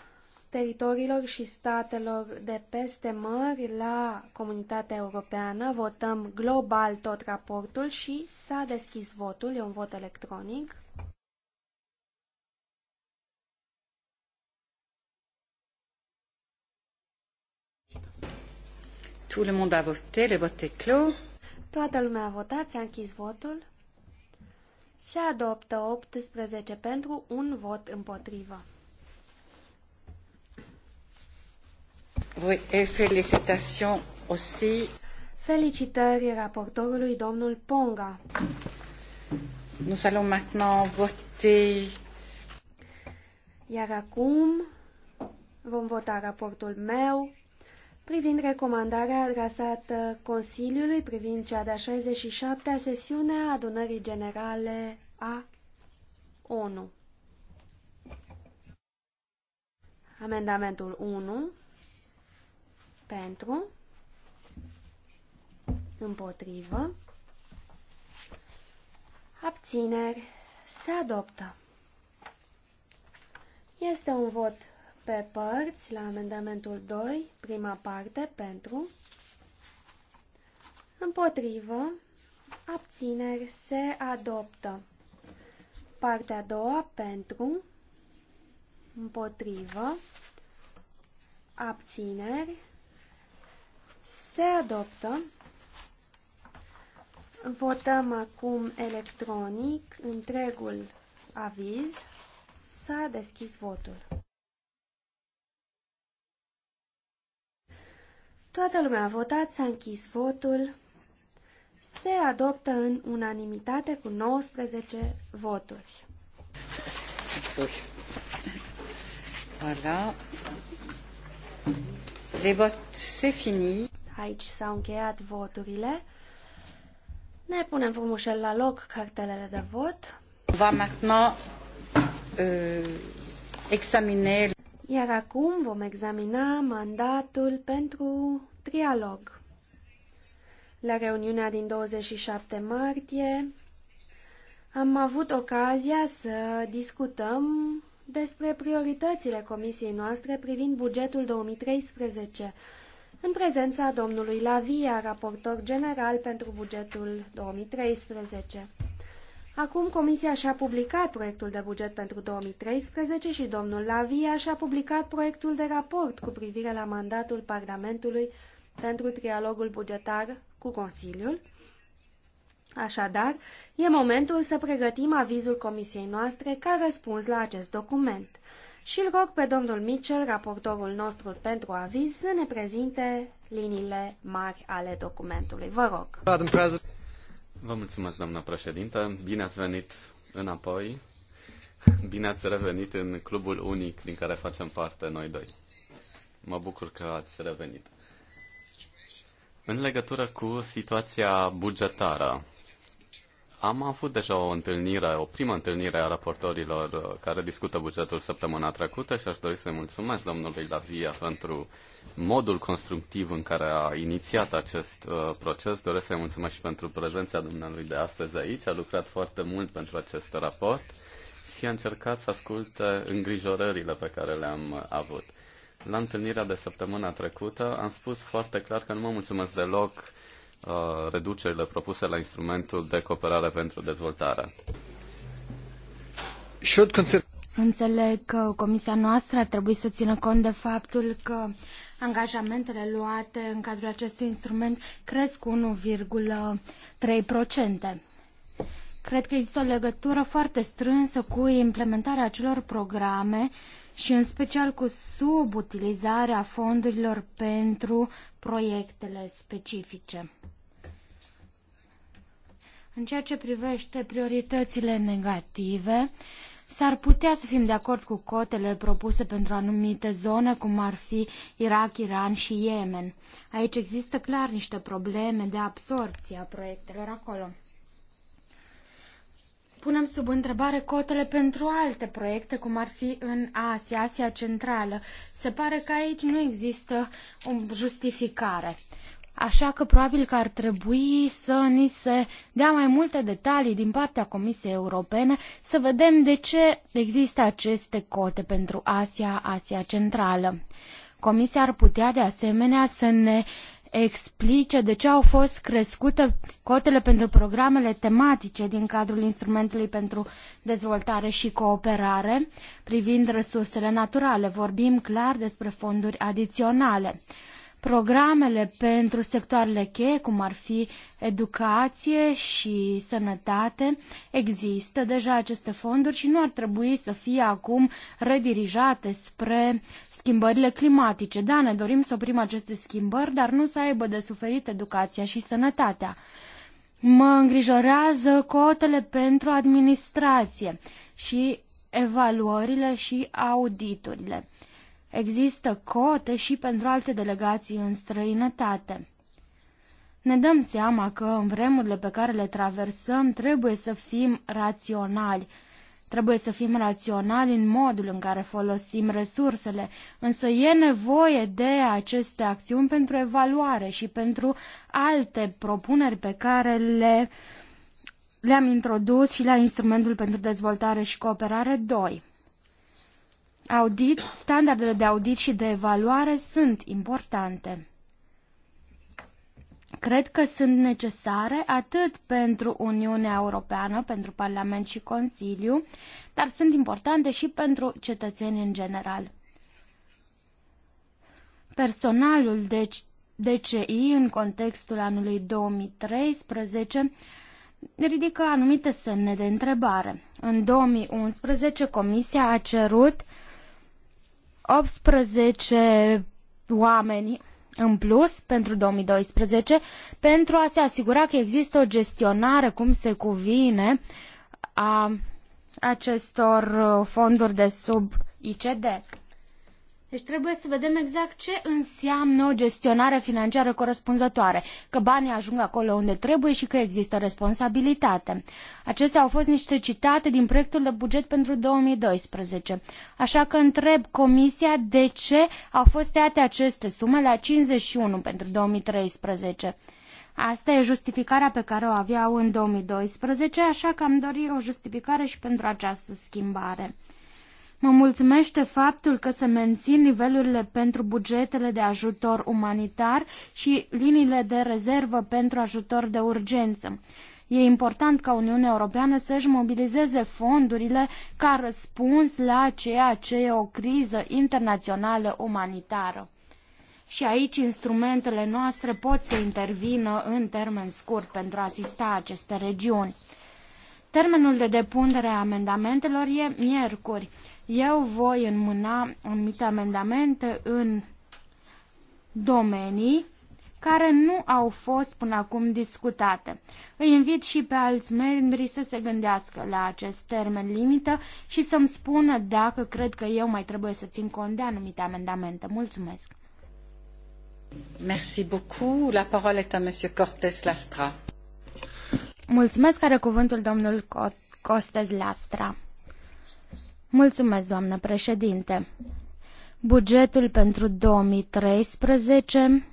Speaker 2: teritoriilor și statelor de peste mări la comunitatea europeană. Votăm global tot raportul și s-a deschis votul, e un vot electronic.
Speaker 1: Tout le monde a voté, le vote est
Speaker 2: clos. Toată lumea a votat, s-a închis votul. Se adoptă 18 pentru, un vot împotrivă.
Speaker 1: Oui, aussi.
Speaker 2: Felicitări raportorului domnul Ponga.
Speaker 1: Nous allons maintenant voter.
Speaker 2: Iar acum vom vota raportul meu privind recomandarea adresată Consiliului privind cea de-a 67-a sesiune a adunării generale a ONU. Amendamentul 1 pentru împotrivă abțineri se adoptă. Este un vot pe părți la amendamentul 2, prima parte, pentru, împotrivă, abțineri, se adoptă. Partea a doua, pentru, împotrivă, abțineri, se adoptă. Votăm acum electronic întregul aviz. S-a deschis votul. Toată lumea a votat, s-a închis votul. Se adoptă în unanimitate cu 19 voturi. Voilà. Les votes, c'est fini. Aici s-au încheiat voturile. Ne punem frumușel la loc cartelele de vot.
Speaker 1: Va maintenant euh, examiner
Speaker 2: iar acum vom examina mandatul pentru trialog. La reuniunea din 27 martie am avut ocazia să discutăm despre prioritățile comisiei noastre privind bugetul 2013, în prezența domnului Lavia, raportor general pentru bugetul 2013. Acum Comisia și-a publicat proiectul de buget pentru 2013 și domnul Lavia și-a publicat proiectul de raport cu privire la mandatul Parlamentului pentru trialogul bugetar cu Consiliul. Așadar, e momentul să pregătim avizul Comisiei noastre ca răspuns la acest document. Și îl rog pe domnul Mitchell, raportorul nostru pentru aviz, să ne prezinte liniile mari ale documentului. Vă rog.
Speaker 3: Vă mulțumesc, doamnă președintă. Bine ați venit înapoi. Bine ați revenit în clubul unic din care facem parte noi doi. Mă bucur că ați revenit. În legătură cu situația bugetară am avut deja o întâlnire, o primă întâlnire a raportorilor uh, care discută bugetul săptămâna trecută și aș dori să-i mulțumesc domnului Lavia pentru modul constructiv în care a inițiat acest uh, proces. Doresc să-i mulțumesc și pentru prezența dumnealui de astăzi aici. A lucrat foarte mult pentru acest raport și a încercat să asculte îngrijorările pe care le-am uh, avut. La întâlnirea de săptămâna trecută am spus foarte clar că nu mă mulțumesc deloc Uh, reducerile propuse la instrumentul de cooperare pentru dezvoltare.
Speaker 4: Înțeleg că comisia noastră ar trebui să țină cont de faptul că angajamentele luate în cadrul acestui instrument cresc cu 1,3%. Cred că există o legătură foarte strânsă cu implementarea acelor programe și în special cu subutilizarea fondurilor pentru proiectele specifice. În ceea ce privește prioritățile negative, S-ar putea să fim de acord cu cotele propuse pentru anumite zone, cum ar fi Irak, Iran și Yemen. Aici există clar niște probleme de absorpție a proiectelor acolo. Punem sub întrebare cotele pentru alte proiecte, cum ar fi în Asia, Asia Centrală. Se pare că aici nu există o justificare. Așa că probabil că ar trebui să ni se dea mai multe detalii din partea Comisiei Europene să vedem de ce există aceste cote pentru Asia, Asia Centrală. Comisia ar putea de asemenea să ne explice de ce au fost crescute cotele pentru programele tematice din cadrul instrumentului pentru dezvoltare și cooperare privind resursele naturale. Vorbim clar despre fonduri adiționale programele pentru sectoarele cheie, cum ar fi educație și sănătate, există deja aceste fonduri și nu ar trebui să fie acum redirijate spre schimbările climatice. Da, ne dorim să oprim aceste schimbări, dar nu să aibă de suferit educația și sănătatea. Mă îngrijorează cotele pentru administrație și evaluările și auditurile. Există cote și pentru alte delegații în străinătate. Ne dăm seama că în vremurile pe care le traversăm trebuie să fim raționali. Trebuie să fim raționali în modul în care folosim resursele, însă e nevoie de aceste acțiuni pentru evaluare și pentru alte propuneri pe care le, le-am introdus și la instrumentul pentru dezvoltare și cooperare 2 audit, standardele de audit și de evaluare sunt importante. Cred că sunt necesare atât pentru Uniunea Europeană, pentru Parlament și Consiliu, dar sunt importante și pentru cetățeni în general. Personalul de DCI în contextul anului 2013 ridică anumite semne de întrebare. În 2011, Comisia a cerut 18 oameni în plus pentru 2012 pentru a se asigura că există o gestionare cum se cuvine a acestor fonduri de sub ICD. Deci trebuie să vedem exact ce înseamnă o gestionare financiară corespunzătoare, că banii ajung acolo unde trebuie și că există responsabilitate. Acestea au fost niște citate din proiectul de buget pentru 2012. Așa că întreb Comisia de ce au fost tăiate aceste sume la 51 pentru 2013. Asta e justificarea pe care o aveau în 2012, așa că am dorit o justificare și pentru această schimbare. Mă mulțumește faptul că se mențin nivelurile pentru bugetele de ajutor umanitar și liniile de rezervă pentru ajutor de urgență. E important ca Uniunea Europeană să-și mobilizeze fondurile ca răspuns la ceea ce e o criză internațională umanitară. Și aici instrumentele noastre pot să intervină în termen scurt pentru a asista aceste regiuni. Termenul de depunere a amendamentelor e miercuri eu voi înmâna anumite amendamente în domenii care nu au fost până acum discutate. Îi invit și pe alți membri să se gândească la acest termen limită și să-mi spună dacă cred că eu mai trebuie să țin cont de anumite
Speaker 1: amendamente. Mulțumesc! Merci beaucoup. La parole est à Monsieur Cortes Lastra.
Speaker 4: Mulțumesc, are cuvântul domnul Costes Lastra. Mulțumesc, doamnă președinte. Bugetul pentru 2013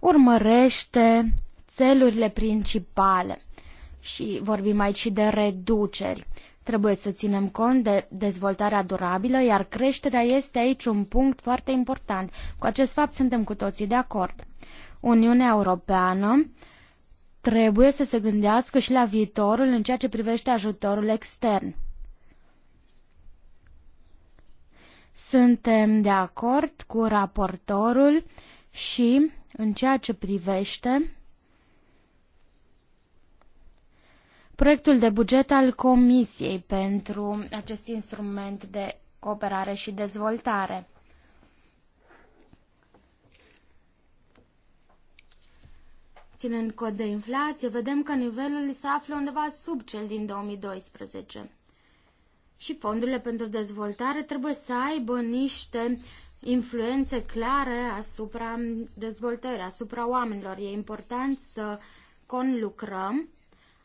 Speaker 4: urmărește țelurile principale și vorbim aici și de reduceri. Trebuie să ținem cont de dezvoltarea durabilă, iar creșterea este aici un punct foarte important. Cu acest fapt suntem cu toții de acord. Uniunea Europeană trebuie să se gândească și la viitorul în ceea ce privește ajutorul extern. Suntem de acord cu raportorul și în ceea ce privește proiectul de buget al Comisiei pentru acest instrument de cooperare și dezvoltare. Ținând cod de inflație, vedem că nivelul se află undeva sub cel din 2012 și fondurile pentru dezvoltare trebuie să aibă niște influențe clare asupra dezvoltării, asupra oamenilor. E important să conlucrăm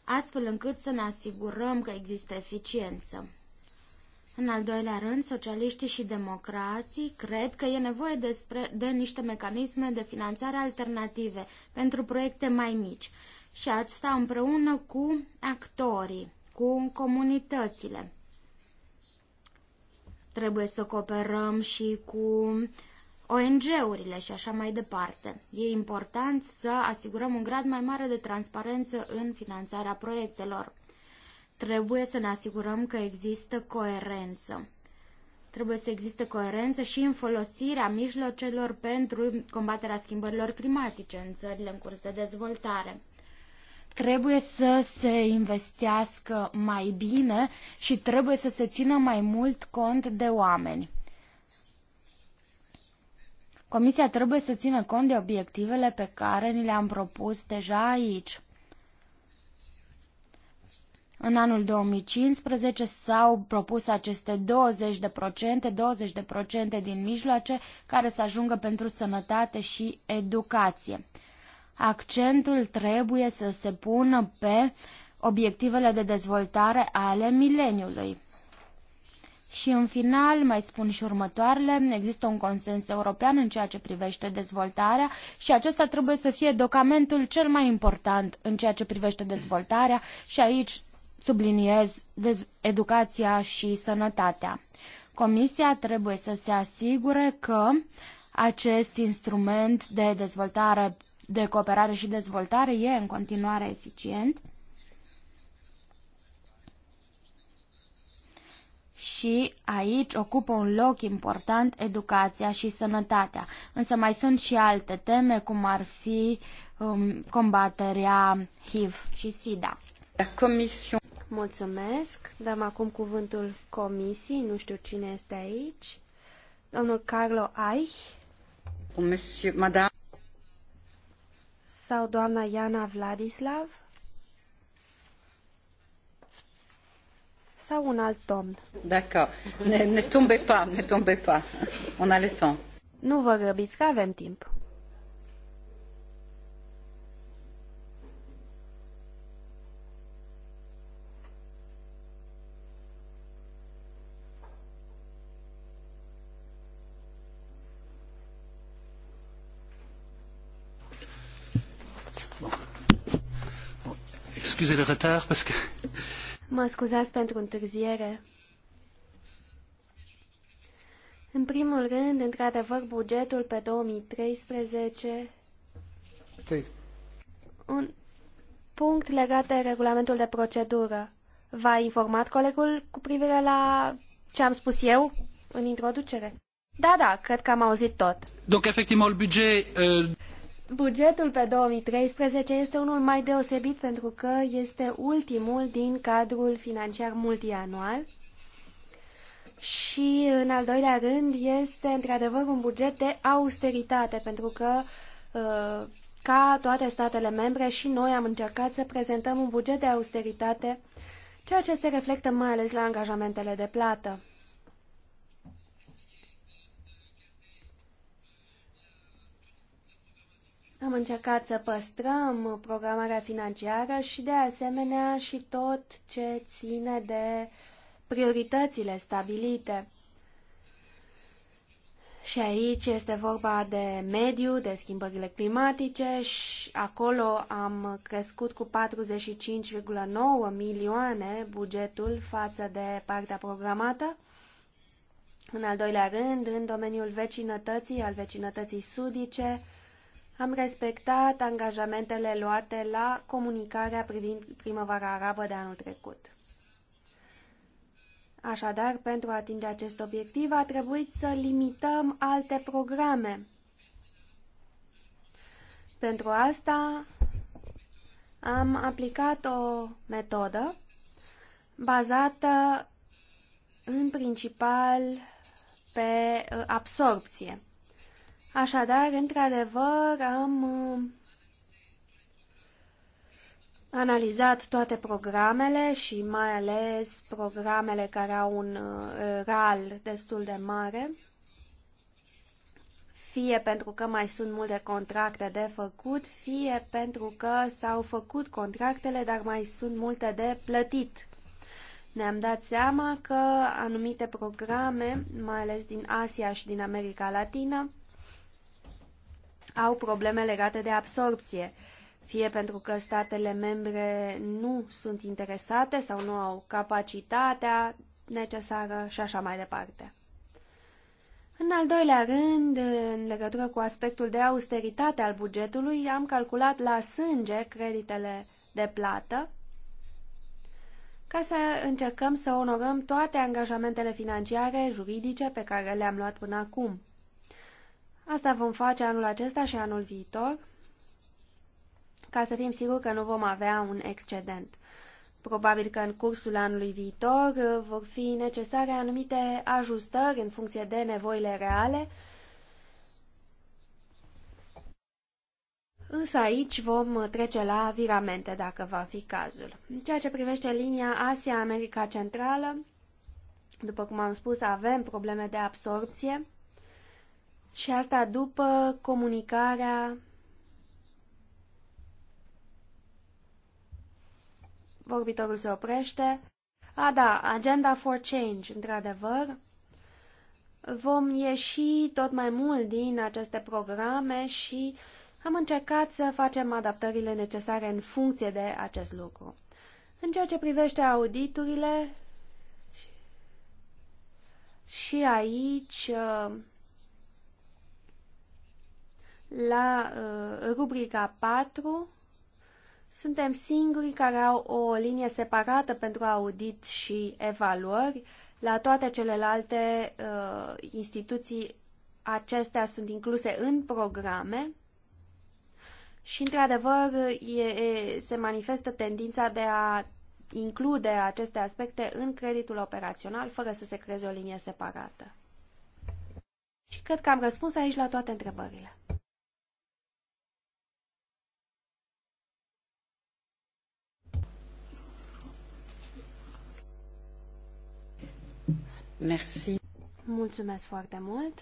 Speaker 4: astfel încât să ne asigurăm că există eficiență. În al doilea rând, socialiștii și democrații cred că e nevoie despre, de niște mecanisme de finanțare alternative pentru proiecte mai mici și asta împreună cu actorii, cu comunitățile. Trebuie să cooperăm și cu ONG-urile și așa mai departe. E important să asigurăm un grad mai mare de transparență în finanțarea proiectelor. Trebuie să ne asigurăm că există coerență. Trebuie să existe coerență și în folosirea mijlocelor pentru combaterea schimbărilor climatice în țările în curs de dezvoltare. Trebuie să se investească mai bine și trebuie să se țină mai mult cont de oameni. Comisia trebuie să țină cont de obiectivele pe care ni le-am propus deja aici. În anul 2015 s-au propus aceste 20%, 20% din mijloace care să ajungă pentru sănătate și educație. Accentul trebuie să se pună pe obiectivele de dezvoltare ale mileniului. Și în final mai spun și următoarele, există un consens european în ceea ce privește dezvoltarea și acesta trebuie să fie documentul cel mai important în ceea ce privește dezvoltarea și aici subliniez educația și sănătatea. Comisia trebuie să se asigure că acest instrument de dezvoltare de cooperare și dezvoltare e în continuare eficient și aici ocupă un loc important educația și sănătatea. Însă mai sunt și alte teme, cum ar fi um, combaterea
Speaker 2: HIV și SIDA. Comision. Mulțumesc. Dăm acum cuvântul comisiei. Nu știu cine este aici. Domnul Carlo Aich.
Speaker 1: Monsieur, madame
Speaker 2: sau doamna Iana Vladislav sau un alt domn.
Speaker 1: D'accord. Ne, ne tombe pas, ne tombe pas. On a le temps.
Speaker 2: Nu vă grăbiți că avem timp.
Speaker 1: m'excuser le retard parce que... *laughs*
Speaker 2: Mă scuzați pentru întârziere. În primul rând, într-adevăr, bugetul pe 2013... 13. Un punct legat de regulamentul de procedură. V-a informat colegul cu privire la ce am spus eu în introducere? Da, da, cred că am auzit tot.
Speaker 1: Donc, effectivement, le budget... Euh...
Speaker 2: Bugetul pe 2013 este unul mai deosebit pentru că este ultimul din cadrul financiar multianual și, în al doilea rând, este într-adevăr un buget de austeritate pentru că, ă, ca toate statele membre, și noi am încercat să prezentăm un buget de austeritate, ceea ce se reflectă mai ales la angajamentele de plată. Am încercat să păstrăm programarea financiară și de asemenea și tot ce ține de prioritățile stabilite. Și aici este vorba de mediu, de schimbările climatice și acolo am crescut cu 45,9 milioane bugetul față de partea programată. În al doilea rând, în domeniul vecinătății, al vecinătății sudice, am respectat angajamentele luate la comunicarea privind primăvara arabă de anul trecut. Așadar, pentru a atinge acest obiectiv, a trebuit să limităm alte programe. Pentru asta am aplicat o metodă bazată în principal pe uh, absorpție. Așadar, într-adevăr, am uh, analizat toate programele și mai ales programele care au un uh, RAL destul de mare, fie pentru că mai sunt multe contracte de făcut, fie pentru că s-au făcut contractele, dar mai sunt multe de plătit. Ne-am dat seama că anumite programe, mai ales din Asia și din America Latină, au probleme legate de absorpție, fie pentru că statele membre nu sunt interesate sau nu au capacitatea necesară și așa mai departe. În al doilea rând, în legătură cu aspectul de austeritate al bugetului, am calculat la sânge creditele de plată ca să încercăm să onorăm toate angajamentele financiare, juridice pe care le-am luat până acum. Asta vom face anul acesta și anul viitor, ca să fim siguri că nu vom avea un excedent. Probabil că în cursul anului viitor uh, vor fi necesare anumite ajustări în funcție de nevoile reale, Însă aici vom trece la viramente, dacă va fi cazul. În ceea ce privește linia Asia-America Centrală, după cum am spus, avem probleme de absorpție și asta după comunicarea Vorbitorul se oprește. A, da, Agenda for Change, într-adevăr. Vom ieși tot mai mult din aceste programe și am încercat să facem adaptările necesare în funcție de acest lucru. În ceea ce privește auditurile, și aici uh, la uh, rubrica 4 suntem singurii care au o linie separată pentru audit și evaluări. La toate celelalte uh, instituții acestea sunt incluse în programe și, într-adevăr, se manifestă tendința de a include aceste aspecte în creditul operațional, fără să se creeze o linie separată. Și cred că am răspuns aici la toate întrebările. Merci. Mulțumesc foarte mult.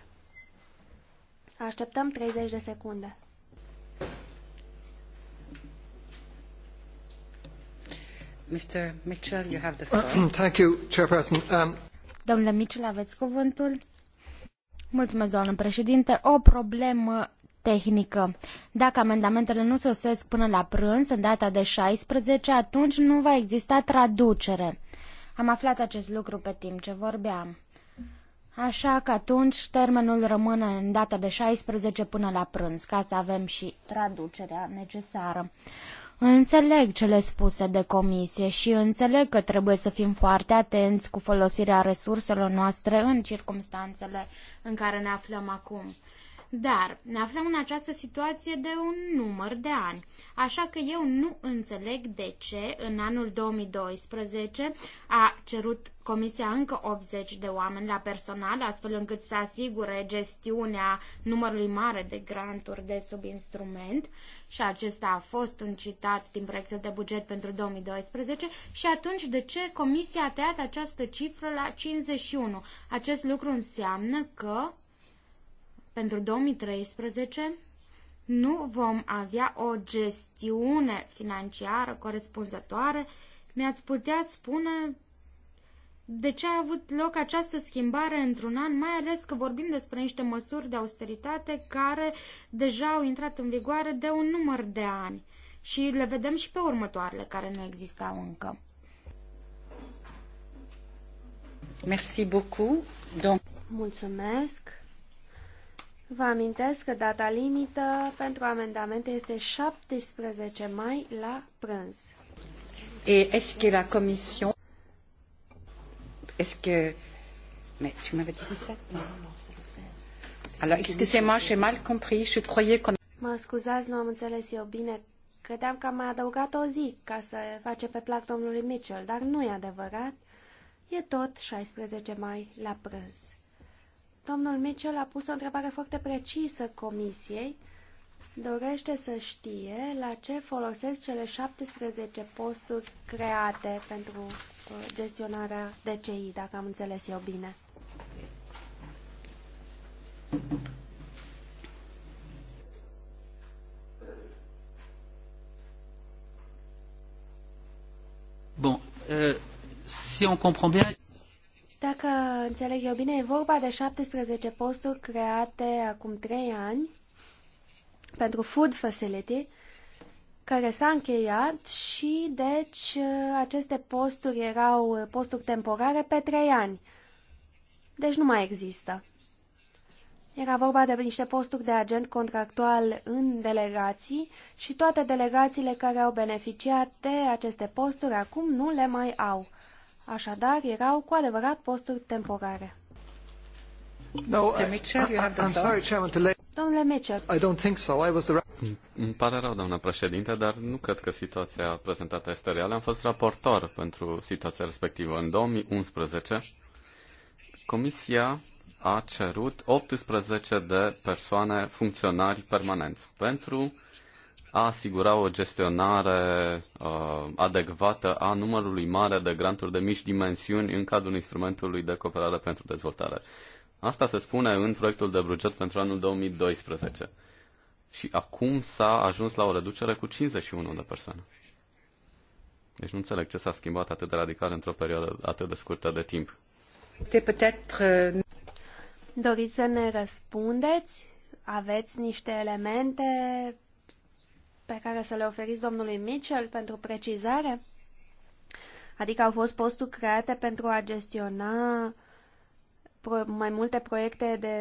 Speaker 2: Așteptăm 30 de secunde.
Speaker 1: Mr. Mitchell, you have the uh, floor. *clears throat* Thank you, Chairperson. Um...
Speaker 4: Domnule Mitchell, aveți cuvântul. Mulțumesc, doamnă președinte. O problemă tehnică. Dacă amendamentele nu sosesc până la prânz, în data de 16, atunci nu va exista traducere. Am aflat acest lucru pe timp ce vorbeam. Așa că atunci termenul rămâne în data de 16 până la prânz, ca să avem și traducerea necesară. Înțeleg cele spuse de comisie și înțeleg că trebuie să fim foarte atenți cu folosirea resurselor noastre în circumstanțele în care ne aflăm acum. Dar ne aflăm în această situație de un număr de ani, așa că eu nu înțeleg de ce în anul 2012 a cerut Comisia încă 80 de oameni la personal, astfel încât să asigure gestiunea numărului mare de granturi de subinstrument și acesta a fost un citat din proiectul de buget pentru 2012 și atunci de ce Comisia a tăiat această cifră la 51? Acest lucru înseamnă că pentru 2013 nu vom avea o gestiune financiară corespunzătoare, mi-ați putea spune de ce a avut loc această schimbare într-un an, mai ales că vorbim despre niște măsuri de austeritate care deja au intrat în vigoare de un număr de ani și le vedem și pe următoarele care nu existau încă.
Speaker 1: Merci beaucoup. Donc...
Speaker 2: Mulțumesc. Vă amintesc că data limită pentru amendamente este 17 mai la prânz.
Speaker 1: Et est-ce que la commission... Est-ce que... Mais tu m'avais dit ça Non, non, c'est le 16. Alors, excusez-moi, j'ai mal compris. Je croyais qu'on...
Speaker 2: Mă scuzați, nu am înțeles eu bine. Credeam că am mai adăugat o zi ca să face pe plac domnului Mitchell, dar nu e adevărat. E tot 16 mai la prânz. Domnul Mitchell a pus o întrebare foarte precisă comisiei. Dorește să știe la ce folosesc cele 17 posturi create pentru uh, gestionarea DCI, dacă am înțeles eu bine.
Speaker 1: Bun. Euh, si on comprend bien...
Speaker 2: Dacă înțeleg eu bine, e vorba de 17 posturi create acum 3 ani pentru Food Facility, care s-a încheiat și, deci, aceste posturi erau posturi temporare pe 3 ani. Deci nu mai există. Era vorba de niște posturi de agent contractual în delegații și toate delegațiile care au beneficiat de aceste posturi acum nu le mai au. Așadar, erau cu adevărat posturi temporare.
Speaker 1: No, I, Mitchell, you have the I'm sorry, Chairman, to Domnule Mitchell. I don't think so. I was the...
Speaker 3: Îmi pare rău, doamnă președinte, dar nu cred că situația prezentată este reală. Am fost raportor pentru situația respectivă. În 2011, Comisia a cerut 18 de persoane funcționari permanenți pentru a asigura o gestionare uh, adecvată a numărului mare de granturi de mici dimensiuni în cadrul instrumentului de cooperare pentru dezvoltare. Asta se spune în proiectul de buget pentru anul 2012. Și acum s-a ajuns la o reducere cu 51 de persoane. Deci nu înțeleg ce s-a schimbat atât de radical într-o perioadă atât de scurtă de timp.
Speaker 2: Doriți să ne răspundeți? Aveți niște elemente pe care să le oferiți domnului Mitchell pentru precizare? Adică au fost posturi create pentru a gestiona mai multe proiecte de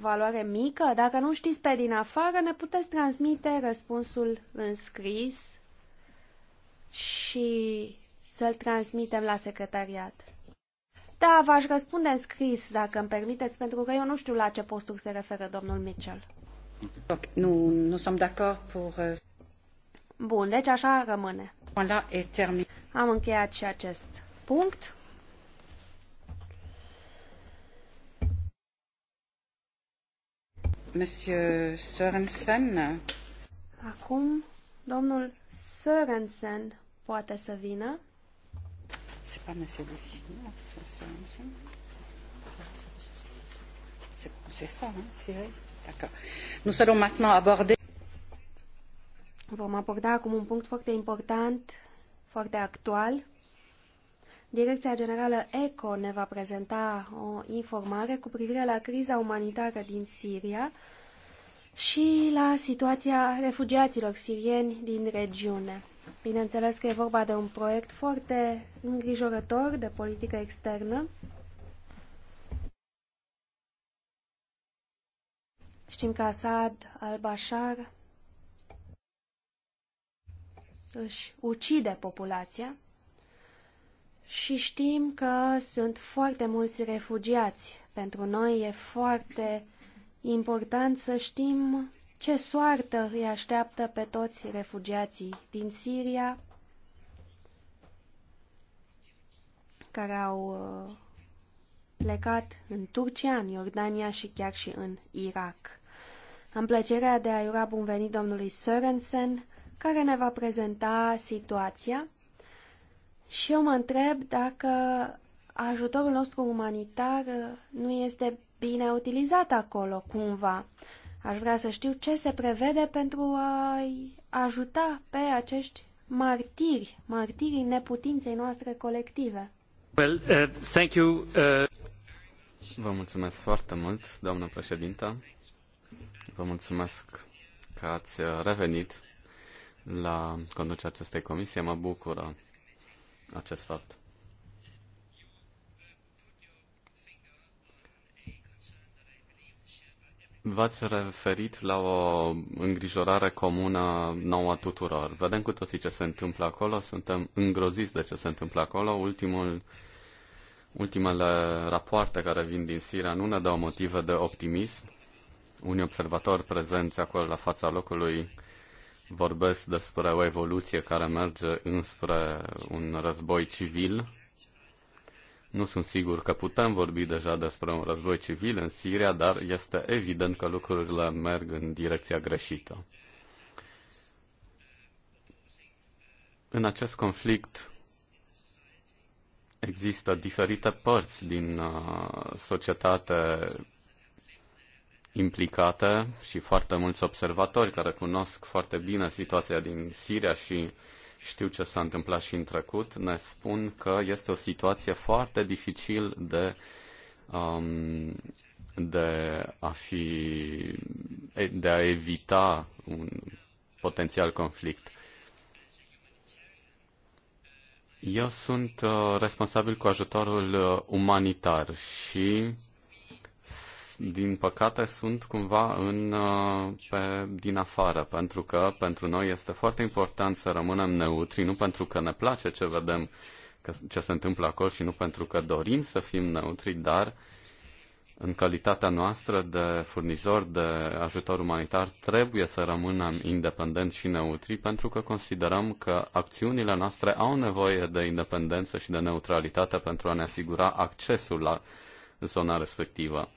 Speaker 2: valoare mică? Dacă nu știți pe din afară, ne puteți transmite răspunsul în scris și să-l transmitem la secretariat. Da, v-aș răspunde în scris, dacă îmi permiteți, pentru că eu nu știu la ce posturi se referă domnul Mitchell.
Speaker 1: Nu, nu sunt de acord pentru... Uh,
Speaker 2: Bun, deci așa rămâne. Am încheiat și acest punct.
Speaker 1: Monsieur Sørensen.
Speaker 2: Acum, domnul Sørensen poate să vină.
Speaker 1: C'est pas monsieur Lucchino, c'est Sørensen. C'est ça, hein, Cyril D'accord. Nous allons maintenant aborder...
Speaker 2: Vom aborda acum un punct foarte important, foarte actual. Direcția Generală ECO ne va prezenta o informare cu privire la criza umanitară din Siria și la situația refugiaților sirieni din regiune. Bineînțeles că e vorba de un proiect foarte îngrijorător de politică externă. Știm că Assad al-Bashar își ucide populația și știm că sunt foarte mulți refugiați. Pentru noi e foarte important să știm ce soartă îi așteaptă pe toți refugiații din Siria care au uh, plecat în Turcia, în Iordania și chiar și în Irak. Am plăcerea de a-i ura bun venit domnului Sorensen care ne va prezenta situația și eu mă întreb dacă ajutorul nostru umanitar uh, nu este bine utilizat acolo, cumva. Aș vrea să știu ce se prevede pentru a ajuta pe acești martiri, martirii neputinței noastre colective.
Speaker 3: Well, uh, thank you, uh... Vă mulțumesc foarte mult, doamnă președintă. Vă mulțumesc că ați uh, revenit la conducerea acestei comisie. Mă bucură acest fapt. V-ați referit la o îngrijorare comună nouă a tuturor. Vedem cu toții ce se întâmplă acolo, suntem îngroziți de ce se întâmplă acolo. Ultimul, ultimele rapoarte care vin din Siria nu ne dau motive de optimism. Unii observatori prezenți acolo la fața locului vorbesc despre o evoluție care merge înspre un război civil. Nu sunt sigur că putem vorbi deja despre un război civil în Siria, dar este evident că lucrurile merg în direcția greșită. În acest conflict există diferite părți din uh, societate implicate și foarte mulți observatori care cunosc foarte bine situația din Siria și știu ce s-a întâmplat și în trecut, ne spun că este o situație foarte dificil de, um, de, a, fi, de a evita un potențial conflict. Eu sunt uh, responsabil cu ajutorul uh, umanitar și din păcate, sunt cumva în, uh, pe, din afară, pentru că pentru noi este foarte important să rămânem neutri, nu pentru că ne place ce vedem, că, ce se întâmplă acolo și nu pentru că dorim să fim neutri, dar în calitatea noastră de furnizor de ajutor umanitar trebuie să rămânem independenți și neutri pentru că considerăm că acțiunile noastre au nevoie de independență și de neutralitate pentru a ne asigura accesul la zona respectivă.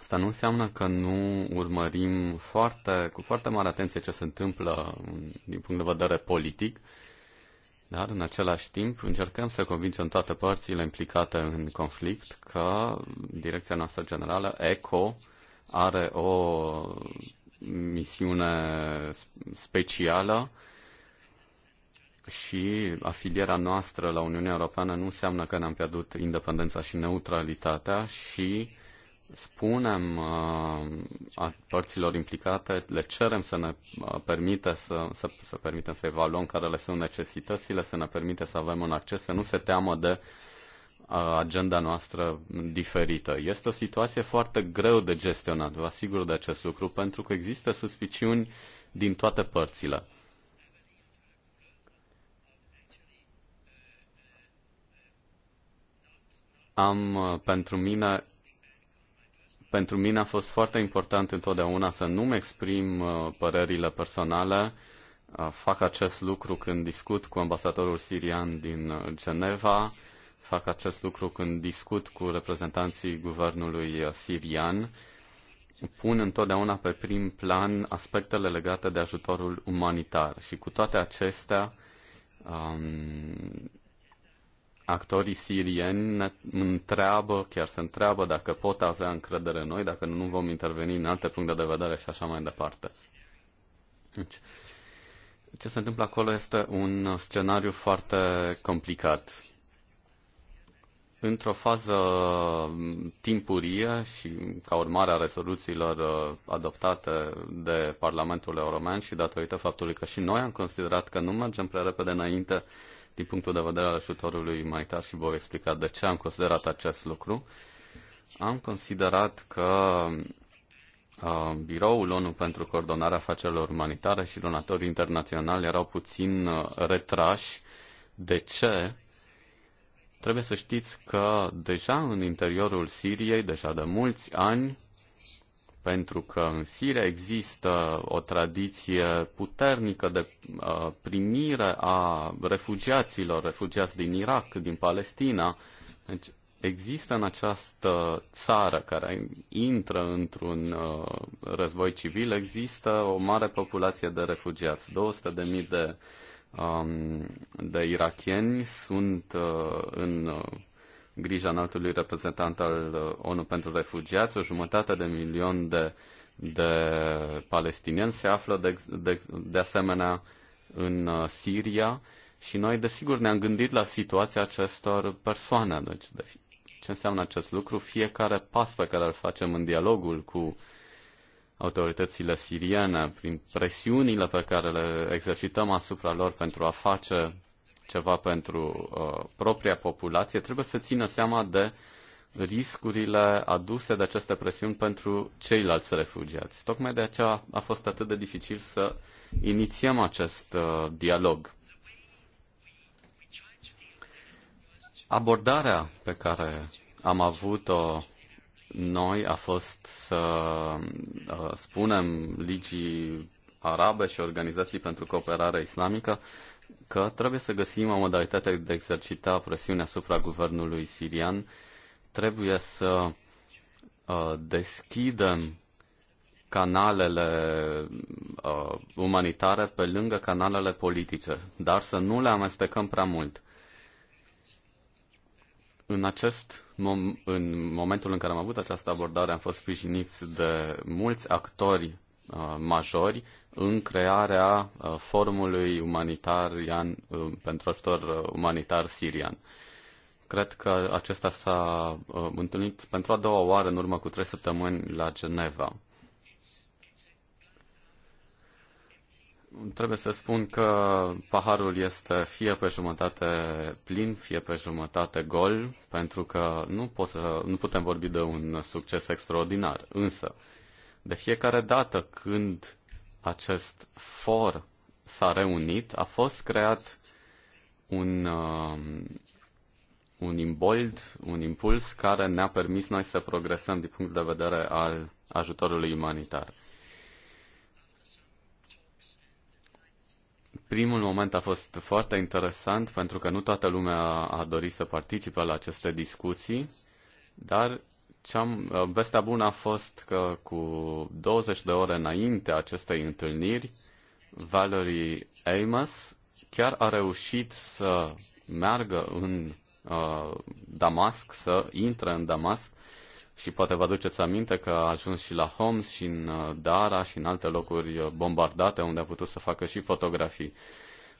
Speaker 3: Asta nu înseamnă că nu urmărim foarte, cu foarte mare atenție ce se întâmplă din punct de vedere politic, dar în același timp încercăm să convingem toate părțile implicate în conflict că direcția noastră generală, ECO, are o misiune specială și afilierea noastră la Uniunea Europeană nu înseamnă că ne-am pierdut independența și neutralitatea și spunem uh, a părților implicate, le cerem să ne uh, permite să, să, să permitem să evaluăm care le sunt necesitățile, să ne permite să avem un acces, să nu se teamă de uh, agenda noastră diferită. Este o situație foarte greu de gestionat, vă asigur de acest lucru, pentru că există suspiciuni din toate părțile. Am pentru mine pentru mine a fost foarte important întotdeauna să nu-mi exprim uh, părerile personale. Uh, fac acest lucru când discut cu ambasadorul sirian din uh, Geneva, fac acest lucru când discut cu reprezentanții guvernului sirian. Pun întotdeauna pe prim plan aspectele legate de ajutorul umanitar și cu toate acestea um, actorii sirieni ne întreabă, chiar se întreabă dacă pot avea încredere în noi, dacă nu vom interveni în alte puncte de vedere și așa mai departe. Deci, ce se întâmplă acolo este un scenariu foarte complicat. Într-o fază timpurie și ca urmare a rezoluțiilor uh, adoptate de Parlamentul European și datorită faptului că și noi am considerat că nu mergem prea repede înainte din punctul de vedere al ajutorului umanitar și vă voi explica de ce am considerat acest lucru. Am considerat că uh, biroul ONU pentru coordonarea afacerilor umanitare și donatorii internaționali erau puțin uh, retrași. De ce? Trebuie să știți că deja în interiorul Siriei, deja de mulți ani, pentru că în Siria există o tradiție puternică de uh, primire a refugiaților, refugiați din Irak, din Palestina. Deci există în această țară care intră într-un uh, război civil, există o mare populație de refugiați, 200.000 de, um, de irakieni sunt uh, în grija înaltului reprezentant al uh, ONU pentru refugiați, o jumătate de milion de, de palestinieni se află de, de, de asemenea în uh, Siria și noi desigur ne-am gândit la situația acestor persoane. Deci, de, ce înseamnă acest lucru? Fiecare pas pe care îl facem în dialogul cu autoritățile siriene, prin presiunile pe care le exercităm asupra lor pentru a face ceva pentru uh, propria populație, trebuie să țină seama de riscurile aduse de aceste presiuni pentru ceilalți refugiați. Tocmai de aceea a fost atât de dificil să inițiem acest uh, dialog. Abordarea pe care am avut-o noi a fost să uh, spunem ligii arabe și organizații pentru cooperare islamică că trebuie să găsim o modalitate de a exercita presiunea asupra guvernului sirian, trebuie să uh, deschidem canalele uh, umanitare pe lângă canalele politice, dar să nu le amestecăm prea mult. În acest mom- în momentul în care am avut această abordare, am fost sprijiniți de mulți actori Uh, majori în crearea uh, formului umanitarian uh, pentru ajutor umanitar sirian. Cred că acesta s-a întâlnit pentru a doua oară în urmă cu trei săptămâni la Geneva. Trebuie să spun că paharul este fie pe jumătate plin, fie pe jumătate gol, pentru că nu, pot să, nu putem vorbi de un succes extraordinar. Însă, uh, de fiecare dată când acest for s-a reunit, a fost creat un, uh, un imbold, un impuls care ne-a permis noi să progresăm din punct de vedere al ajutorului umanitar. Primul moment a fost foarte interesant pentru că nu toată lumea a dorit să participe la aceste discuții, dar cea, uh, vestea bună a fost că cu 20 de ore înainte acestei întâlniri, Valerie Amos chiar a reușit să meargă în uh, Damasc, să intre în Damasc și poate vă aduceți aminte că a ajuns și la Homs și în uh, Dara și în alte locuri uh, bombardate unde a putut să facă și fotografii.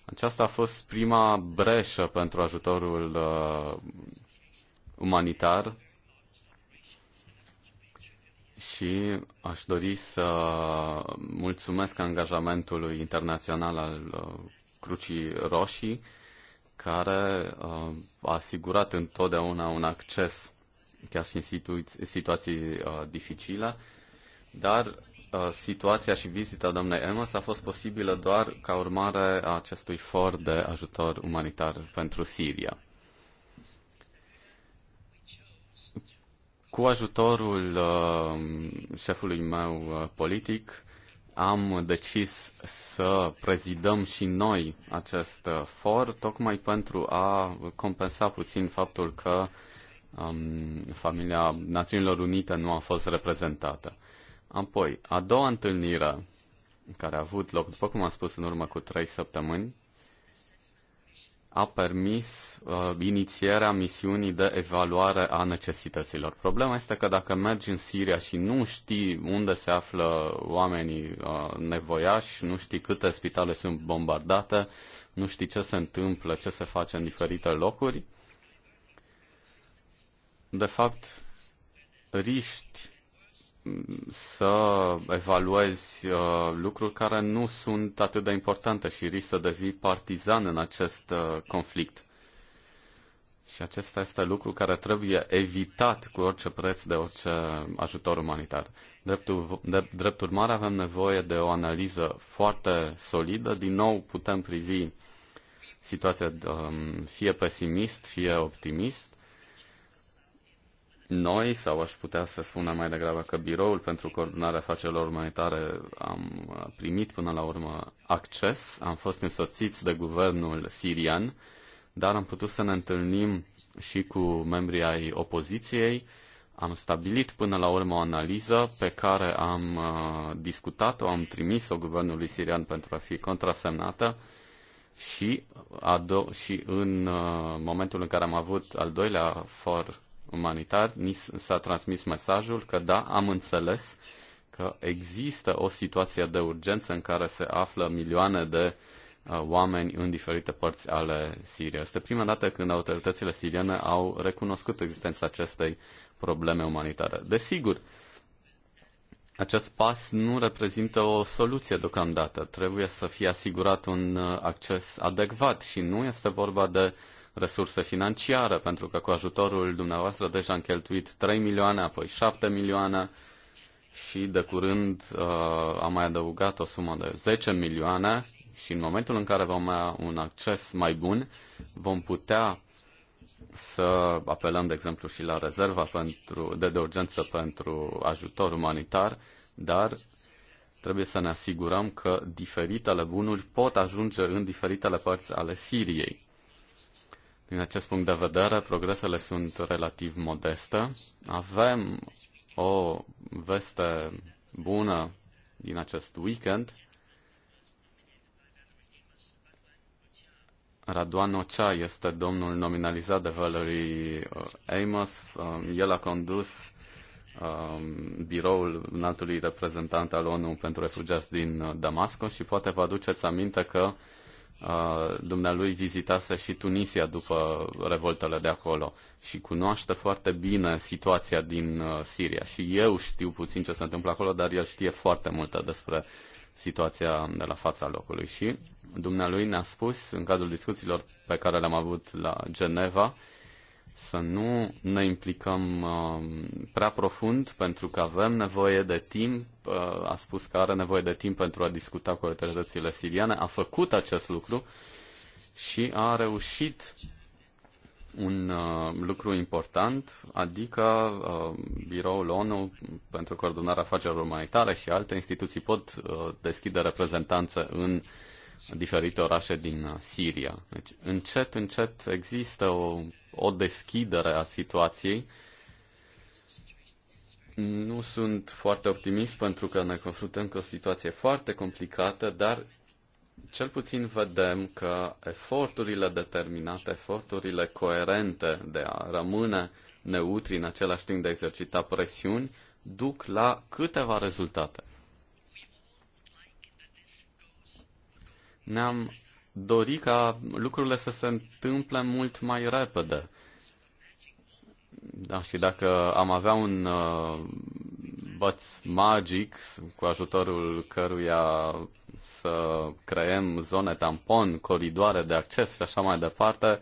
Speaker 3: Aceasta a fost prima breșă pentru ajutorul uh, umanitar și aș dori să mulțumesc angajamentului internațional al uh, Crucii Roșii, care uh, a asigurat întotdeauna un acces chiar și în situ- situații uh, dificile, dar situația și vizita doamnei Emos a fost posibilă doar ca urmare a acestui for de ajutor umanitar pentru Siria. Cu ajutorul uh, șefului meu uh, politic am decis să prezidăm și noi acest uh, for, tocmai pentru a compensa puțin faptul că um, familia Națiunilor Unite nu a fost reprezentată. Apoi, a doua întâlnire care a avut loc, după cum am spus, în urmă cu trei săptămâni, a permis uh, inițierea misiunii de evaluare a necesităților. Problema este că dacă mergi în Siria și nu știi unde se află oamenii uh, nevoiași, nu știi câte spitale sunt bombardate, nu știi ce se întâmplă, ce se face în diferite locuri, de fapt, riști să evaluezi uh, lucruri care nu sunt atât de importante și risc să devii partizan în acest uh, conflict. Și acesta este lucru care trebuie evitat cu orice preț de orice ajutor umanitar. Dreptul, de, drept urmare, avem nevoie de o analiză foarte solidă. Din nou, putem privi situația um, fie pesimist, fie optimist noi, sau aș putea să spună mai degrabă că Biroul pentru Coordonarea Afacerilor Umanitare am primit până la urmă acces, am fost însoțiți de guvernul sirian, dar am putut să ne întâlnim și cu membrii ai opoziției, am stabilit până la urmă o analiză pe care am uh, discutat-o, am trimis-o guvernului sirian pentru a fi contrasemnată și, ado- și în uh, momentul în care am avut al doilea for umanitar, ni s-a transmis mesajul că da, am înțeles că există o situație de urgență în care se află milioane de uh, oameni în diferite părți ale Siriei. Este prima dată când autoritățile siriene au recunoscut existența acestei probleme umanitare. Desigur, acest pas nu reprezintă o soluție deocamdată. Trebuie să fie asigurat un uh, acces adecvat și nu este vorba de uh, resurse financiare, pentru că cu ajutorul dumneavoastră deja am cheltuit 3 milioane, apoi 7 milioane și de curând uh, am mai adăugat o sumă de 10 milioane și în momentul în care vom avea un acces mai bun, vom putea să apelăm, de exemplu, și la rezerva pentru, de, de urgență pentru ajutor umanitar, dar trebuie să ne asigurăm că diferitele bunuri pot ajunge în diferitele părți ale Siriei. Din acest punct de vedere, progresele sunt relativ modeste. Avem o veste bună din acest weekend. Radoan Ocea este domnul nominalizat de Valerie uh, Amos. Uh, el a condus um, biroul înaltului reprezentant al ONU pentru refugiați din uh, Damasco și poate vă aduceți aminte că dumnealui vizitase și Tunisia după revoltele de acolo și cunoaște foarte bine situația din Siria. Și eu știu puțin ce se întâmplă acolo, dar el știe foarte multe despre situația de la fața locului. Și dumnealui ne-a spus, în cadrul discuțiilor pe care le-am avut la Geneva, să nu ne implicăm uh, prea profund pentru că avem nevoie de timp. Uh, a spus că are nevoie de timp pentru a discuta cu autoritățile siriane. A făcut acest lucru și a reușit un uh, lucru important, adică uh, biroul ONU pentru coordonarea afacerilor umanitare și alte instituții pot uh, deschide reprezentanțe în uh, diferite orașe din uh, Siria. Deci, încet, încet există o, o deschidere a situației. Nu sunt foarte optimist pentru că ne confruntăm cu o situație foarte complicată, dar cel puțin vedem că eforturile determinate, eforturile coerente de a rămâne neutri în același timp de a exercita presiuni, duc la câteva rezultate. Ne-am dorit ca lucrurile să se întâmple mult mai repede. Da, și dacă am avea un uh, băț magic cu ajutorul căruia să creăm zone tampon, coridoare de acces și așa mai departe,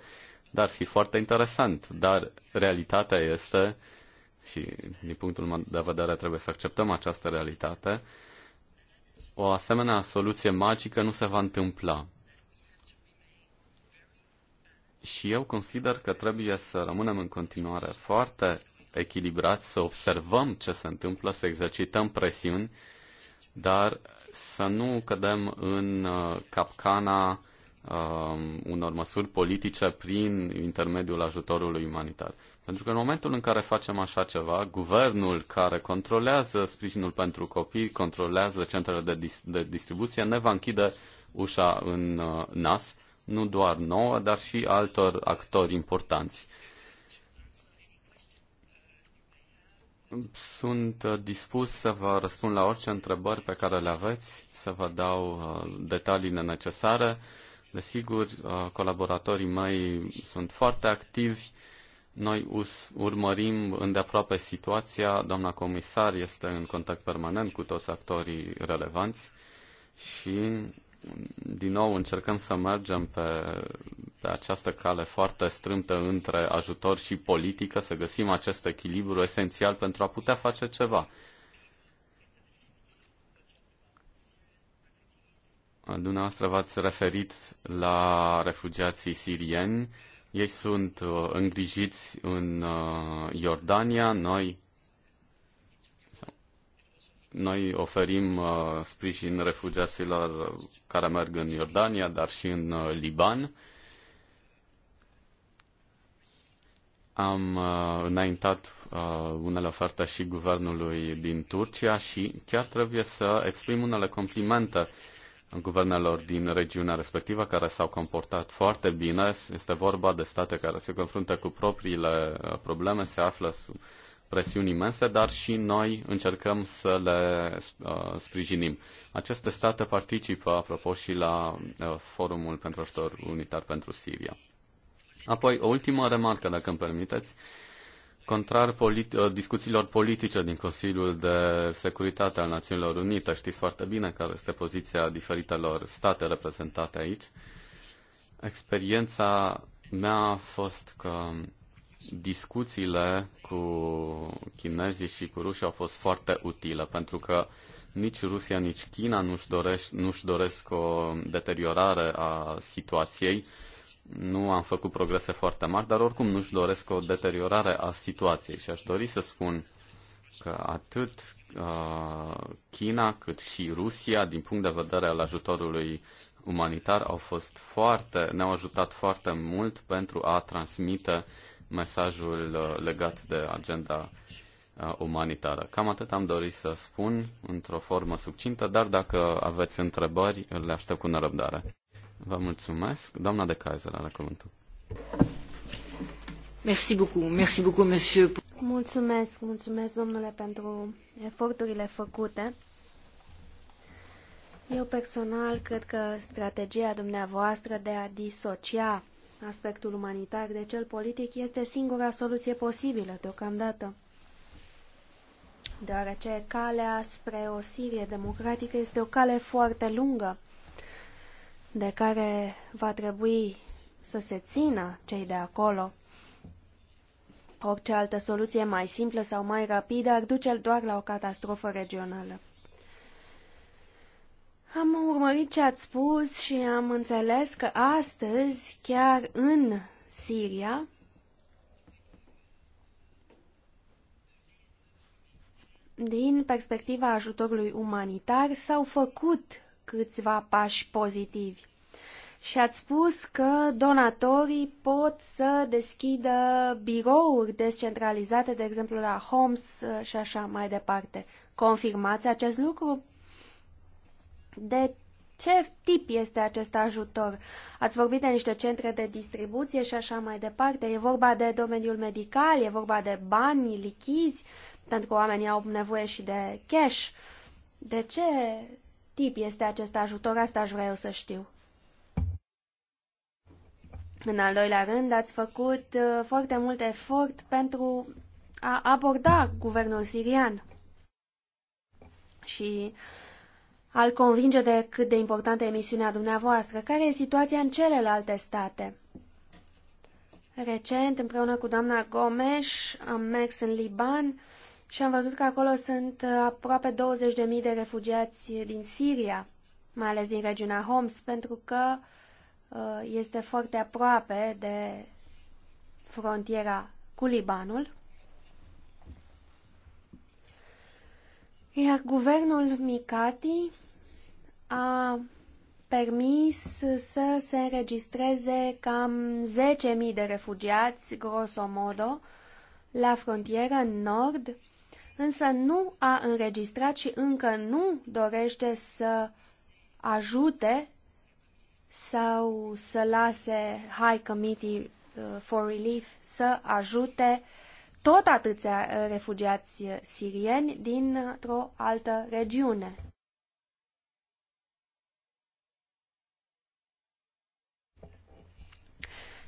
Speaker 3: dar fi foarte interesant. Dar realitatea este, și din punctul meu de vedere trebuie să acceptăm această realitate, uh, o asemenea soluție magică nu se va întâmpla. Și eu consider că trebuie să rămânem în continuare foarte echilibrați, să observăm ce se întâmplă, să exercităm presiuni, dar să nu cădem în uh, capcana uh, unor măsuri politice prin intermediul ajutorului umanitar. Pentru că în momentul în care facem așa ceva, guvernul care controlează sprijinul pentru copii, controlează centrele de, dis- de distribuție, ne va închide ușa în uh, nas, nu doar nouă, dar și altor actori importanți. Sunt uh, dispus să vă răspund la orice întrebări pe care le aveți, să vă dau uh, detaliile necesare. Desigur, uh, colaboratorii mei sunt foarte activi. Noi urmărim îndeaproape situația. Doamna comisar este în contact permanent cu toți actorii relevanți și, din nou, încercăm să mergem pe, pe această cale foarte strâmtă între ajutor și politică, să găsim acest echilibru esențial pentru a putea face ceva. Dumneavoastră v-ați referit la refugiații sirieni. Ei sunt uh, îngrijiți în uh, Iordania. Noi, noi oferim uh, sprijin refugiaților care merg în Iordania, dar și în Liban. Am uh, înaintat uh, unele oferte și guvernului din Turcia și chiar trebuie să exprim unele complimente uh, guvernelor din regiunea respectivă care s-au comportat foarte bine. Este vorba de state care se confruntă cu propriile uh, probleme, se află sub presiuni imense, dar și noi încercăm să le uh, sprijinim. Aceste state participă, apropo, și la uh, Forumul pentru ajutor unitar pentru Siria. Apoi, o ultimă remarcă, dacă îmi permiteți. Uh, contrar politi- uh, discuțiilor politice din Consiliul de Securitate al Națiunilor Unite. Știți foarte bine care este poziția diferitelor state reprezentate aici. Experiența mea a fost că discuțiile cu chinezii și cu rușii au fost foarte utile, pentru că nici Rusia, nici China nu-și doresc, nu-și doresc o deteriorare a situației nu am făcut progrese foarte mari, dar oricum nu-și doresc o deteriorare a situației și aș dori să spun că atât uh, China cât și Rusia, din punct de vedere al ajutorului umanitar, au fost foarte, ne-au ajutat foarte mult pentru a transmite mesajul uh, legat de agenda uh, umanitară. Cam atât am dorit să spun într-o formă succintă, dar dacă aveți întrebări, le aștept cu nerăbdare. Vă mulțumesc. Doamna de Kaiser la cuvântul.
Speaker 1: Merci beaucoup, merci beaucoup, monsieur.
Speaker 2: Mulțumesc, mulțumesc, domnule, pentru eforturile făcute. Eu personal cred că strategia dumneavoastră de a disocia aspectul umanitar de cel politic este singura soluție posibilă deocamdată, deoarece calea spre o Sirie democratică este o cale foarte lungă de care va trebui să se țină cei de acolo. Orice altă soluție mai simplă sau mai rapidă ar duce doar la o catastrofă regională. Am urmărit ce ați spus și am înțeles că astăzi, chiar în Siria, din perspectiva ajutorului umanitar, s-au făcut câțiva pași pozitivi. Și ați spus că donatorii pot să deschidă birouri descentralizate, de exemplu la Homs uh, și așa mai departe. Confirmați acest lucru? De ce tip este acest ajutor? Ați vorbit de niște centre de distribuție și așa mai departe. E vorba de domeniul medical, e vorba de bani lichizi, pentru că oamenii au nevoie și de cash. De ce tip este acest ajutor, asta aș vrea eu să știu. În al doilea rând, ați făcut uh, foarte mult efort pentru a aborda guvernul sirian și al convinge de cât de importantă e misiunea dumneavoastră. Care e situația în celelalte state? Recent, împreună cu doamna Gomes, am mers în Liban și am văzut că acolo sunt uh, aproape 20.000 de refugiați din Siria, mai ales din regiunea Homs, pentru că uh, este foarte aproape de frontiera cu Libanul. Iar guvernul Mikati a permis să se înregistreze cam 10.000 de refugiați, grosomodo, la frontiera în nord, însă nu a înregistrat și încă nu dorește să ajute sau să lase High Committee uh, for Relief să ajute tot atâția uh, refugiați uh, sirieni dintr-o altă regiune.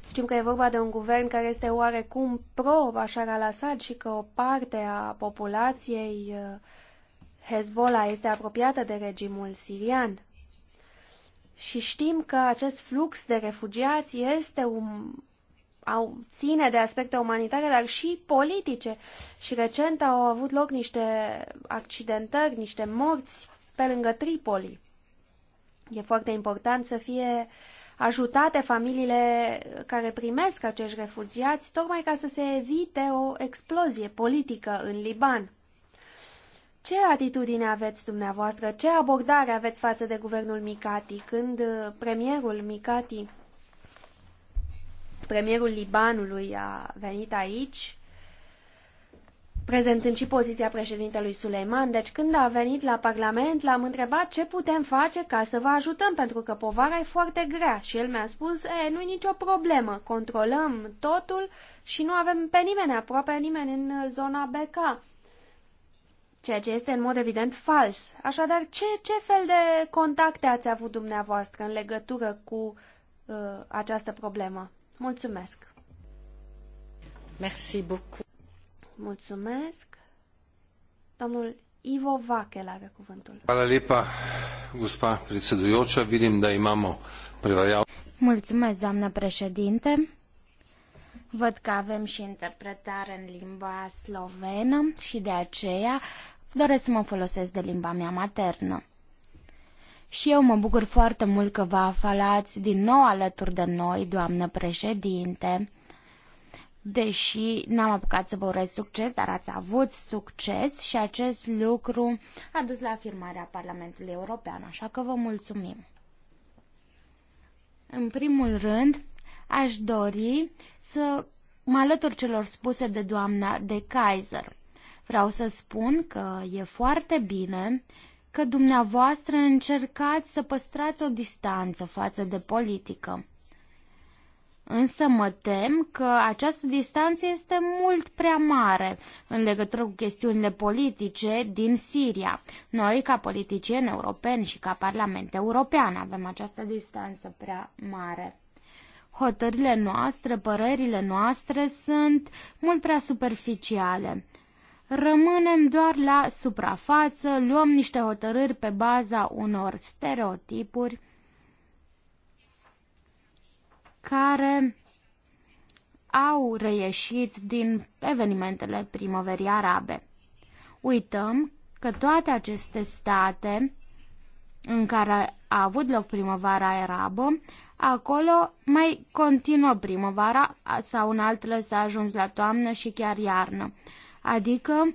Speaker 2: Știm că e vorba de un guvern care este oarecum pro-Bashar al-Assad și că o parte a populației uh, Hezbollah este apropiată de regimul sirian. Și știm că acest flux de refugiați este un, au, ține de aspecte umanitare, dar și politice. Și recent au avut loc niște accidentări, niște morți pe lângă Tripoli. E foarte important să fie uh, ajutate familiile care primesc acești refugiați, tocmai ca să se evite o explozie politică în Liban. Ce atitudine aveți dumneavoastră? Ce abordare aveți față de guvernul Micati, când premierul Micati, premierul Libanului a venit aici? prezentând și poziția președintelui Suleiman. Deci când a venit la Parlament, l-am întrebat ce putem face ca să vă ajutăm, pentru că povara e foarte grea. Și el mi-a spus, e, nu-i nicio problemă, controlăm totul și nu avem pe nimeni, aproape nimeni în zona BK. Ceea ce este în mod evident fals. Așadar, ce, ce fel de contacte ați avut dumneavoastră în legătură cu uh, această problemă? Mulțumesc! Merci beaucoup. Mulțumesc. Domnul Ivo Vachel are
Speaker 1: cuvântul. Hvala lepa, gospa predsedujoča. Vidim da imamo prevajav...
Speaker 4: Mulțumesc, doamnă președinte. Văd că avem și interpretare în limba slovenă și de aceea doresc să mă folosesc de limba mea maternă. Și eu mă bucur foarte mult că vă aflați din nou alături de noi, doamnă președinte deși n-am apucat să vă urez succes, dar ați avut succes și acest lucru a dus la afirmarea Parlamentului European, așa că vă mulțumim. În primul rând, aș dori să mă alătur celor spuse de doamna de Kaiser. Vreau să spun că e foarte bine că dumneavoastră încercați să păstrați o distanță față de politică. Însă mă tem că această distanță este mult prea mare în legătură cu chestiunile politice din Siria. Noi, ca politicieni europeni și ca Parlament European, avem această distanță prea mare. Hotările noastre, părerile noastre sunt mult prea superficiale. Rămânem doar la suprafață, luăm niște hotărâri pe baza unor stereotipuri care au reieșit din evenimentele primăverii arabe. Uităm că toate aceste state în care a avut loc primăvara arabă, acolo mai continuă primăvara sau în altele s-a ajuns la toamnă și chiar iarnă. Adică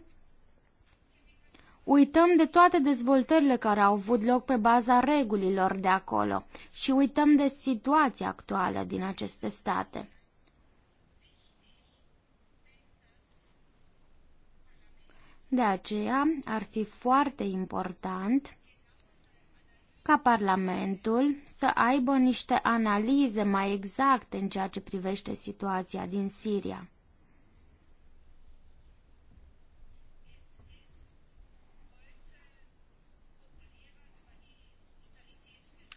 Speaker 4: Uităm de toate dezvoltările care au avut loc pe baza regulilor de acolo și uităm de situația actuală din aceste state. De aceea ar fi foarte important ca Parlamentul să aibă niște analize mai exacte în ceea ce privește situația din Siria.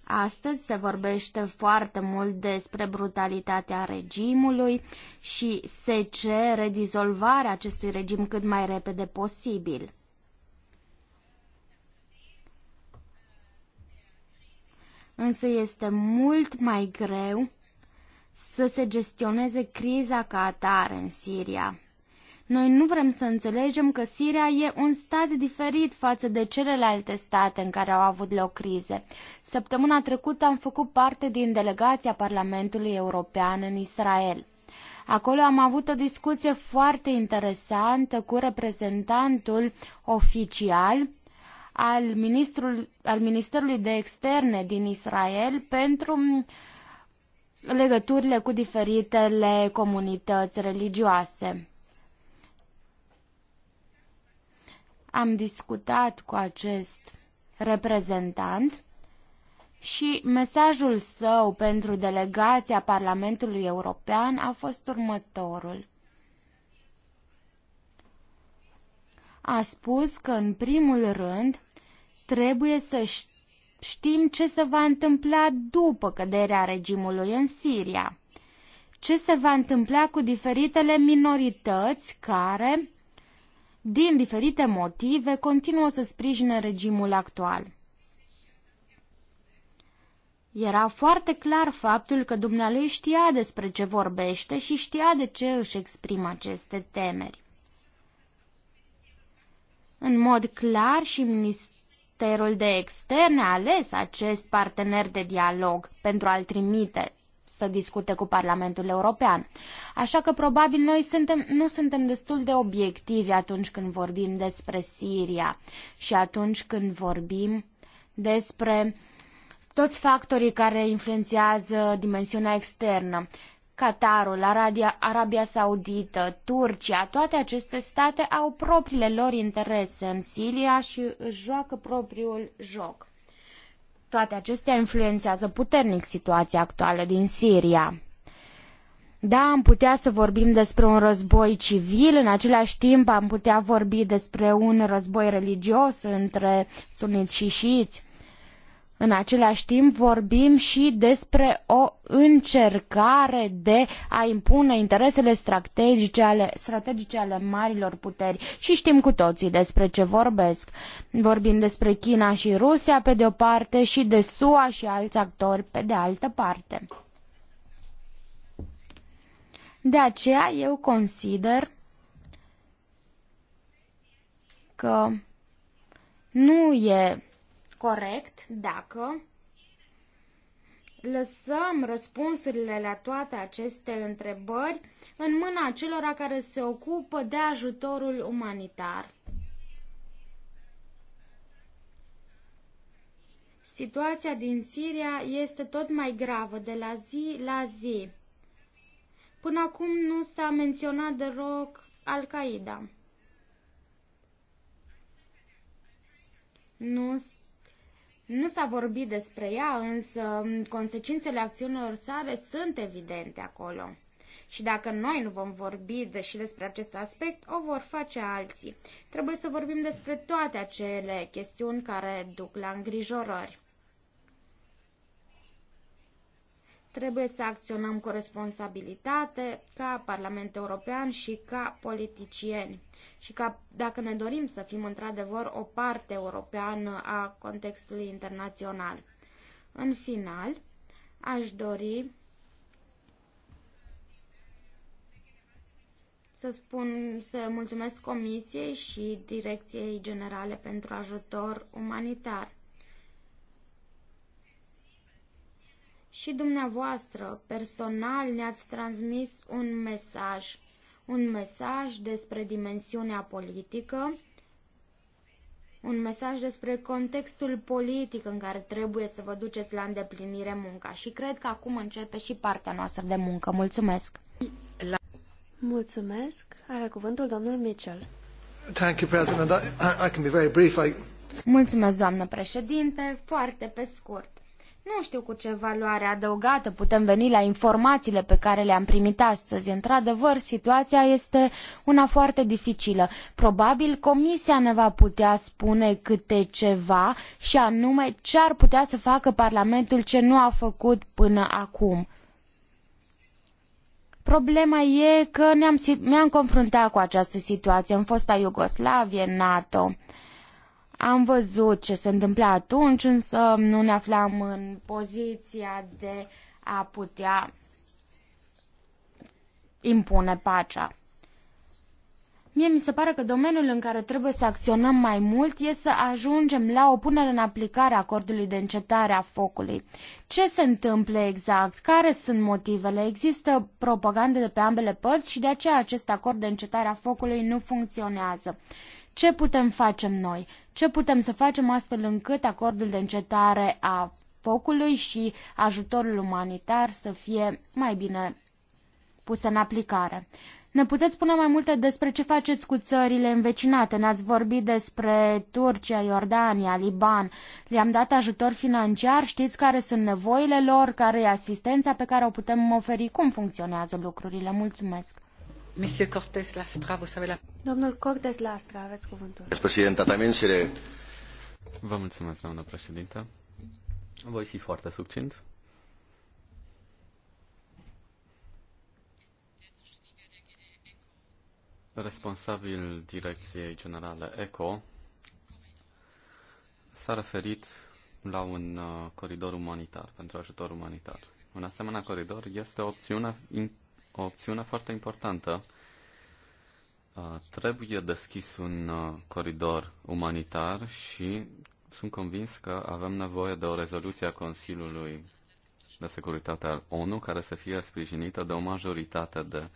Speaker 4: Astăzi se vorbește foarte mult despre brutalitatea regimului și se cere dizolvarea acestui regim cât mai repede posibil. Însă este mult mai greu să se gestioneze criza ca atare în Siria. Noi nu vrem să înțelegem că Siria e un stat diferit față de celelalte state în care au avut loc crize. Săptămâna trecută am făcut parte din delegația Parlamentului European în Israel. Acolo am avut o discuție foarte interesantă cu reprezentantul oficial al, ministrul, al Ministerului de Externe din Israel pentru mm, legăturile cu diferitele comunități religioase. Am discutat cu acest reprezentant și mesajul său pentru delegația Parlamentului European a fost următorul. A spus că, în primul rând, trebuie să știm ce se va întâmpla după căderea regimului în Siria. Ce se va întâmpla cu diferitele minorități care din diferite motive, continuă să sprijine regimul actual. Era foarte clar faptul că dumnealui știa despre ce vorbește și știa de ce își exprimă aceste temeri. În mod clar și Ministerul de Externe a ales acest partener de dialog pentru a-l trimite să discute cu Parlamentul European. Așa că probabil noi suntem, nu suntem destul de obiectivi atunci când vorbim despre Siria și atunci când vorbim despre toți factorii care influențează dimensiunea externă. Qatarul, Arabia, Arabia Saudită, Turcia, toate aceste state au propriile lor interese în Siria și își joacă propriul joc. Toate acestea influențează puternic situația actuală din Siria. Da, am putea să vorbim despre un război civil, în același timp am putea vorbi despre un război religios între suniți și șiiți. În același timp vorbim și despre o încercare de a impune interesele strategice ale, strategice ale marilor puteri și știm cu toții despre ce vorbesc. Vorbim despre China și Rusia pe de o parte și de SUA și alți actori pe de altă parte. De aceea eu consider că nu e corect dacă lăsăm răspunsurile la toate aceste întrebări în mâna celor care se ocupă de ajutorul umanitar. Situația din Siria este tot mai gravă de la zi la zi. Până acum nu s-a menționat de deloc Al-Qaeda. Nu nu s-a vorbit despre ea, însă consecințele acțiunilor sale sunt evidente acolo. Și dacă noi nu vom vorbi de și despre acest aspect, o vor face alții. Trebuie să vorbim despre toate acele chestiuni care duc la îngrijorări. Trebuie să acționăm cu responsabilitate ca Parlament European și ca politicieni. Și ca, dacă ne dorim să fim într-adevăr o parte europeană a contextului internațional. În final, aș dori să spun să mulțumesc Comisiei și Direcției Generale pentru Ajutor Umanitar. și dumneavoastră personal ne-ați transmis un mesaj, un mesaj despre dimensiunea politică, un mesaj despre contextul politic în care trebuie să vă duceți la îndeplinire munca și cred că acum începe și partea noastră de muncă. Mulțumesc! Mulțumesc! Are cuvântul domnul Mitchell.
Speaker 2: Thank you, President. I, I can be very brief. I...
Speaker 4: Mulțumesc, doamnă președinte. Foarte pe scurt. Nu știu cu ce valoare adăugată putem veni la informațiile pe care le-am primit astăzi. Într-adevăr, situația este una foarte dificilă. Probabil Comisia ne va putea spune câte ceva și anume ce ar putea să facă Parlamentul ce nu a făcut până acum. Problema e că ne-am, ne confruntat cu această situație în fosta Iugoslavie, NATO. Am văzut ce se întâmpla atunci, însă nu ne aflam în poziția de a putea impune pacea. Mie mi se pare că domeniul în care trebuie să acționăm mai mult e să ajungem la o punere în aplicare a acordului de încetare a focului. Ce se întâmplă exact? Care sunt motivele? Există propagandă de pe ambele părți și de aceea acest acord de încetare a focului nu funcționează. Ce putem face noi? Ce putem să facem astfel încât acordul de încetare a focului și ajutorul umanitar să fie mai bine pus în aplicare. Ne puteți spune mai multe despre ce faceți cu țările învecinate? Ne-ați vorbit despre Turcia, Iordania, Liban. Le-am dat ajutor financiar, știți care sunt nevoile lor, care e asistența pe care o putem oferi, cum funcționează lucrurile. Mulțumesc.
Speaker 1: Monsieur cortez Lastra, vous savez la...
Speaker 2: Domnul Cortes Lastra, aveți cuvântul.
Speaker 3: Președinta, también seré... Vă mulțumesc, doamnă președintă. Voi fi foarte succint. Responsabil Direcției Generale ECO s-a referit la un uh, coridor umanitar, pentru ajutor umanitar. Un asemenea coridor este o opțiune, o opțiune foarte importantă Trebuie deschis un uh, coridor umanitar și sunt convins că avem nevoie de o rezoluție a Consiliului de Securitate al ONU care să fie sprijinită de o majoritate de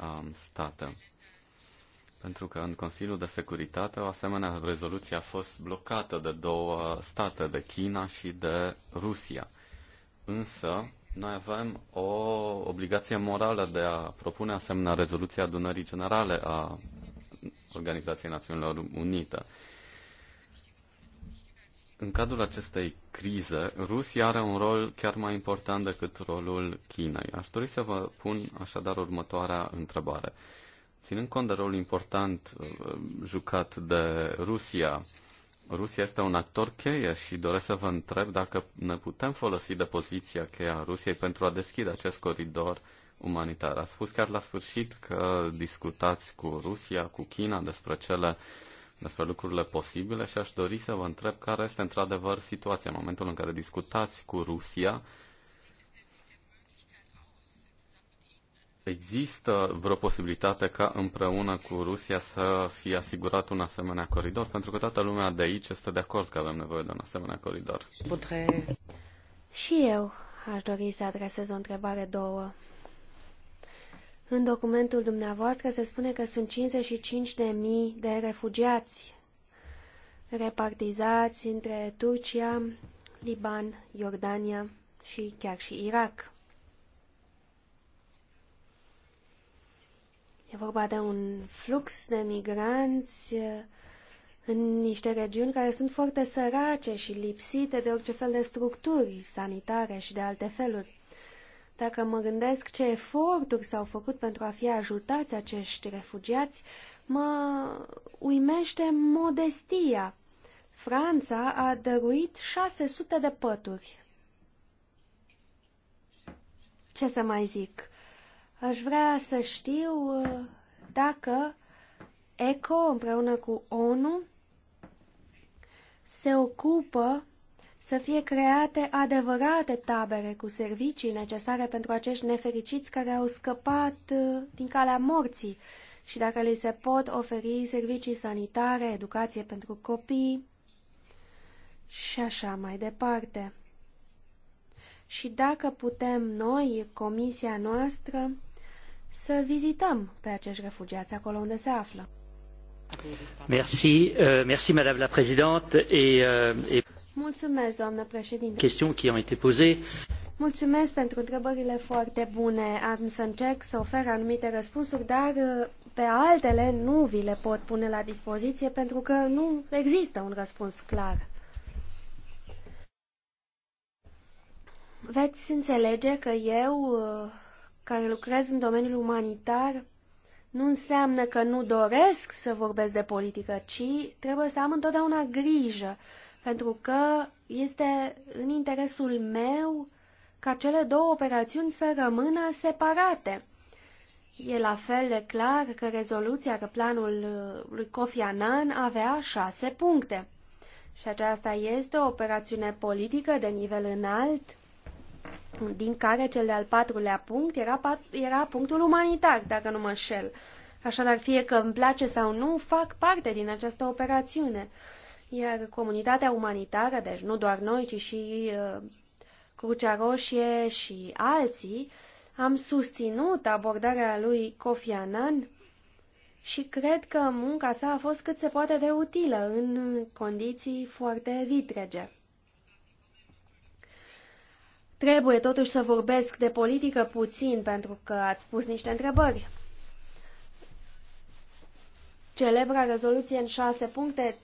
Speaker 3: um, state. Pentru că în Consiliul de Securitate o asemenea rezoluție a fost blocată de două state, de China și de Rusia. Însă, noi avem o obligație morală de a propune asemenea rezoluția adunării generale a Organizației Națiunilor Unite. În cadrul acestei crize, Rusia are un rol chiar mai important decât rolul Chinei. Aș dori să vă pun așadar următoarea întrebare. Ținând cont de rolul important uh, jucat de Rusia Rusia este un actor cheie și doresc să vă întreb dacă ne putem folosi de poziția cheie a Rusiei pentru a deschide acest coridor umanitar. S-a spus chiar la sfârșit că discutați cu Rusia, cu China despre cele despre lucrurile posibile și aș dori să vă întreb care este într-adevăr situația în momentul în care discutați cu Rusia Există vreo posibilitate ca împreună cu Rusia să fie asigurat un asemenea coridor? Pentru că toată lumea de aici este de acord că avem nevoie de un asemenea coridor.
Speaker 2: Putre. Și eu aș dori să adresez o întrebare două. În documentul dumneavoastră se spune că sunt 55.000 de refugiați repartizați între Turcia, Liban, Iordania și chiar și Irak. E vorba de un flux de migranți în niște regiuni care sunt foarte sărace și lipsite de orice fel de structuri sanitare și de alte feluri. Dacă mă gândesc ce eforturi s-au făcut pentru a fi ajutați acești refugiați, mă uimește modestia. Franța a dăruit 600 de pături. Ce să mai zic? Aș vrea să știu uh, dacă ECO împreună cu ONU se ocupă să fie create adevărate tabere cu servicii necesare pentru acești nefericiți care au scăpat uh, din calea morții și dacă li se pot oferi servicii sanitare, educație pentru copii și așa mai departe. Și dacă putem noi, comisia noastră, să vizităm pe acești refugiați acolo unde se află.
Speaker 1: Merci, euh, merci Madame la Présidente et, euh, et...
Speaker 2: Mulțumesc, doamnă președinte.
Speaker 1: Questions qui ont été posées.
Speaker 2: Mulțumesc pentru întrebările foarte bune. Am să încerc să ofer anumite răspunsuri, dar uh, pe altele nu vi le pot pune la dispoziție pentru că nu există un răspuns clar. Veți înțelege că eu uh, care lucrez în domeniul umanitar nu înseamnă că nu doresc să vorbesc de politică, ci trebuie să am întotdeauna grijă, pentru că este în interesul meu ca cele două operațiuni să rămână separate. E la fel de clar că rezoluția, că planul lui Kofi Annan avea șase puncte. Și aceasta este o operațiune politică de nivel înalt, din care cel de-al patrulea punct era, pat, era punctul umanitar, dacă nu mă înșel. Așadar, fie că îmi place sau nu, fac parte din această operațiune. Iar comunitatea umanitară, deci nu doar noi, ci și uh, Crucea Roșie și alții, am susținut abordarea lui Kofi Annan și cred că munca sa a fost cât se poate de utilă în condiții foarte vitrege. Trebuie totuși să vorbesc de politică puțin, pentru că ați pus niște întrebări. Celebra rezoluție în șase puncte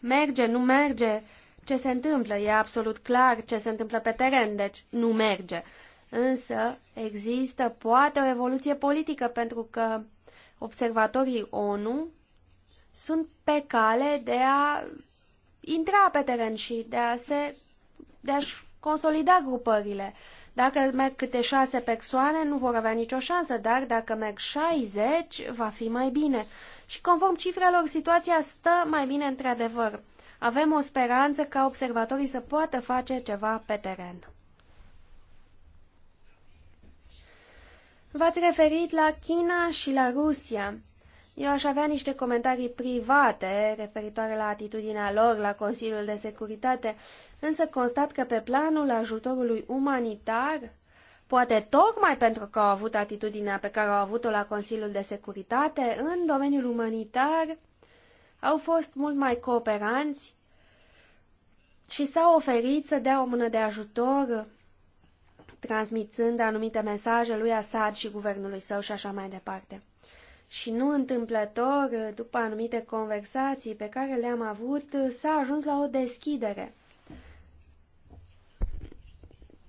Speaker 2: merge, nu merge, ce se întâmplă, e absolut clar ce se întâmplă pe teren, deci nu merge. Însă există poate o evoluție politică, pentru că observatorii ONU sunt pe cale de a intra pe teren și de a se de a-și consolida grupările. Dacă merg câte șase persoane, nu vor avea nicio șansă, dar dacă merg 60, va fi mai bine. Și conform cifrelor, situația stă mai bine într-adevăr. Avem o speranță ca observatorii să poată face ceva pe teren. V-ați referit la China și la Rusia. Eu aș avea niște comentarii private referitoare la atitudinea lor la Consiliul de Securitate, însă constat că pe planul ajutorului umanitar, poate tocmai pentru că au avut atitudinea pe care au avut-o la Consiliul de Securitate, în domeniul umanitar au fost mult mai cooperanți și s-au oferit să dea o mână de ajutor transmițând anumite mesaje lui Assad și guvernului său și așa mai departe. Și nu întâmplător, după anumite conversații pe care le-am avut, s-a ajuns la o deschidere.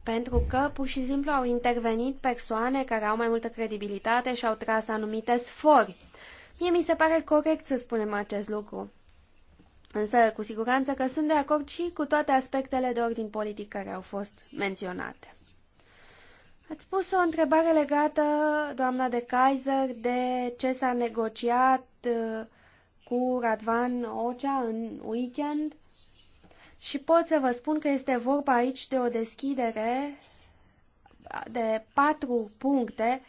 Speaker 2: Pentru că, pur și simplu, au intervenit persoane care au mai multă credibilitate și au tras anumite sfori. Mie mi se pare corect să spunem acest lucru. Însă, cu siguranță că sunt de acord și cu toate aspectele de ordin politic care au fost menționate. Ați pus o întrebare legată, doamna de Kaiser, de ce s-a negociat uh, cu Radvan Ocea în weekend și pot să vă spun că este vorba aici de o deschidere de patru puncte,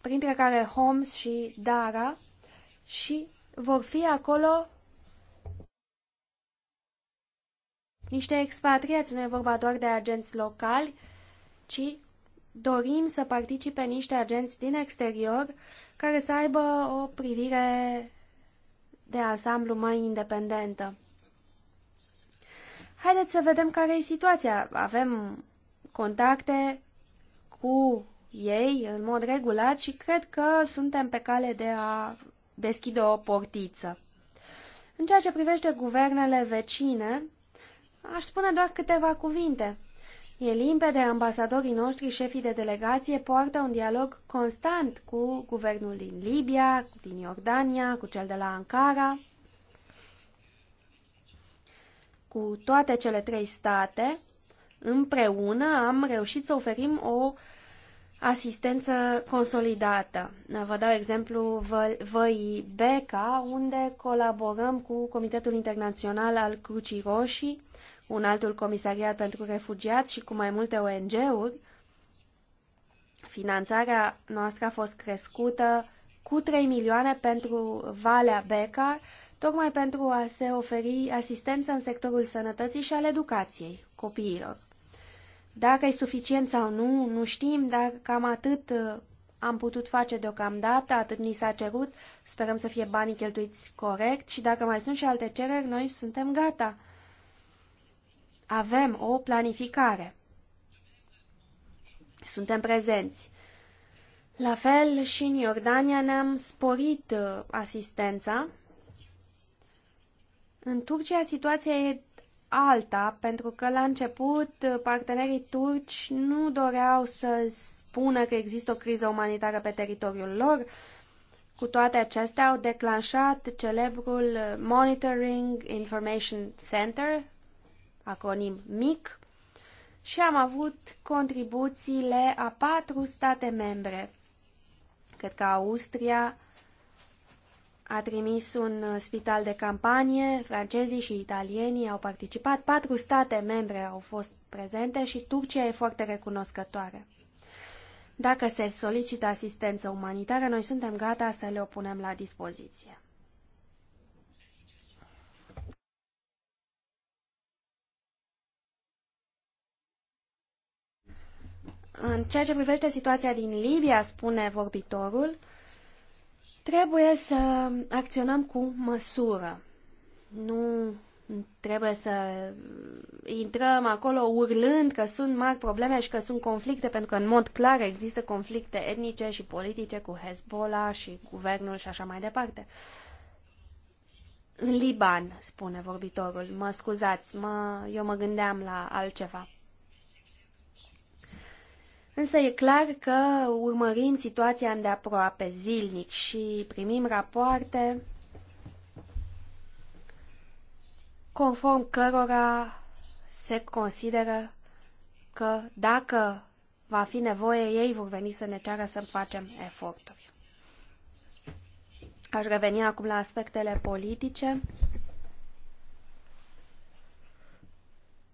Speaker 2: printre care Holmes și Dara, și vor fi acolo niște expatriați, nu e vorba doar de agenți locali, ci dorim să participe niște agenți din exterior care să aibă o privire de ansamblu mai independentă. Haideți să vedem care e situația. Avem contacte cu ei în mod regulat și cred că suntem pe cale de a deschide o portiță. În ceea ce privește guvernele vecine, aș spune doar câteva cuvinte. E limpede, ambasadorii noștri, șefii de delegație, poartă un dialog constant cu guvernul din Libia, din Iordania, cu cel de la Ankara, cu toate cele trei state. Împreună am reușit să oferim o asistență consolidată. Vă dau exemplu Văi Beca, unde colaborăm cu Comitetul Internațional al Crucii Roșii, un altul comisariat pentru refugiați și cu mai multe ONG-uri, finanțarea noastră a fost crescută cu 3 milioane pentru Valea Becar, tocmai pentru a se oferi asistență în sectorul sănătății și al educației copiilor. Dacă e suficient sau nu, nu știm, dar cam atât uh, am putut face deocamdată, atât ni s-a cerut, sperăm să fie banii cheltuiți corect și dacă mai sunt și alte cereri, noi suntem gata avem o planificare. Suntem prezenți. La fel și în Iordania ne-am sporit uh, asistența. În Turcia situația e alta, pentru că la început uh, partenerii turci nu doreau să spună că există o criză umanitară pe teritoriul lor. Cu toate acestea au declanșat celebrul uh, Monitoring Information Center, acronim MIC, și am avut contribuțiile a patru state membre. Cred că Austria a trimis un spital de campanie, francezii și italienii au participat, patru state membre au fost prezente și Turcia e foarte recunoscătoare. Dacă se solicită asistență umanitară, noi suntem gata să le o punem la dispoziție. În ceea ce privește situația din Libia, spune vorbitorul, trebuie să acționăm cu măsură. Nu trebuie să intrăm acolo urlând că sunt mari probleme și că sunt conflicte, pentru că în mod clar există conflicte etnice și politice cu Hezbollah și guvernul și așa mai departe. În Liban, spune vorbitorul, mă scuzați, mă, eu mă gândeam la altceva. Însă e clar că urmărim situația îndeaproape zilnic și primim rapoarte conform cărora se consideră că dacă va fi nevoie, ei vor veni să ne ceară să facem eforturi. Aș reveni acum la aspectele politice.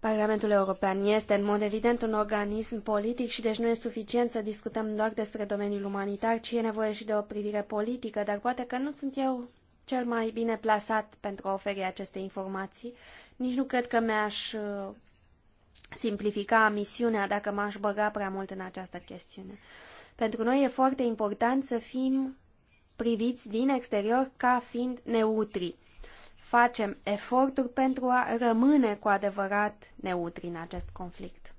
Speaker 2: Parlamentul European este, în mod evident, un organism politic și deci nu e suficient să discutăm doar despre domeniul umanitar, ci e nevoie și de o privire politică, dar poate că nu sunt eu cel mai bine plasat pentru a oferi aceste informații. Nici nu cred că mi-aș uh, simplifica misiunea dacă m-aș băga prea mult în această chestiune. Pentru noi e foarte important să fim priviți din exterior ca fiind neutri facem eforturi pentru a rămâne cu adevărat neutri în acest conflict.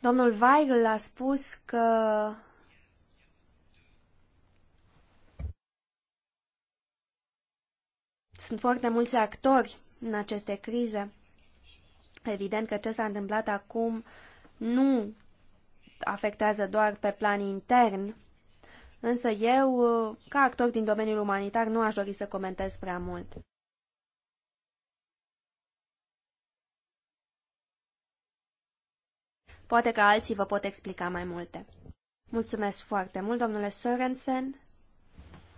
Speaker 2: Domnul Weigl a spus că sunt foarte mulți actori în aceste crize. Evident că ce s-a întâmplat acum nu afectează doar pe plan intern însă eu, ca actor din domeniul umanitar, nu aș dori să comentez prea mult. Poate că alții vă pot explica mai multe. Mulțumesc foarte mult, domnule Sorensen.